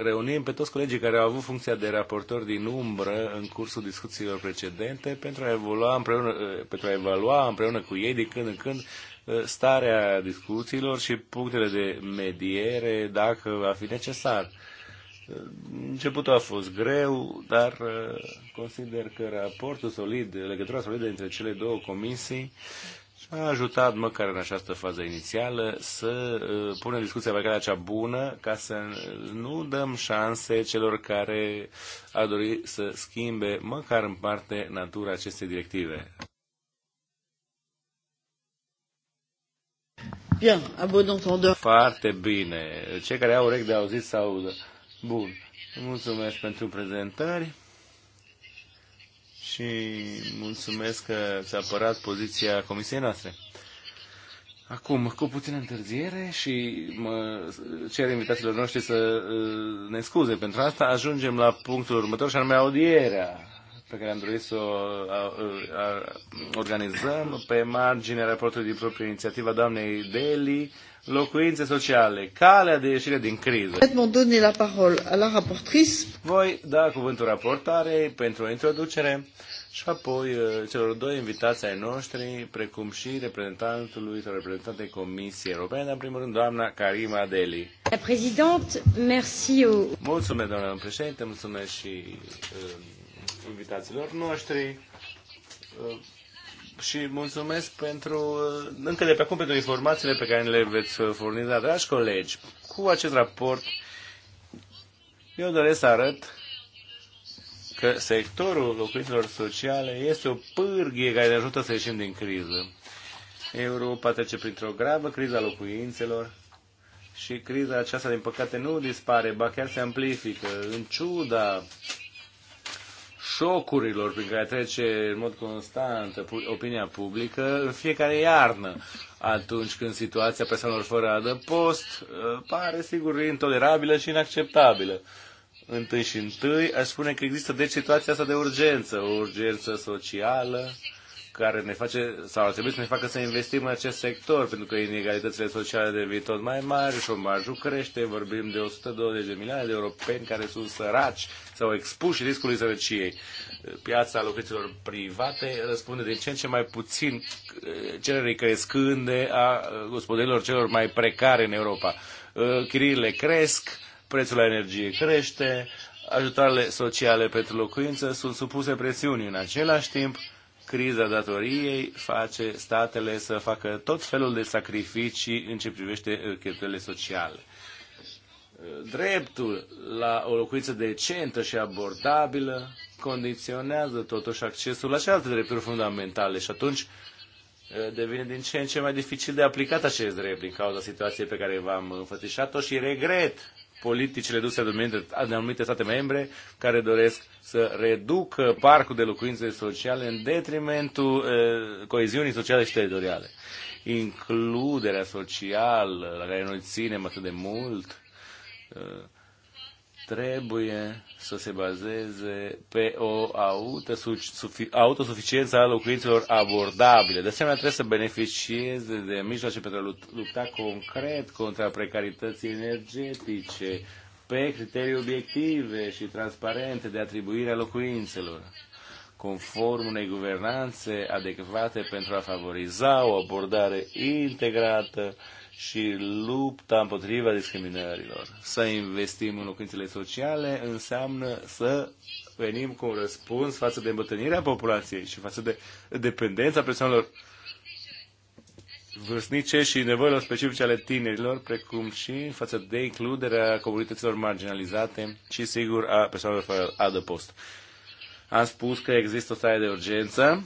reunim pe toți colegii care au avut funcția de raportor din umbră în cursul discuțiilor precedente pentru a, evolua împreună, uh, pentru a evalua împreună cu ei de când în când starea discuțiilor și punctele de mediere dacă va fi necesar. Începutul a fost greu, dar uh, consider că raportul solid, legătura solidă între cele două comisii a ajutat măcar în această fază inițială să uh, punem discuția pe calea cea bună ca să nu dăm șanse celor care a dori să schimbe măcar în parte natura acestei directive. Bien, a Foarte bine. Cei care au urechi de auzit sau. Bun. Mulțumesc pentru prezentări și mulțumesc că ți-a apărat poziția comisiei noastre. Acum, cu puțină întârziere și mă cer invitațiilor noștri să uh, ne scuze pentru asta, ajungem la punctul următor și anume audierea pe care am dorit să o a, a, organizăm pe marginea raportului din proprie inițiativă a doamnei Deli locuințe sociale, calea de ieșire din criză. Voi da cuvântul raportarei pentru o introducere și apoi uh, celor doi invitați ai noștri, precum și reprezentantului sau reprezentantei Comisiei Europene, în primul rând doamna Karima Deli. Mulțumesc, doamna președinte, mulțumesc și uh, invitațiilor noștri. Uh, și mulțumesc pentru, încă de pe acum, pentru informațiile pe care le veți furniza. Dragi colegi, cu acest raport eu doresc să arăt că sectorul locuințelor sociale este o pârghie care ne ajută să ieșim din criză. Europa trece printr-o gravă criza locuințelor și criza aceasta, din păcate, nu dispare, ba chiar se amplifică, în ciuda șocurilor prin care trece în mod constant opinia publică în fiecare iarnă, atunci când situația persoanelor fără adăpost uh, pare, sigur, intolerabilă și inacceptabilă. Întâi și întâi, aș spune că există deci situația asta de urgență, o urgență socială, care ne face, sau ar trebui să ne facă să investim în acest sector, pentru că inegalitățile sociale devin tot mai mari, șomajul crește, vorbim de 120 de milioane de europeni care sunt săraci sau expuși riscului sărăciei. Piața locuiților private răspunde din ce în ce mai puțin eh, cererii crescânde a eh, gospodărilor celor mai precare în Europa. Eh, chiriile cresc, prețul la energie crește, ajutoarele sociale pentru locuință sunt supuse presiunii. În același timp, criza datoriei face statele să facă tot felul de sacrificii în ce privește uh, cheltuielile sociale. Uh, dreptul la o locuință decentă și abordabilă condiționează totuși accesul la celelalte drepturi fundamentale și atunci uh, devine din ce în ce mai dificil de aplicat acest drept din cauza situației pe care v-am înfățișat-o și regret politicile duse de anumite, state membre care doresc să reducă parcul de locuințe sociale în detrimentul uh, coeziunii sociale și teritoriale. Includerea socială la care noi ținem atât de mult uh, trebuie să se bazeze pe o autosuficiență a locuințelor abordabile. De asemenea, trebuie să beneficieze de mijloace pentru a lupta concret contra precarității energetice, pe criterii obiective și transparente de atribuire a locuințelor, conform unei guvernanțe adecvate pentru a favoriza o abordare integrată și lupta împotriva discriminărilor. Să investim în locuințele sociale înseamnă să venim cu un răspuns față de îmbătrânirea populației și față de dependența persoanelor vârstnice și nevoilor specifice ale tinerilor, precum și față de includerea comunităților marginalizate și, sigur, a persoanelor fără adăpost. Am spus că există o stare de urgență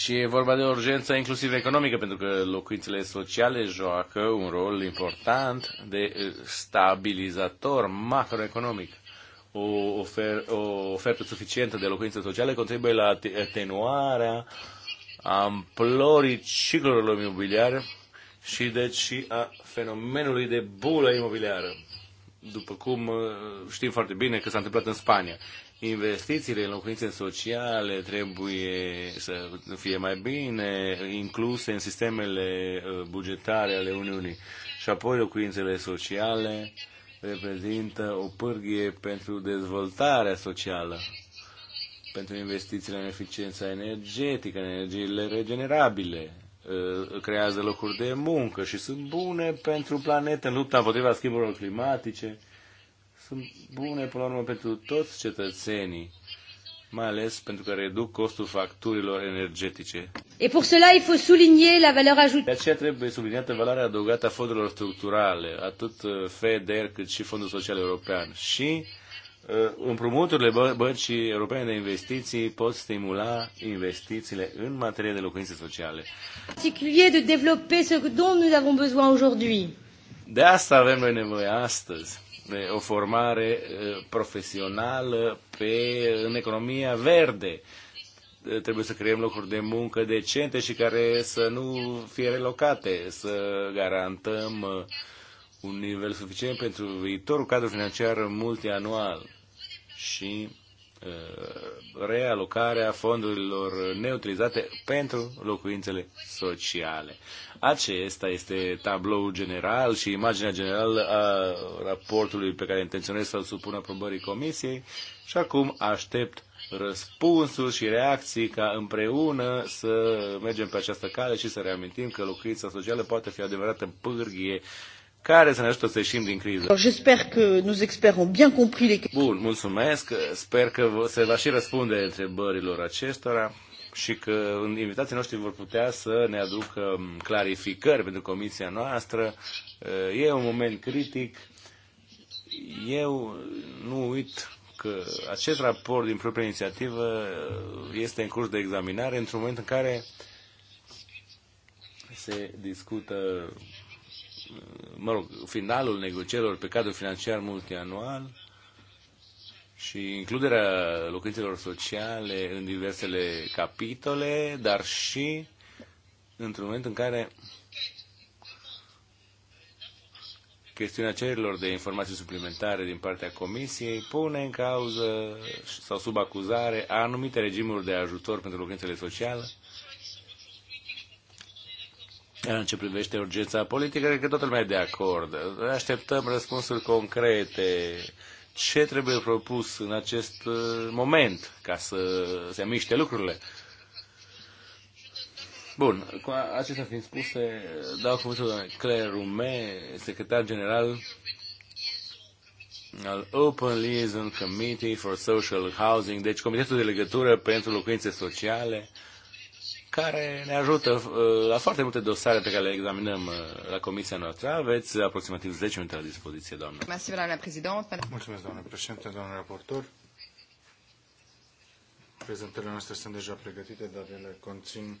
și e vorba de o urgență inclusiv economică, pentru că locuințele sociale joacă un rol important de stabilizator macroeconomic. O, ofer, o ofertă suficientă de locuințe sociale contribuie la atenuarea amplorii ciclurilor imobiliare și deci și a fenomenului de bulă imobiliară, după cum știm foarte bine că s-a întâmplat în Spania investițiile în locuințe sociale trebuie să fie mai bine incluse în sistemele uh, bugetare ale Uniunii. Și apoi locuințele sociale reprezintă o pârghie pentru dezvoltarea socială, pentru investițiile în eficiența energetică, în energiile regenerabile, uh, creează locuri de muncă și sunt bune pentru planetă în lupta împotriva schimburilor climatice sunt bune până la urmă pentru toți cetățenii, mai ales pentru că reduc costul facturilor energetice. Et pour cela, il faut souligner la valeur ajoutée. De aceea trebuie subliniată valoarea adăugată a fondurilor structurale, atât uh, FEDER cât și Fondul Social European. Și uh, împrumuturile băncii europene de investiții pot stimula investițiile în materie de locuințe sociale. Particulier de développer ce dont nous avons besoin aujourd'hui. De asta avem noi nevoie astăzi o formare eh, profesională pe, în economia verde. Eh, trebuie să creăm locuri de muncă decente și care să nu fie relocate, să garantăm eh, un nivel suficient pentru viitorul cadru financiar multianual și Uh, realocarea fondurilor neutilizate pentru locuințele sociale. Acesta este tabloul general și imaginea generală a raportului pe care intenționez să-l supun aprobării comisiei și acum aștept răspunsuri și reacții ca împreună să mergem pe această cale și să reamintim că locuința socială poate fi adevărată pârghie uh, care să ne ajută să ieșim din criză. J'espère că nos experts ont bien compris les Bun, mulțumesc. Sper că se va și răspunde întrebărilor acestora și că invitații noștri vor putea să ne aducă um, clarificări pentru comisia noastră. Uh, e un moment critic. Eu nu uit că acest raport din propria inițiativă uh, este în curs de examinare într-un moment în care se discută mă rog, finalul negocierilor pe cadrul financiar multianual și includerea locuințelor sociale în diversele capitole, dar și într-un moment în care chestiunea cererilor de informații suplimentare din partea Comisiei pune în cauză sau sub acuzare anumite regimuri de ajutor pentru locuințele sociale iar în ce privește urgența politică, cred că toată lumea e de acord. Așteptăm răspunsuri concrete. Ce trebuie propus în acest uh, moment ca să se miște lucrurile? Bun, cu acestea fiind spuse, dau cuvântul doamnei Claire Rume, secretar general al Open Liaison Committee for Social Housing, deci Comitetul de Legătură pentru Locuințe Sociale care ne ajută uh, la foarte multe dosare pe care le examinăm uh, la comisia noastră. Aveți aproximativ 10 minute la dispoziție, doamnă. Mulțumesc, doamnă președinte, doamnă raportor. Prezentările noastre sunt deja pregătite, dar ele conțin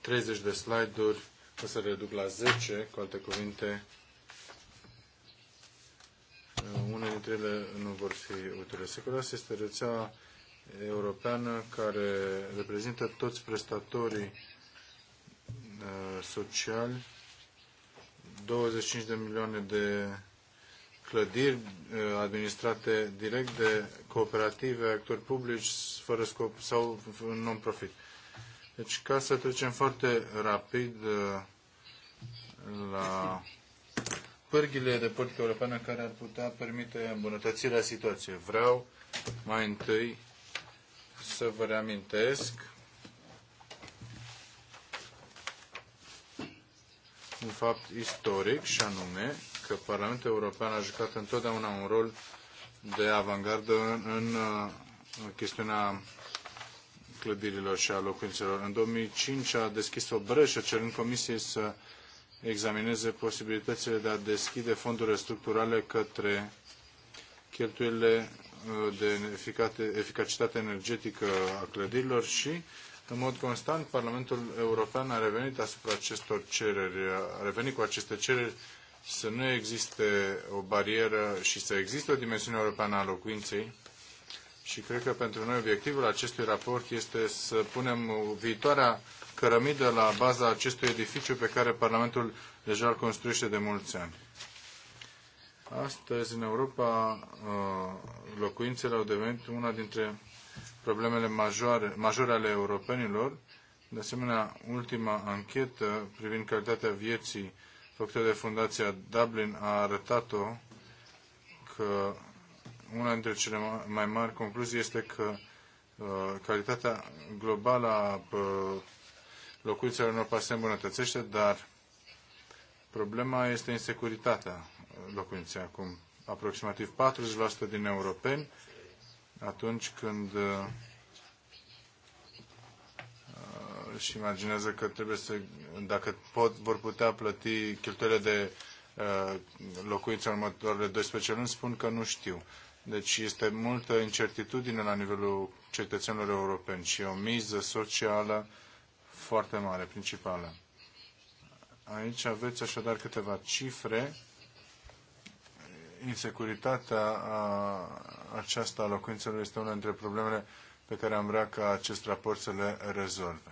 30 de slide-uri. O să reduc la 10, cu alte cuvinte, uh, unele dintre ele nu vor fi utile. Securos este rețeaua europeană care reprezintă toți prestatorii uh, sociali, 25 de milioane de clădiri uh, administrate direct de cooperative, actori publici, fără scop sau non-profit. Deci, ca să trecem foarte rapid uh, la pârghile de politică europeană care ar putea permite îmbunătățirea situației. Vreau mai întâi să vă reamintesc un fapt istoric și anume că Parlamentul European a jucat întotdeauna un rol de avangardă în, în, uh, în chestiunea clădirilor și a locuințelor. În 2005 a deschis o breșă cerând Comisiei să examineze posibilitățile de a deschide fondurile structurale către cheltuielile de eficacitate energetică a clădirilor și, în mod constant, Parlamentul European a revenit asupra acestor cereri, a revenit cu aceste cereri să nu existe o barieră și să existe o dimensiune europeană a locuinței. Și cred că pentru noi obiectivul acestui raport este să punem viitoarea cărămidă la baza acestui edificiu pe care Parlamentul deja îl construiește de mulți ani. Astăzi, în Europa, uh, locuințele au devenit una dintre problemele majore, majore ale europenilor. De asemenea, ultima anchetă privind calitatea vieții făcută de Fundația Dublin a arătat-o că una dintre cele mai mari concluzii este că uh, calitatea globală a uh, locuințelor în Europa se îmbunătățește, dar problema este insecuritatea locuințe acum. Aproximativ 40% din europeni, atunci când își uh, uh, imaginează că trebuie să, dacă pot, vor putea plăti cheltuielile de uh, locuințe în următoarele 12 luni, spun că nu știu. Deci este multă incertitudine la nivelul cetățenilor europeni și o miză socială foarte mare, principală. Aici aveți așadar câteva cifre insecuritatea aceasta a locuințelor este una dintre problemele pe care am vrea ca acest raport să le rezolve.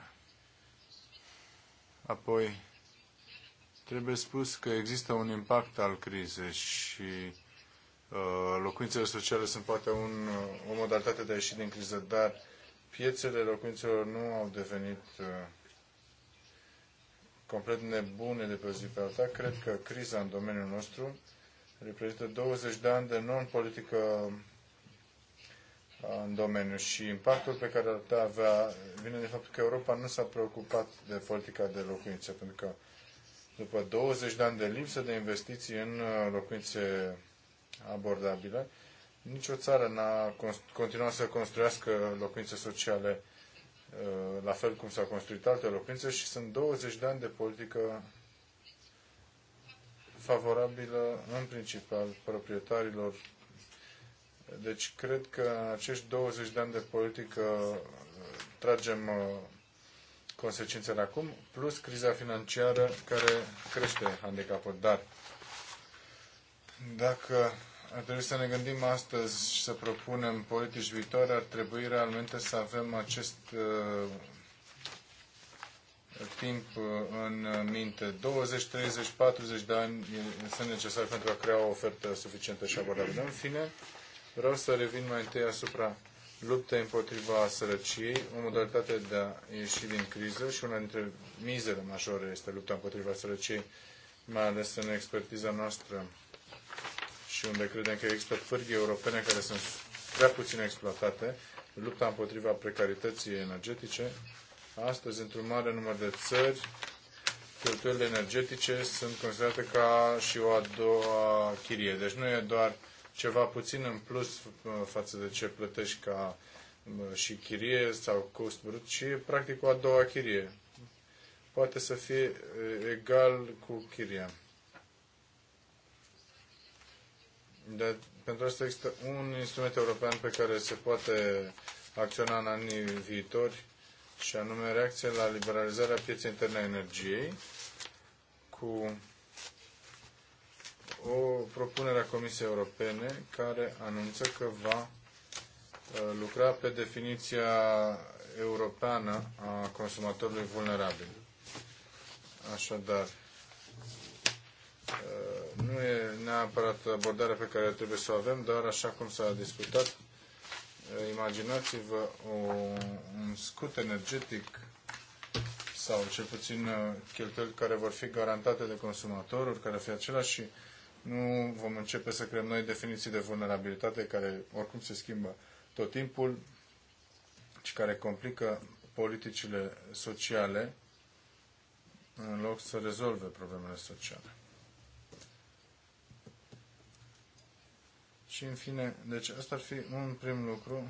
Apoi, trebuie spus că există un impact al crizei și uh, locuințele sociale sunt poate un, o modalitate de a ieși din criză, dar piețele locuințelor nu au devenit uh, complet nebune de pe zi pe alta. Cred că criza în domeniul nostru reprezintă 20 de ani de non-politică uh, în domeniu și impactul pe care ar putea avea vine din faptul că Europa nu s-a preocupat de politica de locuințe, pentru că după 20 de ani de lipsă de investiții în uh, locuințe abordabile, nicio țară n-a continuat să construiască locuințe sociale uh, la fel cum s-au construit alte locuințe și sunt 20 de ani de politică favorabilă în principal proprietarilor. Deci cred că în acești 20 de ani de politică tragem uh, consecințele acum, plus criza financiară care crește handicapul. Dar dacă ar trebui să ne gândim astăzi și să propunem politici viitoare, ar trebui realmente să avem acest uh, timp uh, în minte. 20, 30, 40 de ani sunt necesari pentru a crea o ofertă suficientă și abordabilă. În fine, vreau să revin mai întâi asupra luptei împotriva sărăciei, o modalitate de a ieși din criză și una dintre mizele majore este lupta împotriva sărăciei, mai ales în expertiza noastră și unde credem că există fârghii europene care sunt prea puțin exploatate, lupta împotriva precarității energetice, Astăzi, într-un mare număr de țări, cheltuielile energetice sunt considerate ca și o a doua chirie. Deci nu e doar ceva puțin în plus uh, față de ce plătești ca uh, și chirie sau cost brut, ci e practic o a doua chirie. Poate să fie uh, egal cu chiria. De, pentru asta există un instrument european pe care se poate acționa în anii viitori și anume reacția la liberalizarea pieței interne a energiei cu o propunere a Comisiei Europene care anunță că va uh, lucra pe definiția europeană a consumatorului vulnerabil. Așadar, uh, nu e neapărat abordarea pe care trebuie să o avem, dar așa cum s-a discutat, Imaginați-vă un scut energetic sau cel puțin uh, cheltuieli care vor fi garantate de consumatorul, care fi același și nu vom începe să creăm noi definiții de vulnerabilitate care oricum se schimbă tot timpul și care complică politicile sociale în loc să rezolve problemele sociale. Și, în fine, deci asta ar fi un prim lucru,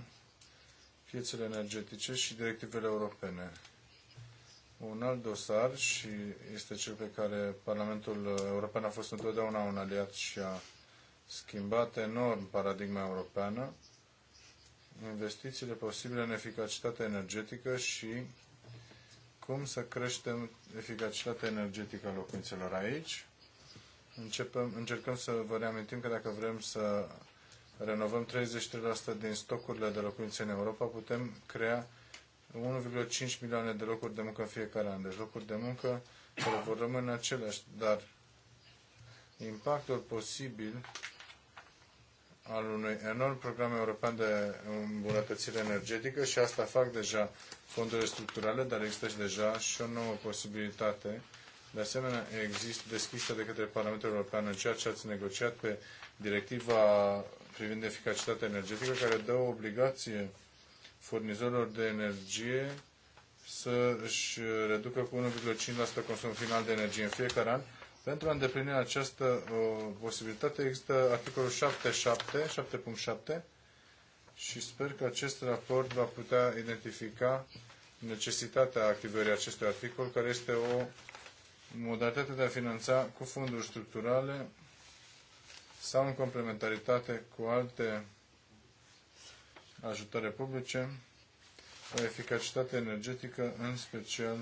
piețele energetice și directivele europene. Un alt dosar și este cel pe care Parlamentul European a fost întotdeauna un aliat și a schimbat enorm paradigma europeană, investițiile posibile în eficacitatea energetică și cum să creștem eficacitatea energetică a locuințelor aici. Începem, încercăm să vă reamintim că dacă vrem să renovăm 33% din stocurile de locuințe în Europa, putem crea 1,5 milioane de locuri de muncă în fiecare an. Deci locuri de muncă care vor rămâne aceleași, dar impactul posibil al unui enorm program european de îmbunătățire energetică și asta fac deja fondurile structurale, dar există și deja și o nouă posibilitate. De asemenea, există deschisă de către Parlamentul European în ceea ce ați negociat pe directiva privind eficacitatea energetică care dă o obligație furnizorilor de energie să își reducă cu 1,5% consumul final de energie în fiecare an. Pentru a îndeplini această uh, posibilitate există articolul 7.7, și sper că acest raport va putea identifica necesitatea activării acestui articol, care este o modalitate de a finanța cu fonduri structurale sau în complementaritate cu alte ajutoare publice, o eficacitate energetică în special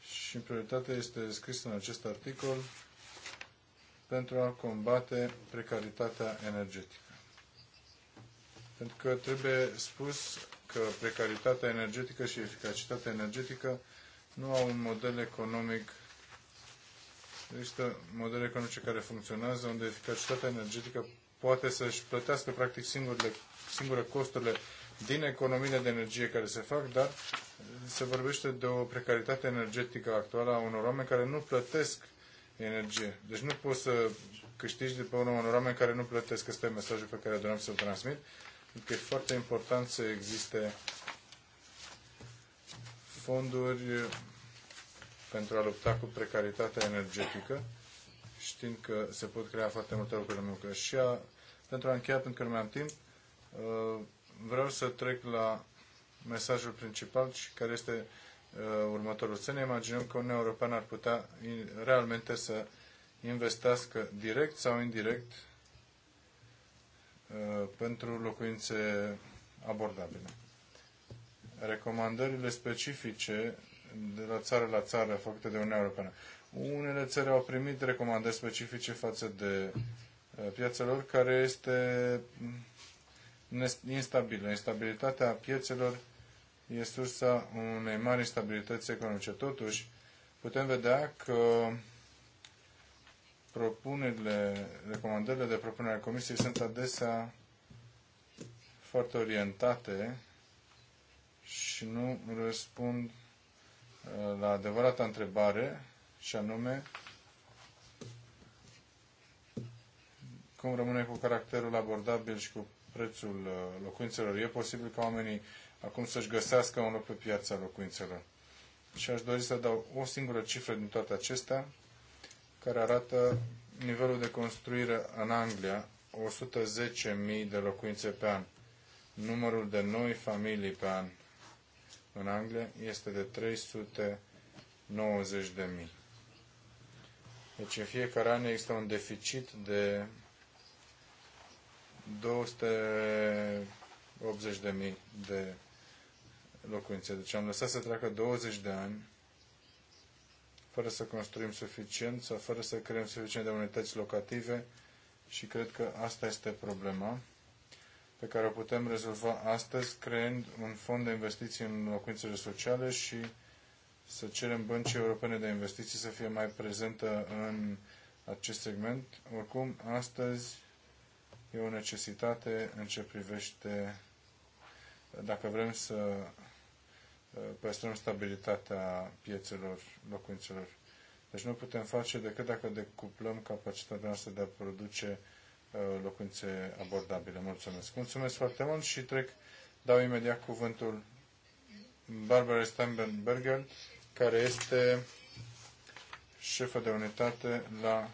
și în prioritate este scrisă în acest articol pentru a combate precaritatea energetică. Pentru că trebuie spus că precaritatea energetică și eficacitatea energetică nu au un model economic Există modele economice care funcționează, unde eficacitatea energetică poate să-și plătească practic singurile, singure costurile din economiile de energie care se fac, dar se vorbește de o precaritate energetică actuală a unor oameni care nu plătesc energie. Deci nu poți să câștigi de pe urmă unor oameni care nu plătesc. Asta e mesajul pe care doream să-l transmit. că e foarte important să existe fonduri pentru a lupta cu precaritatea energetică, știind că se pot crea foarte multe lucruri de muncă. Și a, pentru a încheia, pentru că nu am timp, uh, vreau să trec la mesajul principal și care este uh, următorul. Să ne imaginăm că Uniunea Europeană ar putea realmente să investească direct sau indirect uh, pentru locuințe abordabile. Recomandările specifice de la țară la țară făcute de Uniunea Europeană. Unele țări au primit recomandări specifice față de uh, piațelor care este mm, instabilă. Instabilitatea piețelor e sursa unei mari instabilități economice. Totuși, putem vedea că propunerile, recomandările de propunere a Comisiei sunt adesea foarte orientate și nu răspund la adevărata întrebare, și anume cum rămâne cu caracterul abordabil și cu prețul uh, locuințelor. E posibil ca oamenii acum să-și găsească un loc pe piața locuințelor. Și aș dori să dau o singură cifră din toate acestea, care arată nivelul de construire în Anglia, 110.000 de locuințe pe an, numărul de noi familii pe an în Anglia este de 390 de mii. Deci în fiecare an există un deficit de 280 de mii de locuințe. Deci am lăsat să treacă 20 de ani fără să construim suficient sau fără să creăm suficient de unități locative și cred că asta este problema pe care o putem rezolva astăzi, creând un fond de investiții în locuințele sociale și să cerem băncii europene de investiții să fie mai prezentă în acest segment. Oricum, astăzi e o necesitate în ce privește dacă vrem să uh, păstrăm stabilitatea piețelor locuințelor. Deci nu putem face decât dacă decuplăm capacitatea noastră de a produce Uh, locuințe abordabile. Mulțumesc. Mulțumesc foarte mult și trec, dau imediat cuvântul Barbara Steinberger, care este șefă de unitate la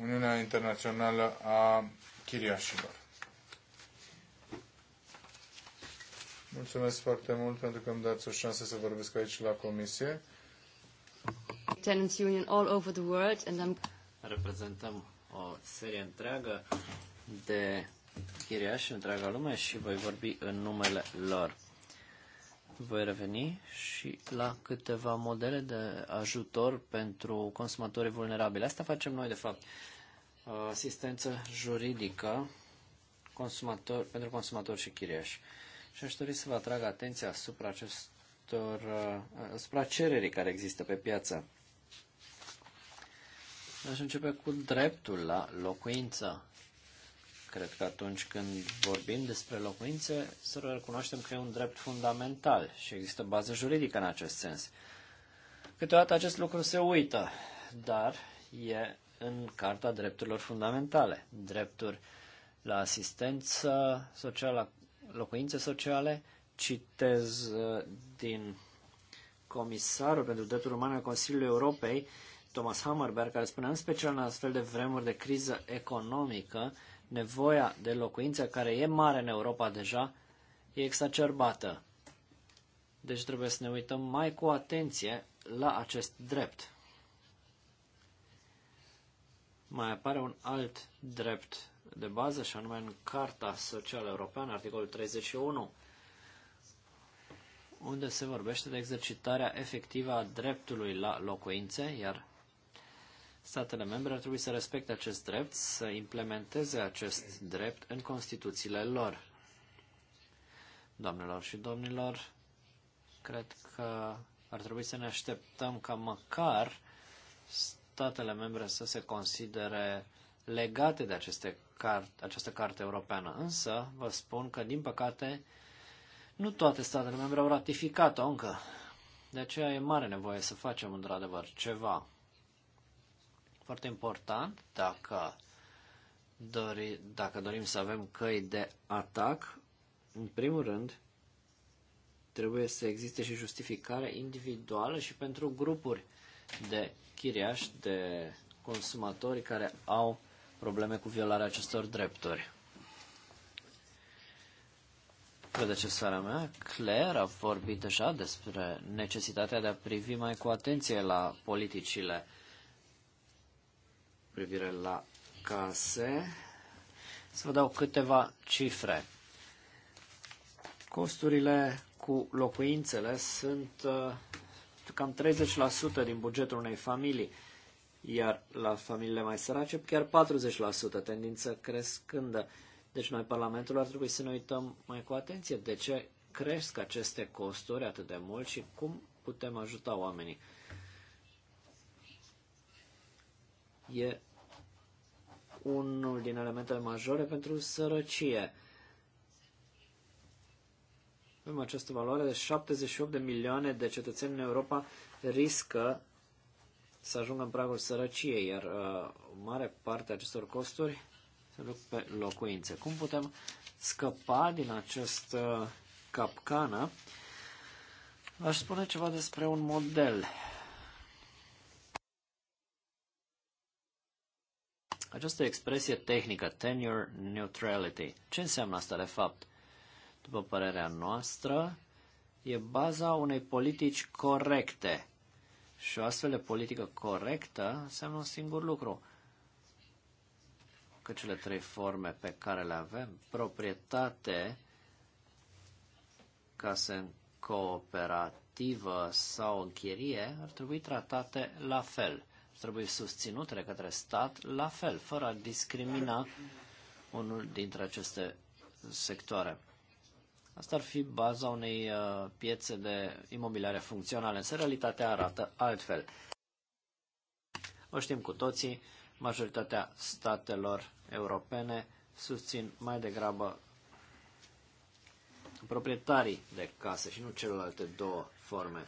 Uniunea Internațională a Chiriașilor. Mulțumesc foarte mult pentru că îmi dați o șansă să vorbesc aici la comisie. Tenants Union all over the world and I'm reprezentăm o serie întreagă de chiriași în întreaga lume și voi vorbi în numele lor. Voi reveni și la câteva modele de ajutor pentru consumatorii vulnerabili. Asta facem noi, de fapt. Asistență juridică consumator, pentru consumatori și chiriași. Și aș dori să vă atrag atenția asupra acestor, asupra cererii care există pe piață. Aș începe cu dreptul la locuință. Cred că atunci când vorbim despre locuințe, să recunoaștem că e un drept fundamental și există bază juridică în acest sens. Câteodată acest lucru se uită, dar e în Carta Drepturilor Fundamentale. Drepturi la asistență socială, locuințe sociale, citez uh, din comisarul pentru drepturi umane al Consiliului Europei, Thomas Hammerberg, care spunea în special în astfel de vremuri de criză economică, nevoia de locuință, care e mare în Europa deja, e exacerbată. Deci trebuie să ne uităm mai cu atenție la acest drept. Mai apare un alt drept de bază, și anume în Carta Socială Europeană, articolul 31, unde se vorbește de exercitarea efectivă a dreptului la locuințe, iar Statele membre ar trebui să respecte acest drept, să implementeze acest drept în Constituțiile lor. Doamnelor și domnilor, cred că ar trebui să ne așteptăm ca măcar statele membre să se considere legate de aceste cart, această carte europeană. Însă, vă spun că, din păcate, nu toate statele membre au ratificat-o încă. De aceea e mare nevoie să facem, într-adevăr, ceva. Foarte important, dacă, dori, dacă dorim să avem căi de atac, în primul rând, trebuie să existe și justificare individuală și pentru grupuri de chiriași, de consumatori care au probleme cu violarea acestor drepturi. Predecesoarea mea, Claire, a vorbit deja despre necesitatea de a privi mai cu atenție la politicile privire la case. Să vă dau câteva cifre. Costurile cu locuințele sunt uh, cam 30% din bugetul unei familii, iar la familiile mai sărace chiar 40%, tendință crescândă. Deci noi, Parlamentul, ar trebui să ne uităm mai cu atenție de ce cresc aceste costuri atât de mult și cum putem ajuta oamenii. e unul din elementele majore pentru sărăcie. Avem această valoare de 78 de milioane de cetățeni în Europa riscă să ajungă în pragul sărăciei, iar uh, mare parte a acestor costuri se duc pe locuințe. Cum putem scăpa din această capcană? Aș spune ceva despre un model Această expresie tehnică, tenure neutrality, ce înseamnă asta de fapt? După părerea noastră, e baza unei politici corecte. Și o astfel de politică corectă înseamnă un singur lucru. Că cele trei forme pe care le avem, proprietate, ca în cooperativă sau închirie, ar trebui tratate la fel trebuie susținute de către stat, la fel, fără a discrimina unul dintre aceste sectoare. Asta ar fi baza unei uh, piețe de imobiliare funcționale, însă realitatea arată altfel. O știm cu toții, majoritatea statelor europene susțin mai degrabă proprietarii de case și nu celelalte două forme.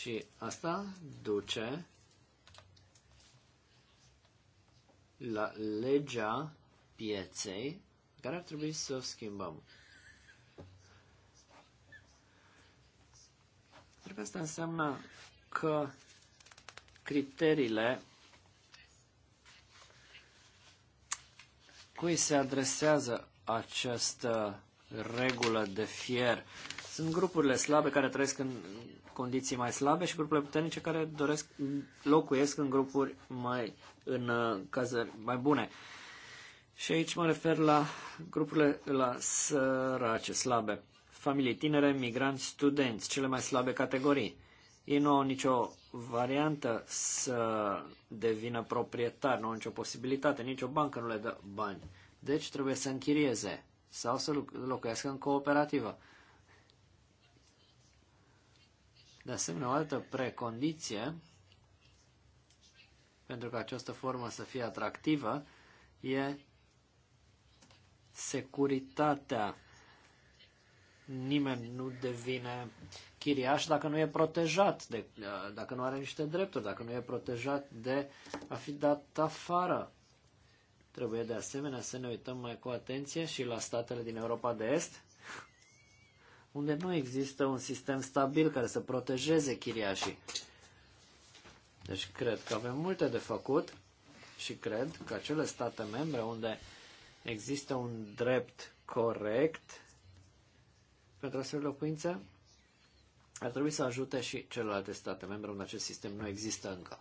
Și asta duce la legea pieței care ar trebui să o schimbăm. Pentru că asta înseamnă că criteriile cui se adresează această regulă de fier sunt grupurile slabe care trăiesc în condiții mai slabe și grupurile puternice care doresc, locuiesc în grupuri mai, în uh, cazări mai bune. Și aici mă refer la grupurile la sărace, slabe. Familii tinere, migranți, studenți, cele mai slabe categorii. Ei nu au nicio variantă să devină proprietar, nu au nicio posibilitate, nicio bancă nu le dă bani. Deci trebuie să închirieze sau să locuiască în cooperativă. De asemenea, o altă precondiție pentru că această formă să fie atractivă e securitatea. Nimeni nu devine chiriaș dacă nu e protejat, de, dacă nu are niște drepturi, dacă nu e protejat de a fi dat afară. Trebuie de asemenea să ne uităm mai cu atenție și la statele din Europa de Est, unde nu există un sistem stabil care să protejeze chiriașii. Deci cred că avem multe de făcut și cred că acele state membre unde există un drept corect pentru astfel de locuințe, ar trebui să ajute și celelalte state membre unde acest sistem nu există încă.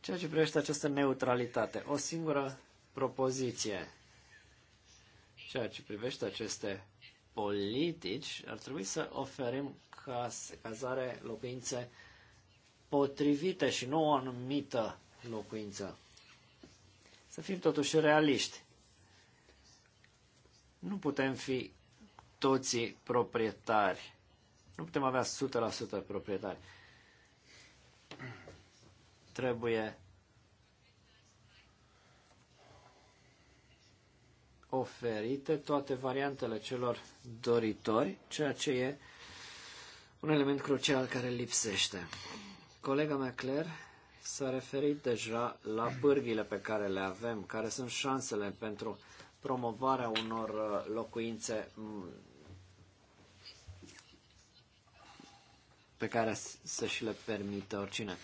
Ceea ce privește această neutralitate, o singură propoziție. Ceea ce privește aceste politici, ar trebui să oferim case, cazare, locuințe potrivite și nu o anumită locuință. Să fim totuși realiști. Nu putem fi toții proprietari. Nu putem avea 100% proprietari. Trebuie oferite toate variantele celor doritori, ceea ce e un element crucial care lipsește. Colega mea, Claire, s-a referit deja la pârghile pe care le avem, care sunt șansele pentru promovarea unor uh, locuințe mm, pe care să și le permită oricine.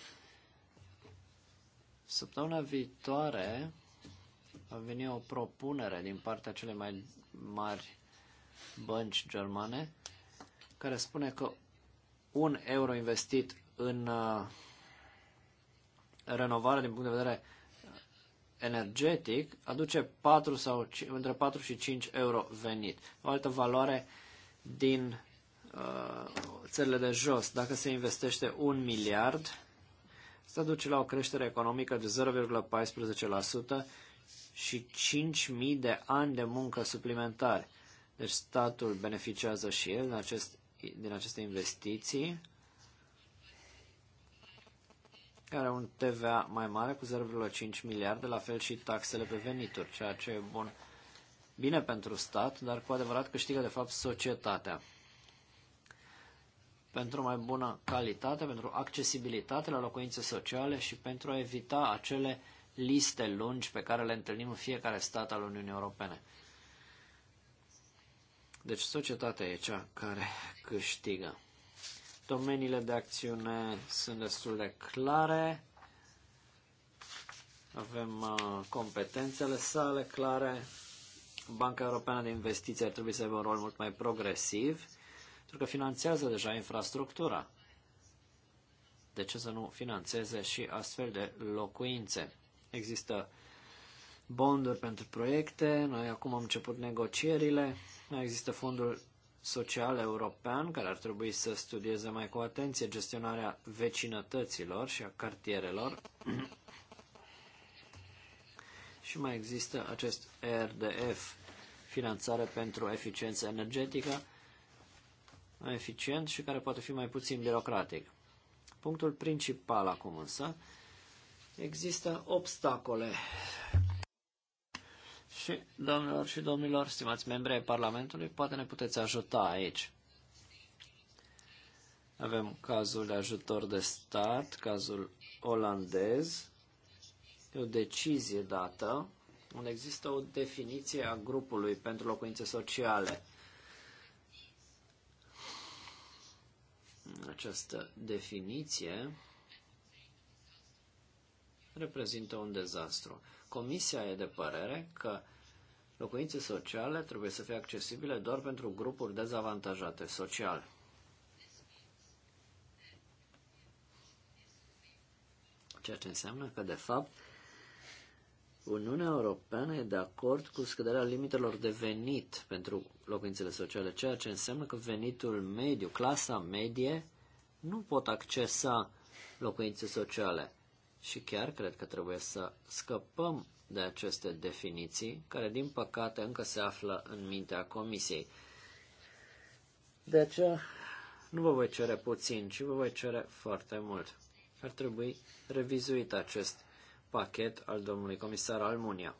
Săptămâna viitoare a veni o propunere din partea cele mai mari bănci germane care spune că un euro investit în uh, renovare din punct de vedere energetic aduce 4 sau, între 4 și 5 euro venit. O altă valoare din uh, țările de jos. Dacă se investește un miliard, se duce la o creștere economică de 0,14% și 5.000 de ani de muncă suplimentare. Deci statul beneficiază și el din, acest, din aceste investiții, care au un TVA mai mare cu 0,5 miliarde, la fel și taxele pe venituri, ceea ce e bun, bine pentru stat, dar cu adevărat câștigă de fapt societatea. Pentru mai bună calitate, pentru accesibilitate la locuințe sociale și pentru a evita acele liste lungi pe care le întâlnim în fiecare stat al Uniunii Europene. Deci societatea e cea care câștigă. Domeniile de acțiune sunt destul de clare. Avem uh, competențele sale clare. Banca Europeană de Investiții ar trebui să aibă un rol mult mai progresiv, pentru că finanțează deja infrastructura. De ce să nu finanțeze și astfel de locuințe? Există bonduri pentru proiecte, noi acum am început negocierile, există fondul social european care ar trebui să studieze mai cu atenție gestionarea vecinătăților și a cartierelor. și mai există acest RDF, finanțare pentru eficiență energetică, mai eficient și care poate fi mai puțin birocratic. Punctul principal acum însă există obstacole. Și, domnilor și domnilor, stimați membri ai Parlamentului, poate ne puteți ajuta aici. Avem cazul de ajutor de stat, cazul olandez, e o decizie dată unde există o definiție a grupului pentru locuințe sociale. Această definiție reprezintă un dezastru. Comisia e de părere că locuințe sociale trebuie să fie accesibile doar pentru grupuri dezavantajate social. Ceea ce înseamnă că, de fapt, Uniunea Europeană e de acord cu scăderea limitelor de venit pentru locuințele sociale, ceea ce înseamnă că venitul mediu, clasa medie, nu pot accesa locuințe sociale și chiar cred că trebuie să scăpăm de aceste definiții, care din păcate încă se află în mintea Comisiei. deci, nu vă voi cere puțin, ci vă voi cere foarte mult. Ar trebui revizuit acest pachet al domnului comisar Almunia.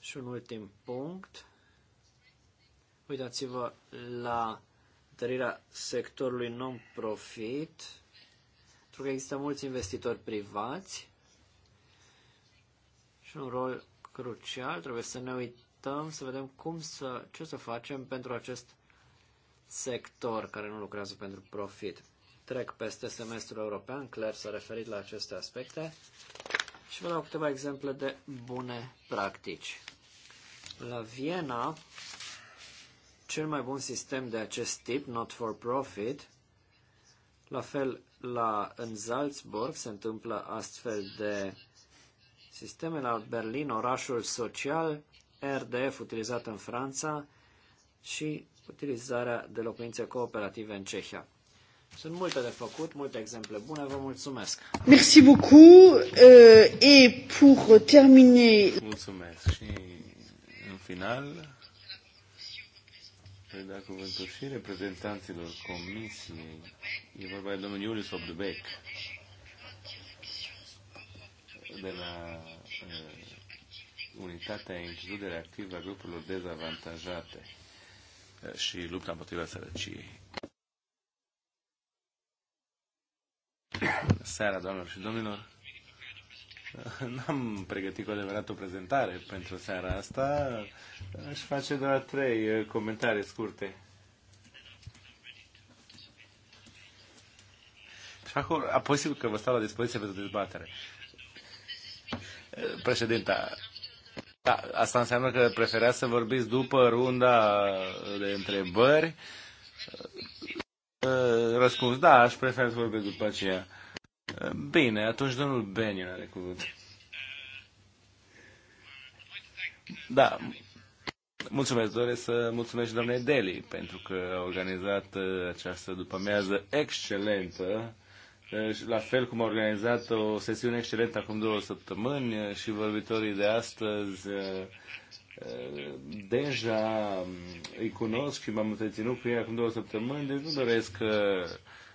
Și un ultim punct. Uitați-vă la întărirea sectorului non-profit pentru că există mulți investitori privați și un rol crucial. Trebuie să ne uităm, să vedem cum să, ce să facem pentru acest sector care nu lucrează pentru profit. Trec peste semestrul european, Claire s-a referit la aceste aspecte și vă dau câteva exemple de bune practici. La Viena, cel mai bun sistem de acest tip, not for profit, la fel la, în Salzburg se întâmplă astfel de sisteme. La Berlin, orașul social, RDF utilizat în Franța și utilizarea de locuințe cooperative în Cehia. Sunt multe de făcut, multe exemple bune, vă mulțumesc. Merci beaucoup euh, et pour terminer. Mulțumesc și în final Preda cuvântul și reprezentanților comisiei. E vorba de domnul Iulius Obdubec de la uh, Unitatea Include Reactivă a Grupurilor Dezavantajate uh, și lupta împotriva sărăciei. Seara, doamnelor și domnilor! N-am pregătit cu adevărat o prezentare pentru seara asta. Aș face doar trei eh, comentarii scurte. Și acum, apoi sigur că vă stau la dispoziție pentru dezbatere. Eh, președinta, da, asta înseamnă că preferea să vorbiți după runda de întrebări. Eh, răspuns, da, aș prefera să vorbesc după aceea. Bine, atunci domnul Benion are cuvânt. Da, mulțumesc, doresc să mulțumesc doamnei Deli pentru că a organizat uh, această după-amiază excelentă uh, la fel cum a organizat o sesiune excelentă acum două săptămâni uh, și vorbitorii de astăzi deja um, îi cunosc și m-am întreținut cu ei acum două săptămâni, deci nu doresc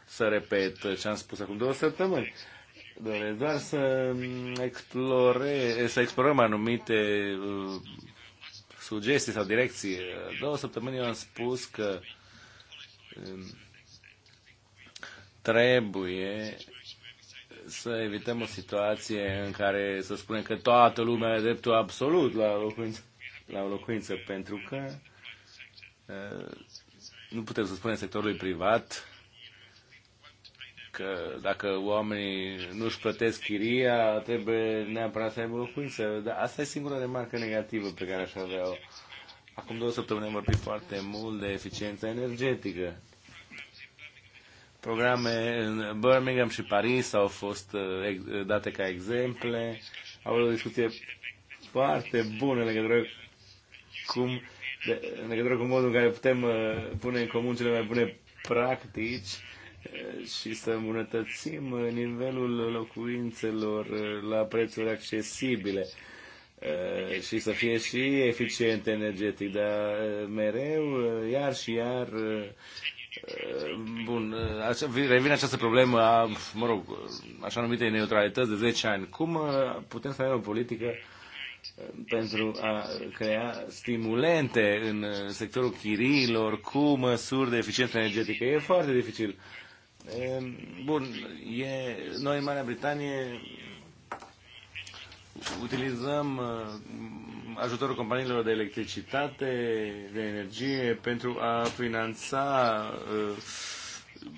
să repet ce am spus acum două săptămâni. Doresc doar să, explore, să explorăm anumite uh, sugestii sau direcții. Două săptămâni eu am spus că um, trebuie să evităm o situație în care să spunem că toată lumea are dreptul absolut la locuință, la o locuință pentru că uh, nu putem să spunem sectorului privat că dacă oamenii nu și plătesc chiria, trebuie neapărat să aibă locuință. Dar asta e singura remarcă negativă pe care aș avea-o. Acum două săptămâni am vorbit foarte mult de eficiența energetică. Programe în Birmingham și Paris au fost uh, date ca exemple. Au avut o discuție foarte bună în legătură cum, de, în legătură cu modul în care putem uh, pune în comun cele mai bune practici și să îmbunătățim nivelul locuințelor uh, la prețuri accesibile uh, și să fie și eficient energetic, dar uh, mereu, iar și iar, bun, așa, revine această problemă a, mă rog, așa numite neutralități de 10 ani. Cum putem să avem o politică pentru a crea stimulente în sectorul chiriilor cu măsuri de eficiență energetică? E foarte dificil. Bun, e, noi în Marea Britanie utilizăm uh, ajutorul companiilor de electricitate, de energie, pentru a finanța uh,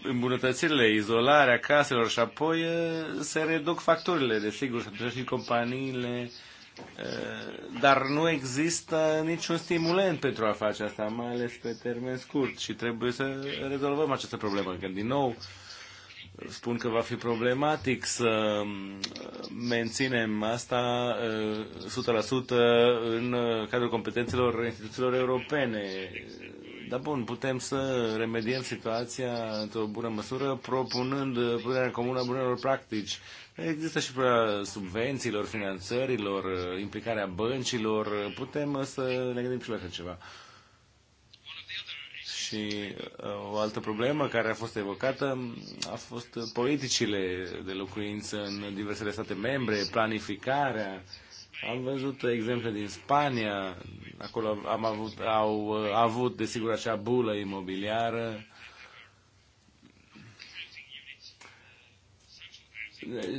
îmbunătățirile, izolarea caselor și apoi uh, se reduc facturile, desigur, și și companiile dar nu există niciun stimulent pentru a face asta, mai ales pe termen scurt și trebuie să rezolvăm această problemă. că din nou spun că va fi problematic să mm, menținem asta 100% eh, în eh, cadrul competențelor instituțiilor europene. Dar bun, putem să remediem situația într-o bună măsură propunând punerea în comună a bunelor practici. Există și problema subvențiilor, finanțărilor, eh, implicarea băncilor. Putem să ne gândim și la așa ceva. Și uh, o altă problemă care a fost evocată a fost politicile de locuință în diversele state membre, planificarea. Am văzut exemple din Spania, acolo am avut, au uh, avut desigur acea bulă imobiliară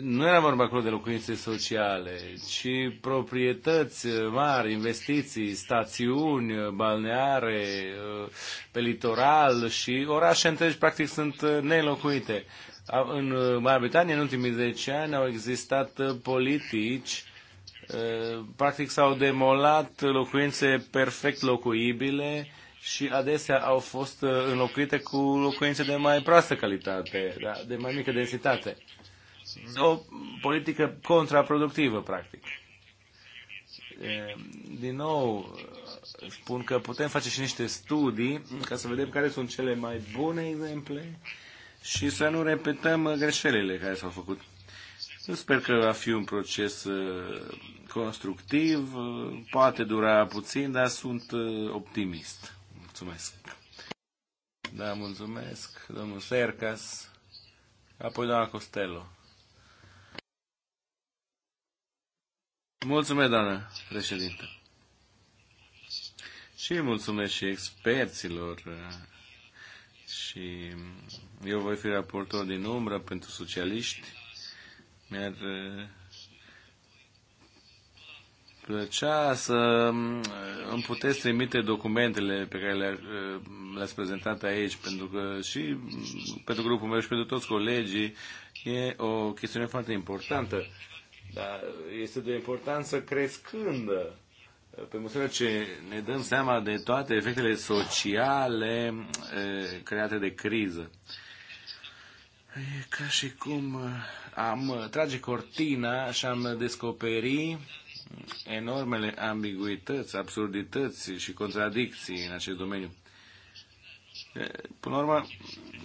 nu era vorba acolo de locuințe sociale, ci proprietăți uh, mari, investiții, stațiuni uh, balneare uh, pe litoral și orașe întregi practic sunt nelocuite. În Marea Britanie, în ultimii 10 ani, au existat politici practic s-au demolat locuințe perfect locuibile și adesea au fost înlocuite cu locuințe de mai proastă calitate, da, de mai mică densitate o politică contraproductivă, practic. Din nou, spun că putem face și niște studii ca să vedem care sunt cele mai bune exemple și să nu repetăm greșelile care s-au făcut. Eu sper că va fi un proces constructiv, poate dura puțin, dar sunt optimist. Mulțumesc. Da, mulțumesc, domnul Sercas. Apoi doamna Costello. Mulțumesc, doamnă președintă. Și mulțumesc și experților uh, și eu voi fi raportor din umbră pentru socialiști. Mi-ar uh, plăcea să um, îmi puteți trimite documentele pe care uh, le-ați prezentat aici, pentru că și um, pentru grupul meu și pentru toți colegii e o chestiune foarte importantă. Dar este de importanță crescândă pe măsură ce ne dăm seama de toate efectele sociale eh, create de criză. E ca și cum eh, am eh, trage cortina și am descoperi enormele ambiguități, absurdități și contradicții în acest domeniu. Până la urmă,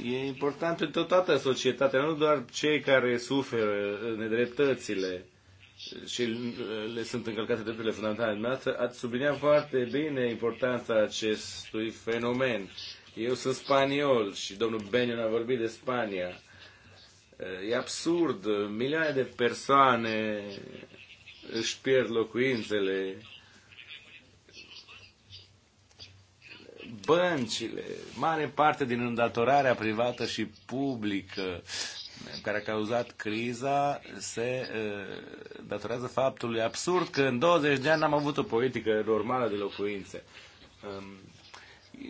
e important pentru toată societatea, nu doar cei care suferă nedreptățile, și uh, le sunt încălcate drepturile fundamentale noastre, ați subliniat foarte bine importanța acestui fenomen. Eu sunt spaniol și domnul Benion a vorbit de Spania. Uh, e absurd. Milioane de persoane își pierd locuințele, băncile, mare parte din îndatorarea privată și publică, care a cauzat criza se datorează faptului absurd că în 20 de ani n-am avut o politică normală de locuințe.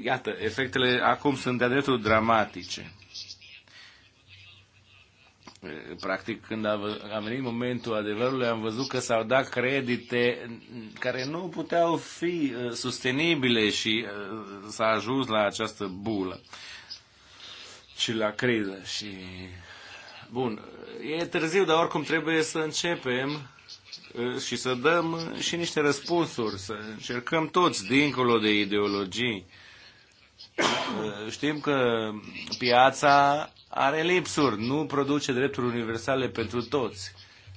Iată, efectele acum sunt de-a dreptul dramatice. Practic, când a venit momentul adevărului, am văzut că s-au dat credite care nu puteau fi sustenibile și s-a ajuns la această bulă și la criză. Și Bun, e târziu, dar oricum trebuie să începem și să dăm și niște răspunsuri, să încercăm toți, dincolo de ideologii. Știm că piața are lipsuri, nu produce drepturi universale pentru toți.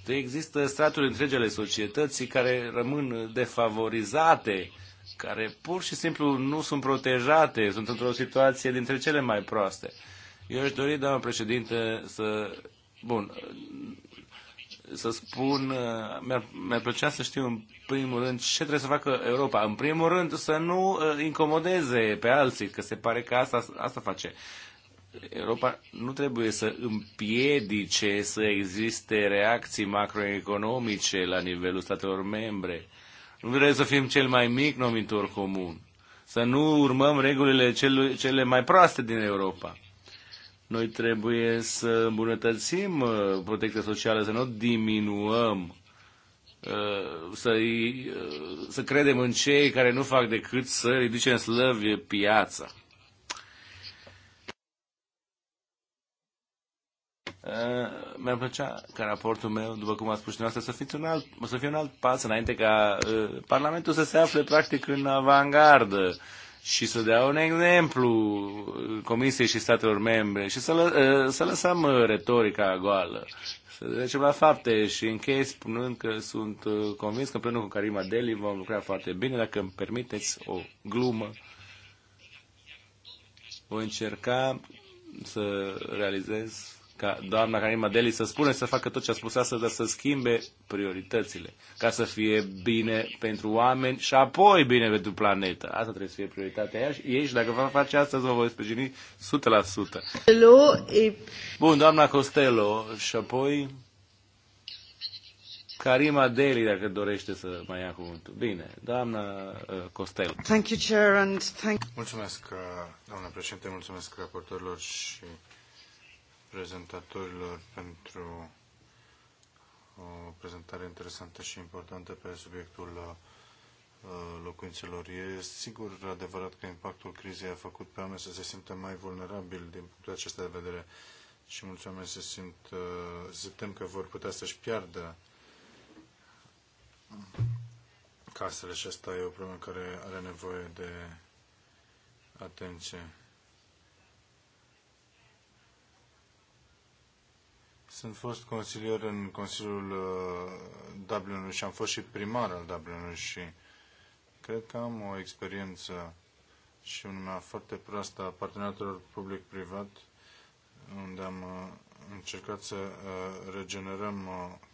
De deci există straturi întregi ale societății care rămân defavorizate, care pur și simplu nu sunt protejate, sunt într-o situație dintre cele mai proaste. Eu aș dori, doamnă președinte, să... Bun, să spun, uh, mi-ar, mi-ar plăcea să știu în primul rând ce trebuie să facă Europa. În primul rând să nu uh, incomodeze pe alții, că se pare că asta, asta face. Europa nu trebuie să împiedice să existe reacții macroeconomice la nivelul statelor membre. Nu trebuie să fim cel mai mic numitor comun. Să nu urmăm regulile cele mai proaste din Europa. Noi trebuie să îmbunătățim uh, protecția socială, să nu diminuăm uh, să, uh, să credem în cei care nu fac decât să ridice în slăvie piața. Mi-ar plăcea ca raportul meu, după cum a spus și noastră, să, fiți un alt, să fie un alt pas înainte ca uh, Parlamentul să se afle practic în avangardă și să dea un exemplu Comisiei și statelor membre și să, lă, ă, să lăsăm ă, retorica goală. Să trecem la fapte și închei spunând că sunt ă, convins că împreună cu Karima Deli vom lucra foarte bine. Dacă îmi permiteți o glumă, voi încerca să realizez ca doamna Karima Deli să spune să facă tot ce a spus astăzi, dar să schimbe prioritățile, ca să fie bine pentru oameni și apoi bine pentru planetă. Asta trebuie să fie prioritatea ea și ei și dacă va face asta, vă voi sprijini 100%. Hello. Bun, doamna Costello și apoi Karima Deli, dacă dorește să mai ia cuvântul. Bine, doamna uh, Costello. Thank you, Chair, and thank... Mulțumesc, uh, doamna președinte, mulțumesc raportorilor și prezentatorilor pentru o prezentare interesantă și importantă pe subiectul uh, locuințelor. E sigur adevărat că impactul crizei a făcut pe oameni să se simtă mai vulnerabili din punctul acesta de vedere și mulți oameni se simt, uh, se tem că vor putea să-și piardă casele și asta e o problemă care are nevoie de atenție. Sunt fost consilier în Consiliul uh, Dublinului și am fost și primar al Dublinului și cred că am o experiență și una foarte proastă a parteneriatelor public-privat, unde am uh, încercat să uh, regenerăm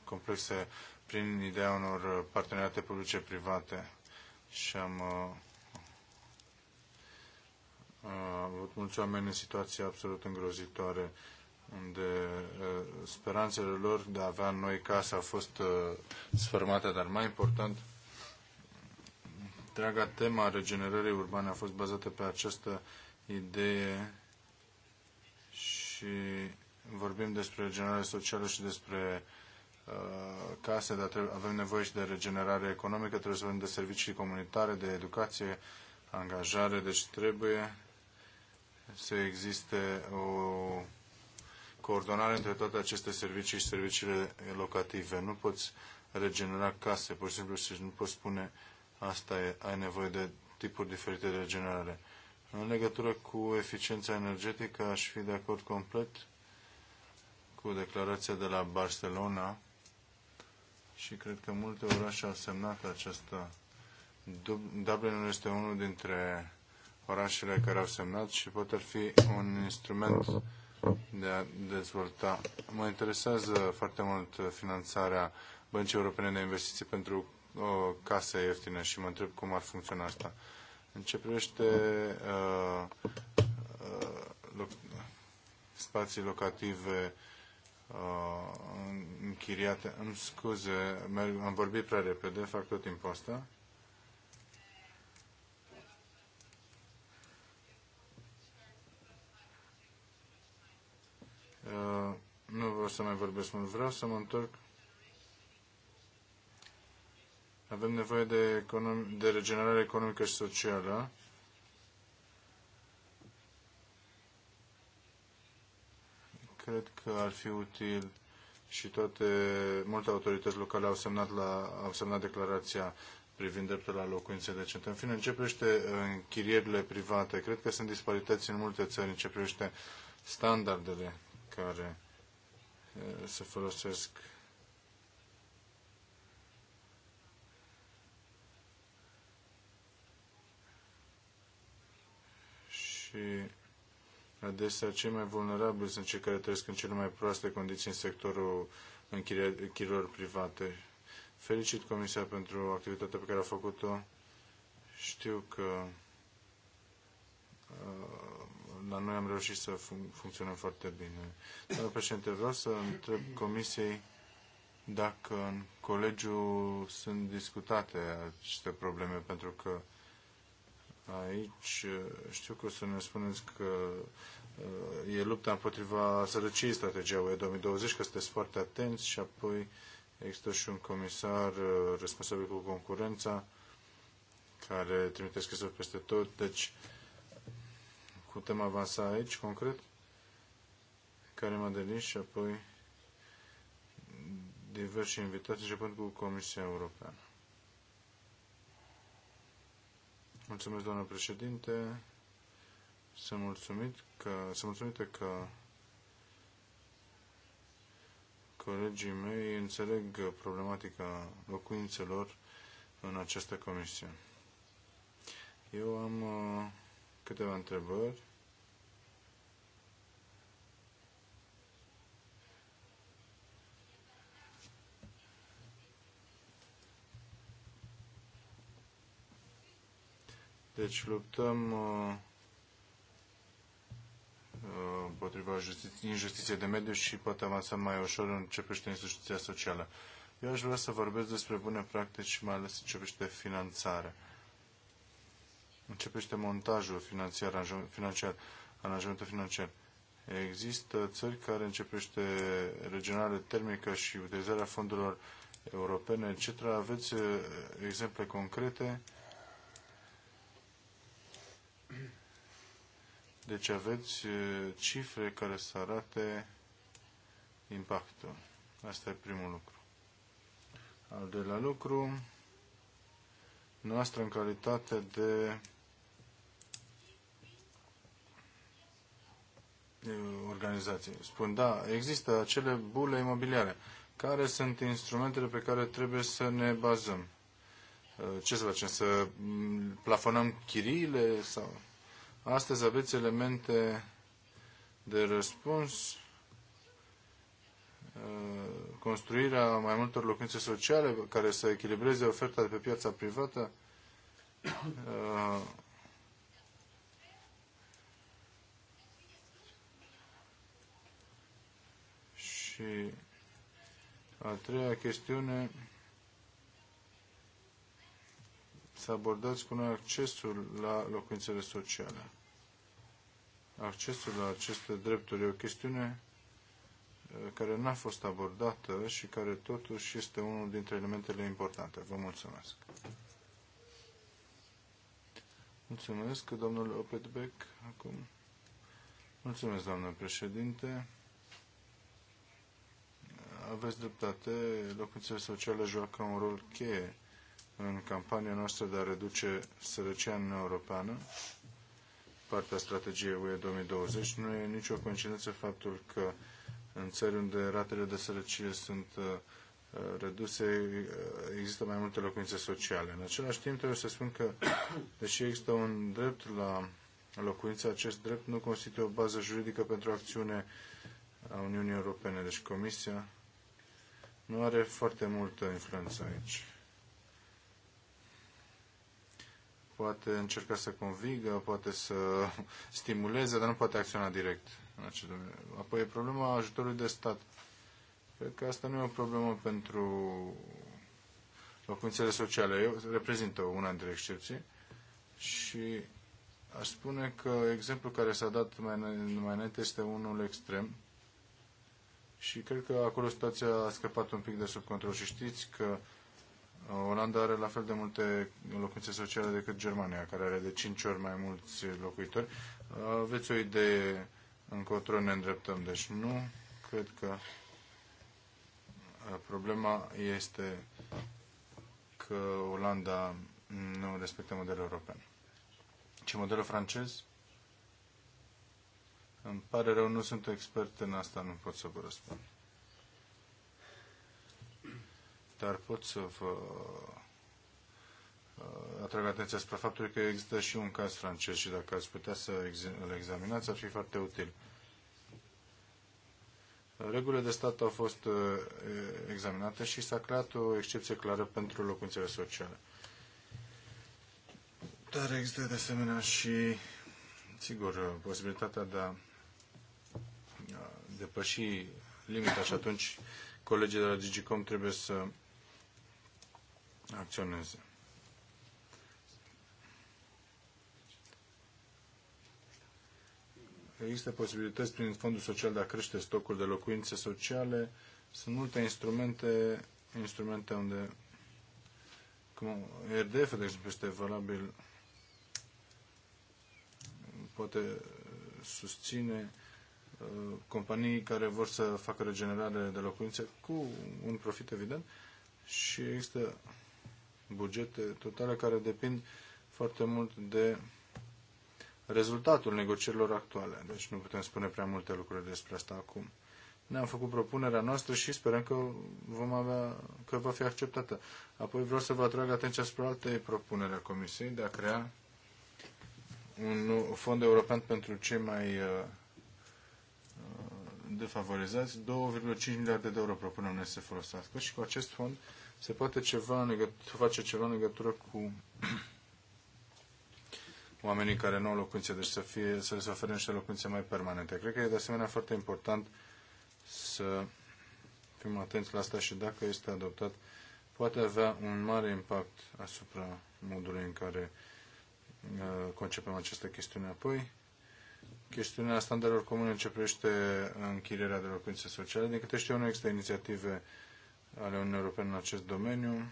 complexe prin ideea unor parteneriate publice-private și am avut mulți oameni în situații absolut îngrozitoare unde uh, speranțele lor de a avea noi casă a fost uh, sfârmate, dar mai important, întreaga tema a regenerării urbane a fost bazată pe această idee și vorbim despre regenerare socială și despre uh, case, dar trebuie, avem nevoie și de regenerare economică, trebuie să vorbim de servicii comunitare, de educație, angajare, deci trebuie să existe o coordonare între toate aceste servicii și serviciile locative. Nu poți regenera case, pur și simplu, și nu poți spune asta e, ai nevoie de tipuri diferite de regenerare. În legătură cu eficiența energetică, aș fi de acord complet cu declarația de la Barcelona și cred că multe orașe au semnat această. Dublin este unul dintre orașele care au semnat și poate ar fi un instrument de a dezvolta. Mă interesează foarte mult finanțarea Băncii Europene de Investiții pentru o casă ieftină și mă întreb cum ar funcționa asta. În ce privește uh, uh, loc, spații locative uh, închiriate, îmi scuze, merg, am vorbit prea repede, fac tot timpul asta. Uh, nu vreau să mai vorbesc mult, vreau să mă întorc. Avem nevoie de, econom- de regenerare economică și socială. Cred că ar fi util și toate, multe autorități locale au semnat, la, au semnat declarația privind dreptul la locuințe decente. În fine, în ce privește uh, închirierile private, cred că sunt disparități în multe țări în ce privește standardele care uh, se folosesc și adesea cei mai vulnerabili sunt cei care trăiesc în cele mai proaste condiții în sectorul închirierilor private. Felicit Comisia pentru activitatea pe care a făcut-o. Știu că uh, dar noi am reușit să fun- funcționăm foarte bine. Doamna președinte, vreau să întreb comisiei dacă în colegiu sunt discutate aceste probleme, pentru că aici uh, știu că o să ne spuneți că uh, e lupta împotriva sărăciei strategia UE 2020, că sunteți foarte atenți și apoi există și un comisar uh, responsabil cu concurența care trimite scrisuri peste tot. Deci, uh, putem avansa aici, concret? Care Madelin și apoi diverse invitații, începând cu Comisia Europeană. Mulțumesc, doamnă președinte. Sunt mulțumit că, sunt mulțumită că colegii mei înțeleg problematica locuințelor în această comisie. Eu am uh, câteva întrebări Deci luptăm uh, uh, împotriva injustiției de mediu și poate avansăm mai ușor în ce privește injustiția socială. Eu aș vrea să vorbesc despre bune practici, mai ales în ce privește finanțarea. Începește montajul financiar, financiar, aranjamentul financiar. Există țări care începește regionale termică și utilizarea fondurilor europene, etc. Aveți uh, exemple concrete Deci aveți cifre care să arate impactul. Asta e primul lucru. Al doilea lucru, noastră în calitate de organizație. Spun, da, există acele bule imobiliare. Care sunt instrumentele pe care trebuie să ne bazăm? Ce să facem? Să plafonăm chiriile sau Astăzi aveți elemente de răspuns, uh, construirea mai multor locuințe sociale care să echilibreze oferta de pe piața privată, uh, Și a treia chestiune, să abordați cu noi accesul la locuințele sociale accesul la aceste drepturi e o chestiune uh, care n-a fost abordată și care totuși este unul dintre elementele importante. Vă mulțumesc. Mulțumesc, domnul Opetbeck, acum. Mulțumesc, doamnă președinte. Aveți dreptate, locuințele sociale joacă un rol cheie în campania noastră de a reduce sărăcia în Europeană partea strategiei UE 2020. Nu e nicio coincidență faptul că în țări unde ratele de sărăcie sunt uh, reduse, uh, există mai multe locuințe sociale. În același timp, trebuie să spun că, deși există un drept la locuință, acest drept nu constituie o bază juridică pentru acțiune a Uniunii Europene. Deci Comisia nu are foarte multă influență aici. poate încerca să convingă, poate să stimuleze, dar nu poate acționa direct în acest domeniu. Apoi e problema ajutorului de stat. Cred că asta nu e o problemă pentru locuințele sociale. Eu reprezintă una dintre excepții și aș spune că exemplul care s-a dat mai, mai înainte este unul extrem și cred că acolo situația a scăpat un pic de sub control și știți că Olanda are la fel de multe locuințe sociale decât Germania, care are de 5 ori mai mulți locuitori. Aveți o idee încotro ne îndreptăm, deci nu cred că problema este că Olanda nu respectă modelul european. Ce modelul francez? Îmi pare rău, nu sunt expert în asta, nu pot să vă răspund dar pot să vă uh, atrag atenția spre faptul că există și un caz francez și dacă ați putea să îl examinați, ar fi foarte util. Regulile de stat au fost uh, examinate și s-a creat o excepție clară pentru locuințele sociale. Dar există de asemenea și, sigur, posibilitatea de a depăși limita și atunci colegii de la Digicom trebuie să acționeze. Există posibilități prin Fondul Social de a crește stocul de locuințe sociale. Sunt multe instrumente, instrumente unde cum RDF, de exemplu, este valabil, poate susține uh, companii care vor să facă regenerare de locuințe cu un profit evident și există bugete totale care depind foarte mult de rezultatul negocierilor actuale. Deci nu putem spune prea multe lucruri despre asta acum. Ne-am făcut propunerea noastră și sperăm că, vom avea, că va fi acceptată. Apoi vreau să vă atrag atenția spre alte propunere a Comisiei de a crea un fond european pentru cei mai uh, uh, defavorizați. 2,5 miliarde de euro propunem noi să folosească și cu acest fond se poate ceva în legătură, face ceva în legătură cu oamenii care nu au locuințe, deci să, fie, să le se ofere niște locuințe mai permanente. Cred că e de asemenea foarte important să fim atenți la asta și dacă este adoptat, poate avea un mare impact asupra modului în care uh, concepem această chestiune. Apoi, chestiunea standardelor comune începește ce închirierea de locuințe sociale. Din câte știu, nu există inițiative uh, ale Uniunii Europene în acest domeniu,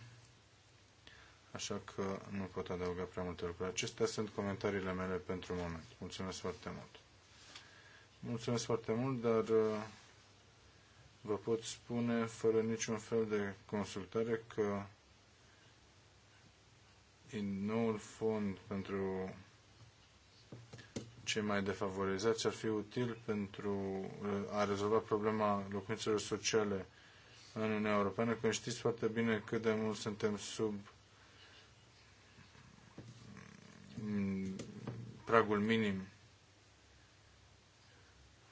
așa că nu pot adăuga prea multe lucruri. Acestea sunt comentariile mele pentru moment. Mulțumesc foarte mult. Mulțumesc foarte mult, dar uh, vă pot spune fără niciun fel de consultare că în noul fond pentru cei mai defavorizați ar fi util pentru uh, a rezolva problema locuințelor sociale în Uniunea Europeană, că știți foarte bine cât de mult suntem sub pragul minim.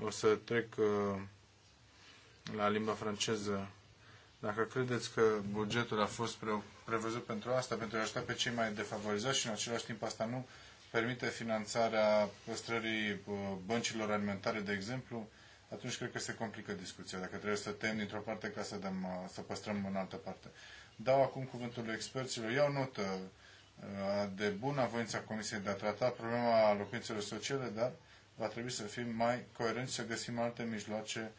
O să trec uh, la limba franceză. Dacă credeți că bugetul a fost prevăzut pentru asta, pentru a ajuta pe cei mai defavorizați și în același timp asta nu permite finanțarea păstrării uh, băncilor alimentare, de exemplu, atunci cred că se complică discuția, dacă trebuie să tem dintr-o parte ca să, dăm, uh, să păstrăm în altă parte. Dau acum cuvântul experților. Iau notă uh, de bună voința Comisiei de a trata problema locuințelor sociale, dar va trebui să fim mai coerenți, să găsim alte mijloace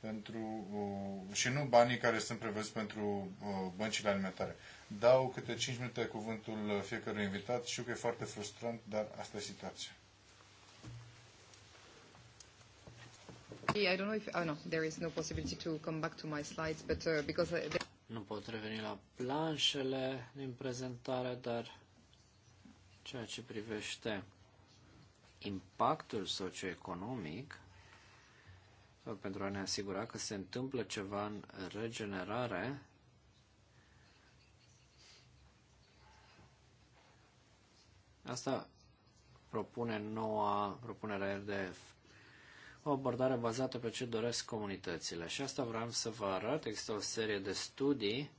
pentru, uh, și nu banii care sunt prevăzuți pentru băncile alimentare. Dau câte 5 minute cuvântul fiecărui invitat. Știu că e foarte frustrant, dar asta e situația. I don't know if, oh no, there is no possibility to come back to my slides, but uh, because... Uh, Nu pot reveni la planșele din prezentare, dar ceea ce privește impactul socioeconomic, pentru a ne asigura că se întâmplă ceva în regenerare, asta propune noua propunere RDF o abordare bazată pe ce doresc comunitățile. Și asta vreau să vă arăt. Există o serie de studii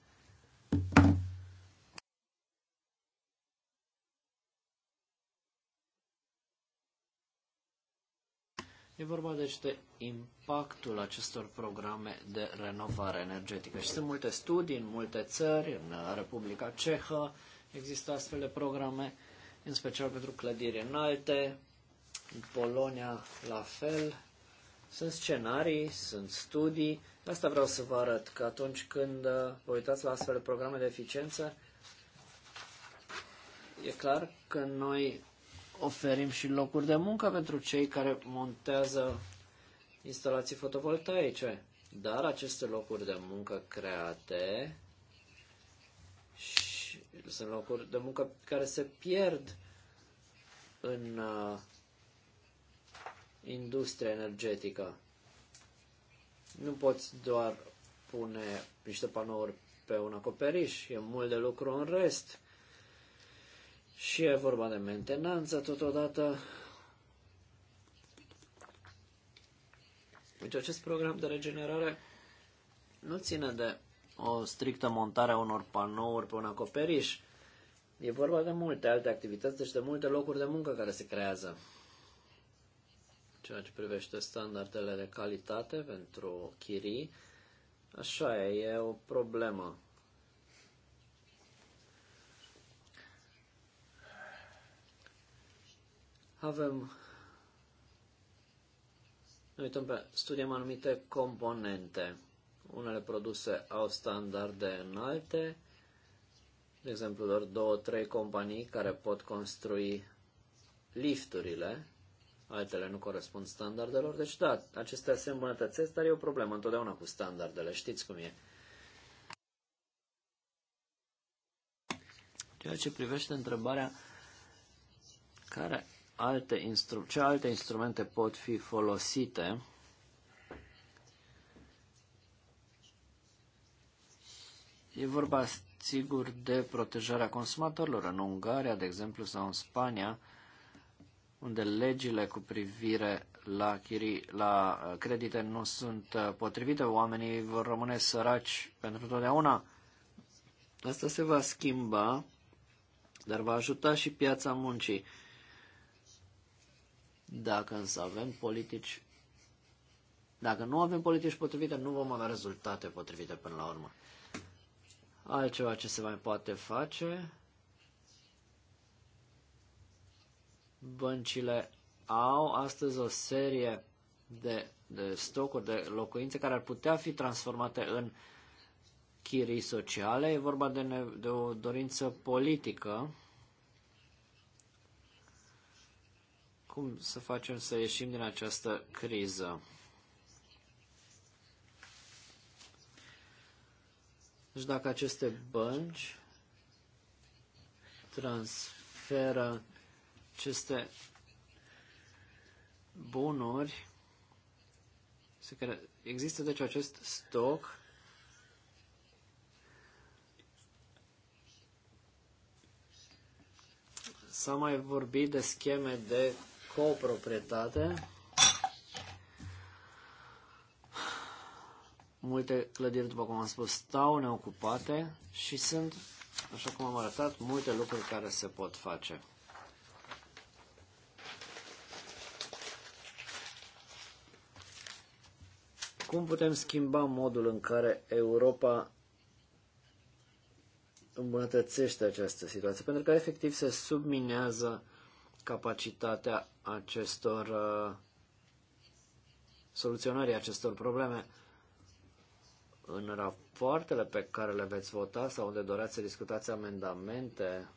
E vorba deci de impactul acestor programe de renovare energetică. Și sunt multe studii în multe țări, în Republica Cehă există astfel de programe, în special pentru clădiri înalte, în Polonia la fel, sunt scenarii, sunt studii, asta vreau să vă arăt, că atunci când uh, vă uitați la astfel de programe de eficiență, e clar că noi oferim și locuri de muncă pentru cei care montează instalații fotovoltaice. Dar aceste locuri de muncă create și sunt locuri de muncă care se pierd în uh, industria energetică. Nu poți doar pune niște panouri pe un acoperiș, e mult de lucru în rest. Și e vorba de mentenanță totodată. Deci acest program de regenerare nu ține de o strictă montare a unor panouri pe un acoperiș. E vorba de multe alte activități, deci de multe locuri de muncă care se creează ceea ce privește standardele de calitate pentru chirii, așa e, e o problemă. Avem, ne uităm pe, studiem anumite componente. Unele produse au standarde înalte, de exemplu, doar două, trei companii care pot construi lifturile, altele nu corespund standardelor. Deci da, acestea se îmbunătățesc, dar e o problemă întotdeauna cu standardele, știți cum e. Ceea ce privește întrebarea care alte instru- ce alte instrumente pot fi folosite E vorba, sigur, de protejarea consumatorilor. În Ungaria, de exemplu, sau în Spania, unde legile cu privire la, chirii, la uh, credite nu sunt uh, potrivite, oamenii vor rămâne săraci pentru totdeauna. Asta se va schimba, dar va ajuta și piața muncii. Dacă însă avem politici, dacă nu avem politici potrivite, nu vom avea rezultate potrivite până la urmă. Altceva ce se mai poate face Băncile au astăzi o serie de, de stocuri de locuințe care ar putea fi transformate în chirii sociale. E vorba de, ne, de o dorință politică. Cum să facem să ieșim din această criză? Deci dacă aceste bănci transferă aceste bunuri se care există deci acest stoc S-a mai vorbit de scheme de coproprietate. Multe clădiri, după cum am spus, stau neocupate și sunt, așa cum am arătat, multe lucruri care se pot face. Cum putem schimba modul în care Europa îmbunătățește această situație? Pentru că efectiv se subminează capacitatea acestor uh, soluționării acestor probleme. În rapoartele pe care le veți vota sau unde doreați să discutați amendamente,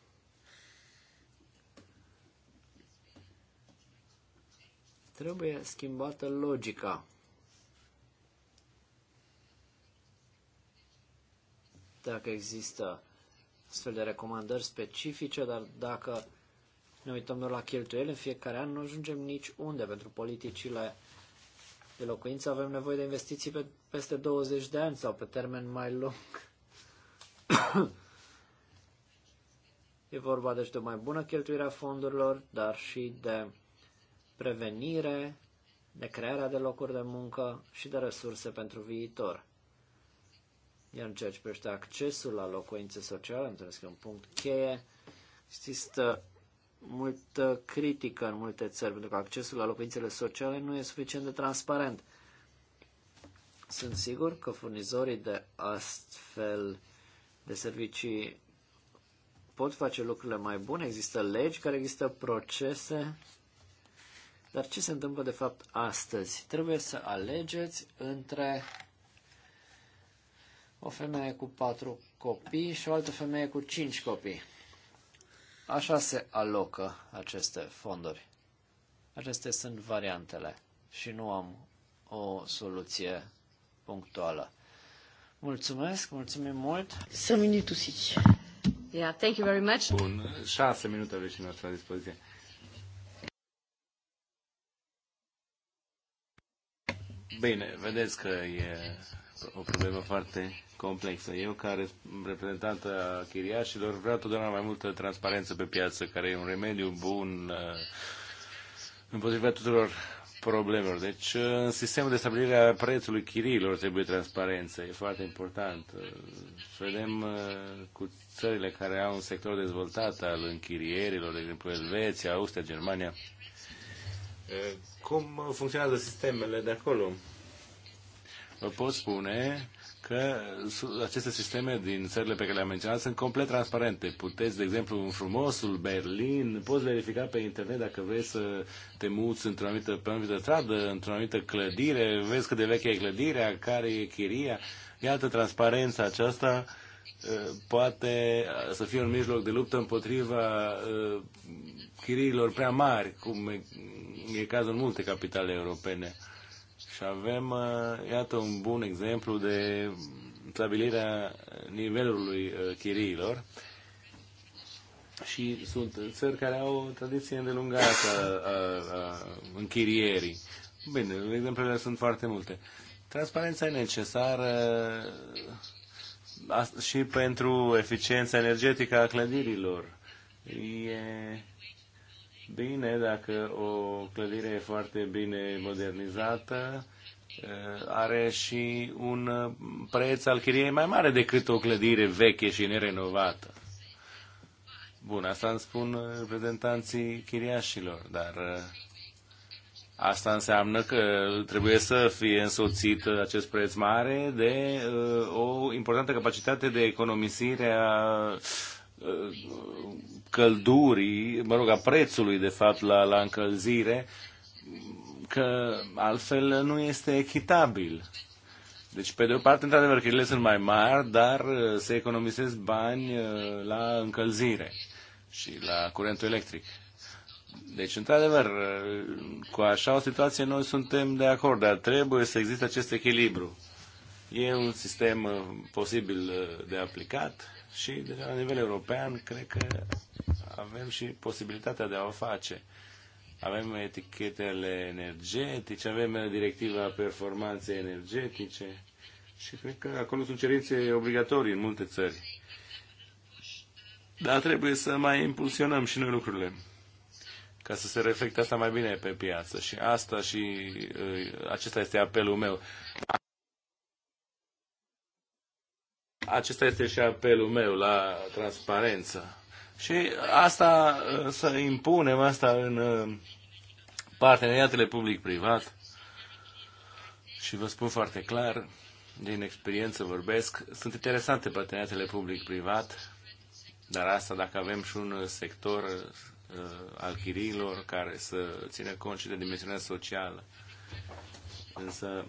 trebuie schimbată logica. dacă există astfel de recomandări specifice, dar dacă ne uităm doar la cheltuieli, în fiecare an nu ajungem nici unde. Pentru politicile de locuință avem nevoie de investiții pe peste 20 de ani sau pe termen mai lung. e vorba deci de o mai bună cheltuire a fondurilor, dar și de prevenire, de crearea de locuri de muncă și de resurse pentru viitor. Iar în ceea ce privește accesul la locuințe sociale, am că e un punct cheie, există multă critică în multe țări, pentru că accesul la locuințele sociale nu e suficient de transparent. Sunt sigur că furnizorii de astfel de servicii pot face lucrurile mai bune, există legi care există procese, dar ce se întâmplă de fapt astăzi? Trebuie să alegeți între o femeie cu patru copii și o altă femeie cu cinci copii. Așa se alocă aceste fonduri. Acestea sunt variantele și nu am o soluție punctuală. Mulțumesc, mulțumim mult. Să minute aussi. Yeah, thank you very much. Bun, șase minute aveți și la dispoziție. Bine, vedeți că e o problemă foarte complexă. Eu, ca reprezentant a chiriașilor, vreau totdeauna mai multă transparență pe piață, care e un remediu bun uh, împotriva tuturor problemelor. Deci, uh, în sistemul de stabilire a prețului chiriilor trebuie transparență. E foarte important. Să uh, vedem cu țările care au un sector dezvoltat al închirierilor, de exemplu Elveția, Austria, Germania, cum funcționează sistemele de acolo. Vă pot spune că aceste sisteme din țările pe care le-am menționat sunt complet transparente. Puteți, de exemplu, în frumosul Berlin, poți verifica pe internet dacă vrei să te muți într-o anumită, pe anumită stradă, într-o anumită clădire, vezi cât de veche e clădirea, care e chiria. Iată, transparența aceasta ă, poate să fie un mijloc de luptă împotriva ă, chiriilor prea mari, cum e cazul în multe capitale europene. Și avem, uh, iată, un bun exemplu de stabilirea nivelului uh, chiriilor. Și sunt țări care au o tradiție îndelungată a, a închirierii. Bine, exemplele sunt foarte multe. Transparența e necesară uh, și pentru eficiența energetică a clădirilor. E bine dacă o clădire e foarte bine modernizată, eh, are și un eh, preț al chiriei mai mare decât o clădire veche și nerenovată. Bun, asta îmi spun eh, reprezentanții chiriașilor, dar asta înseamnă că trebuie să fie însoțit acest preț mare de o importantă capacitate de economisire a căldurii, mă rog, a prețului, de fapt, la, la încălzire, că altfel nu este echitabil. Deci, pe de o parte, într-adevăr, chirile sunt mai mari, dar uh, se economisesc bani uh, la încălzire și la curentul electric. Deci, într-adevăr, uh, cu așa o situație noi suntem de acord, dar trebuie să existe acest echilibru. E un sistem posibil de aplicat și deja la nivel european cred că avem și posibilitatea de a o face. Avem etichetele energetice, avem directiva performanței energetice și cred că acolo sunt cerințe obligatorii în multe țări. Dar trebuie să mai impulsionăm și noi lucrurile ca să se reflecte asta mai bine pe piață. Și asta și uh, acesta este apelul meu. acesta este și apelul meu la transparență. Și asta uh, să impunem asta în uh, parteneriatele public-privat. Și vă spun foarte clar, din experiență vorbesc, sunt interesante parteneriatele public-privat, dar asta dacă avem și un sector uh, al chiriilor care să țină cont și de dimensiunea socială. Însă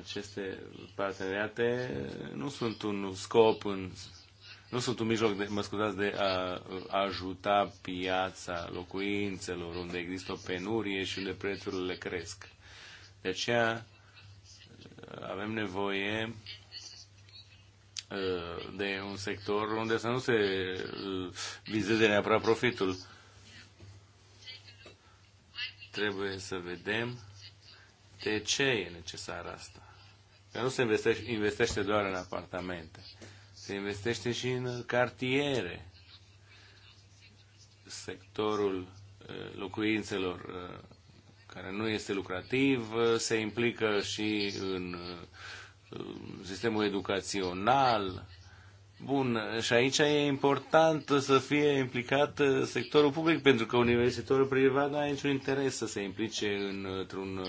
aceste parteneriate nu sunt un scop în nu sunt un mijloc, de, mă scuzați, de a, ajuta piața locuințelor unde există o penurie și unde prețurile cresc. De aceea avem nevoie ă, de un sector unde să nu se ă, vizeze neapărat profitul. Trebuie să vedem de ce e necesar asta? Că nu se investește, investește doar în apartamente. Se investește și în cartiere. Sectorul uh, locuințelor uh, care nu este lucrativ uh, se implică și în sistemul educațional. Bun, și aici e important să fie implicat sectorul public, pentru că universitorul privat nu are niciun interes să se implice într-un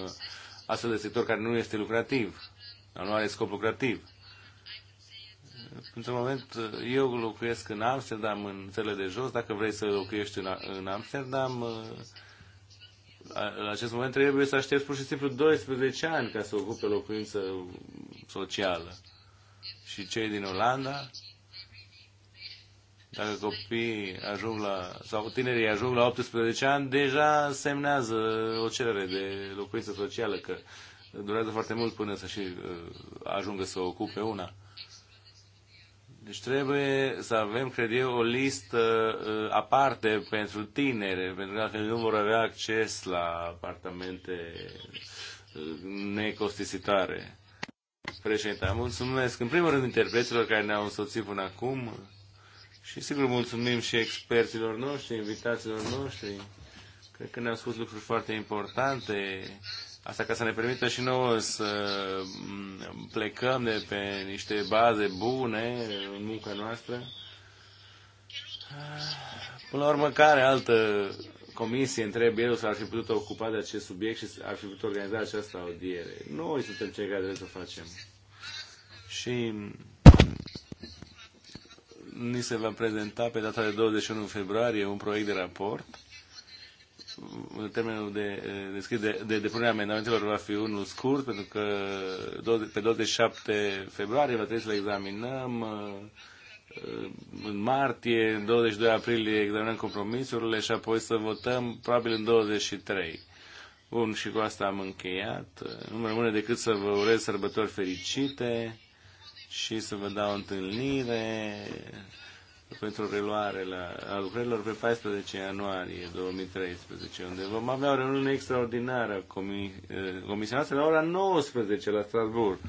astfel de sector care nu este lucrativ, nu are scop lucrativ. Într-un moment, eu locuiesc în Amsterdam, în țările de jos. Dacă vrei să locuiești în, în Amsterdam, în uh, acest moment trebuie să aștepți pur și simplu 12 ani ca să ocupe locuință socială. Și cei din Olanda dacă copiii ajung la, sau tinerii ajung la 18 ani, deja semnează o cerere de locuință socială, că durează foarte mult până să și uh, ajungă să ocupe una. Deci trebuie să avem, cred eu, o listă uh, aparte pentru tinere, pentru că nu vor avea acces la apartamente uh, necostisitoare. Președinte, mulțumesc în primul rând interpreților care ne-au însoțit până acum. Și sigur mulțumim și experților noștri, invitaților noștri. Cred că ne-au spus lucruri foarte importante. Asta ca să ne permită și nouă să mm, plecăm de pe niște baze bune în munca noastră. Până la urmă, care altă comisie, întreb eu, să ar fi putut ocupa de acest subiect și ar fi putut organiza această audiere? Noi suntem cei care trebuie să o facem. Și ni se va prezenta pe data de 21 februarie un proiect de raport. Termenul de, eh, de, de, de depunere a amendamentelor va fi unul scurt, pentru că pe 27 februarie va trebui să le examinăm. Eh, în martie, în 22 aprilie examinăm compromisurile și apoi să votăm probabil în 23. Bun, și cu asta am încheiat. Nu rămâne decât să vă urez sărbători fericite și să vă dau întâlnire pentru reluare la, a lucrărilor pe 14 ianuarie 2013, unde vom avea o reuniune extraordinară comi, eh, comisionată la ora 19 la Strasbourg.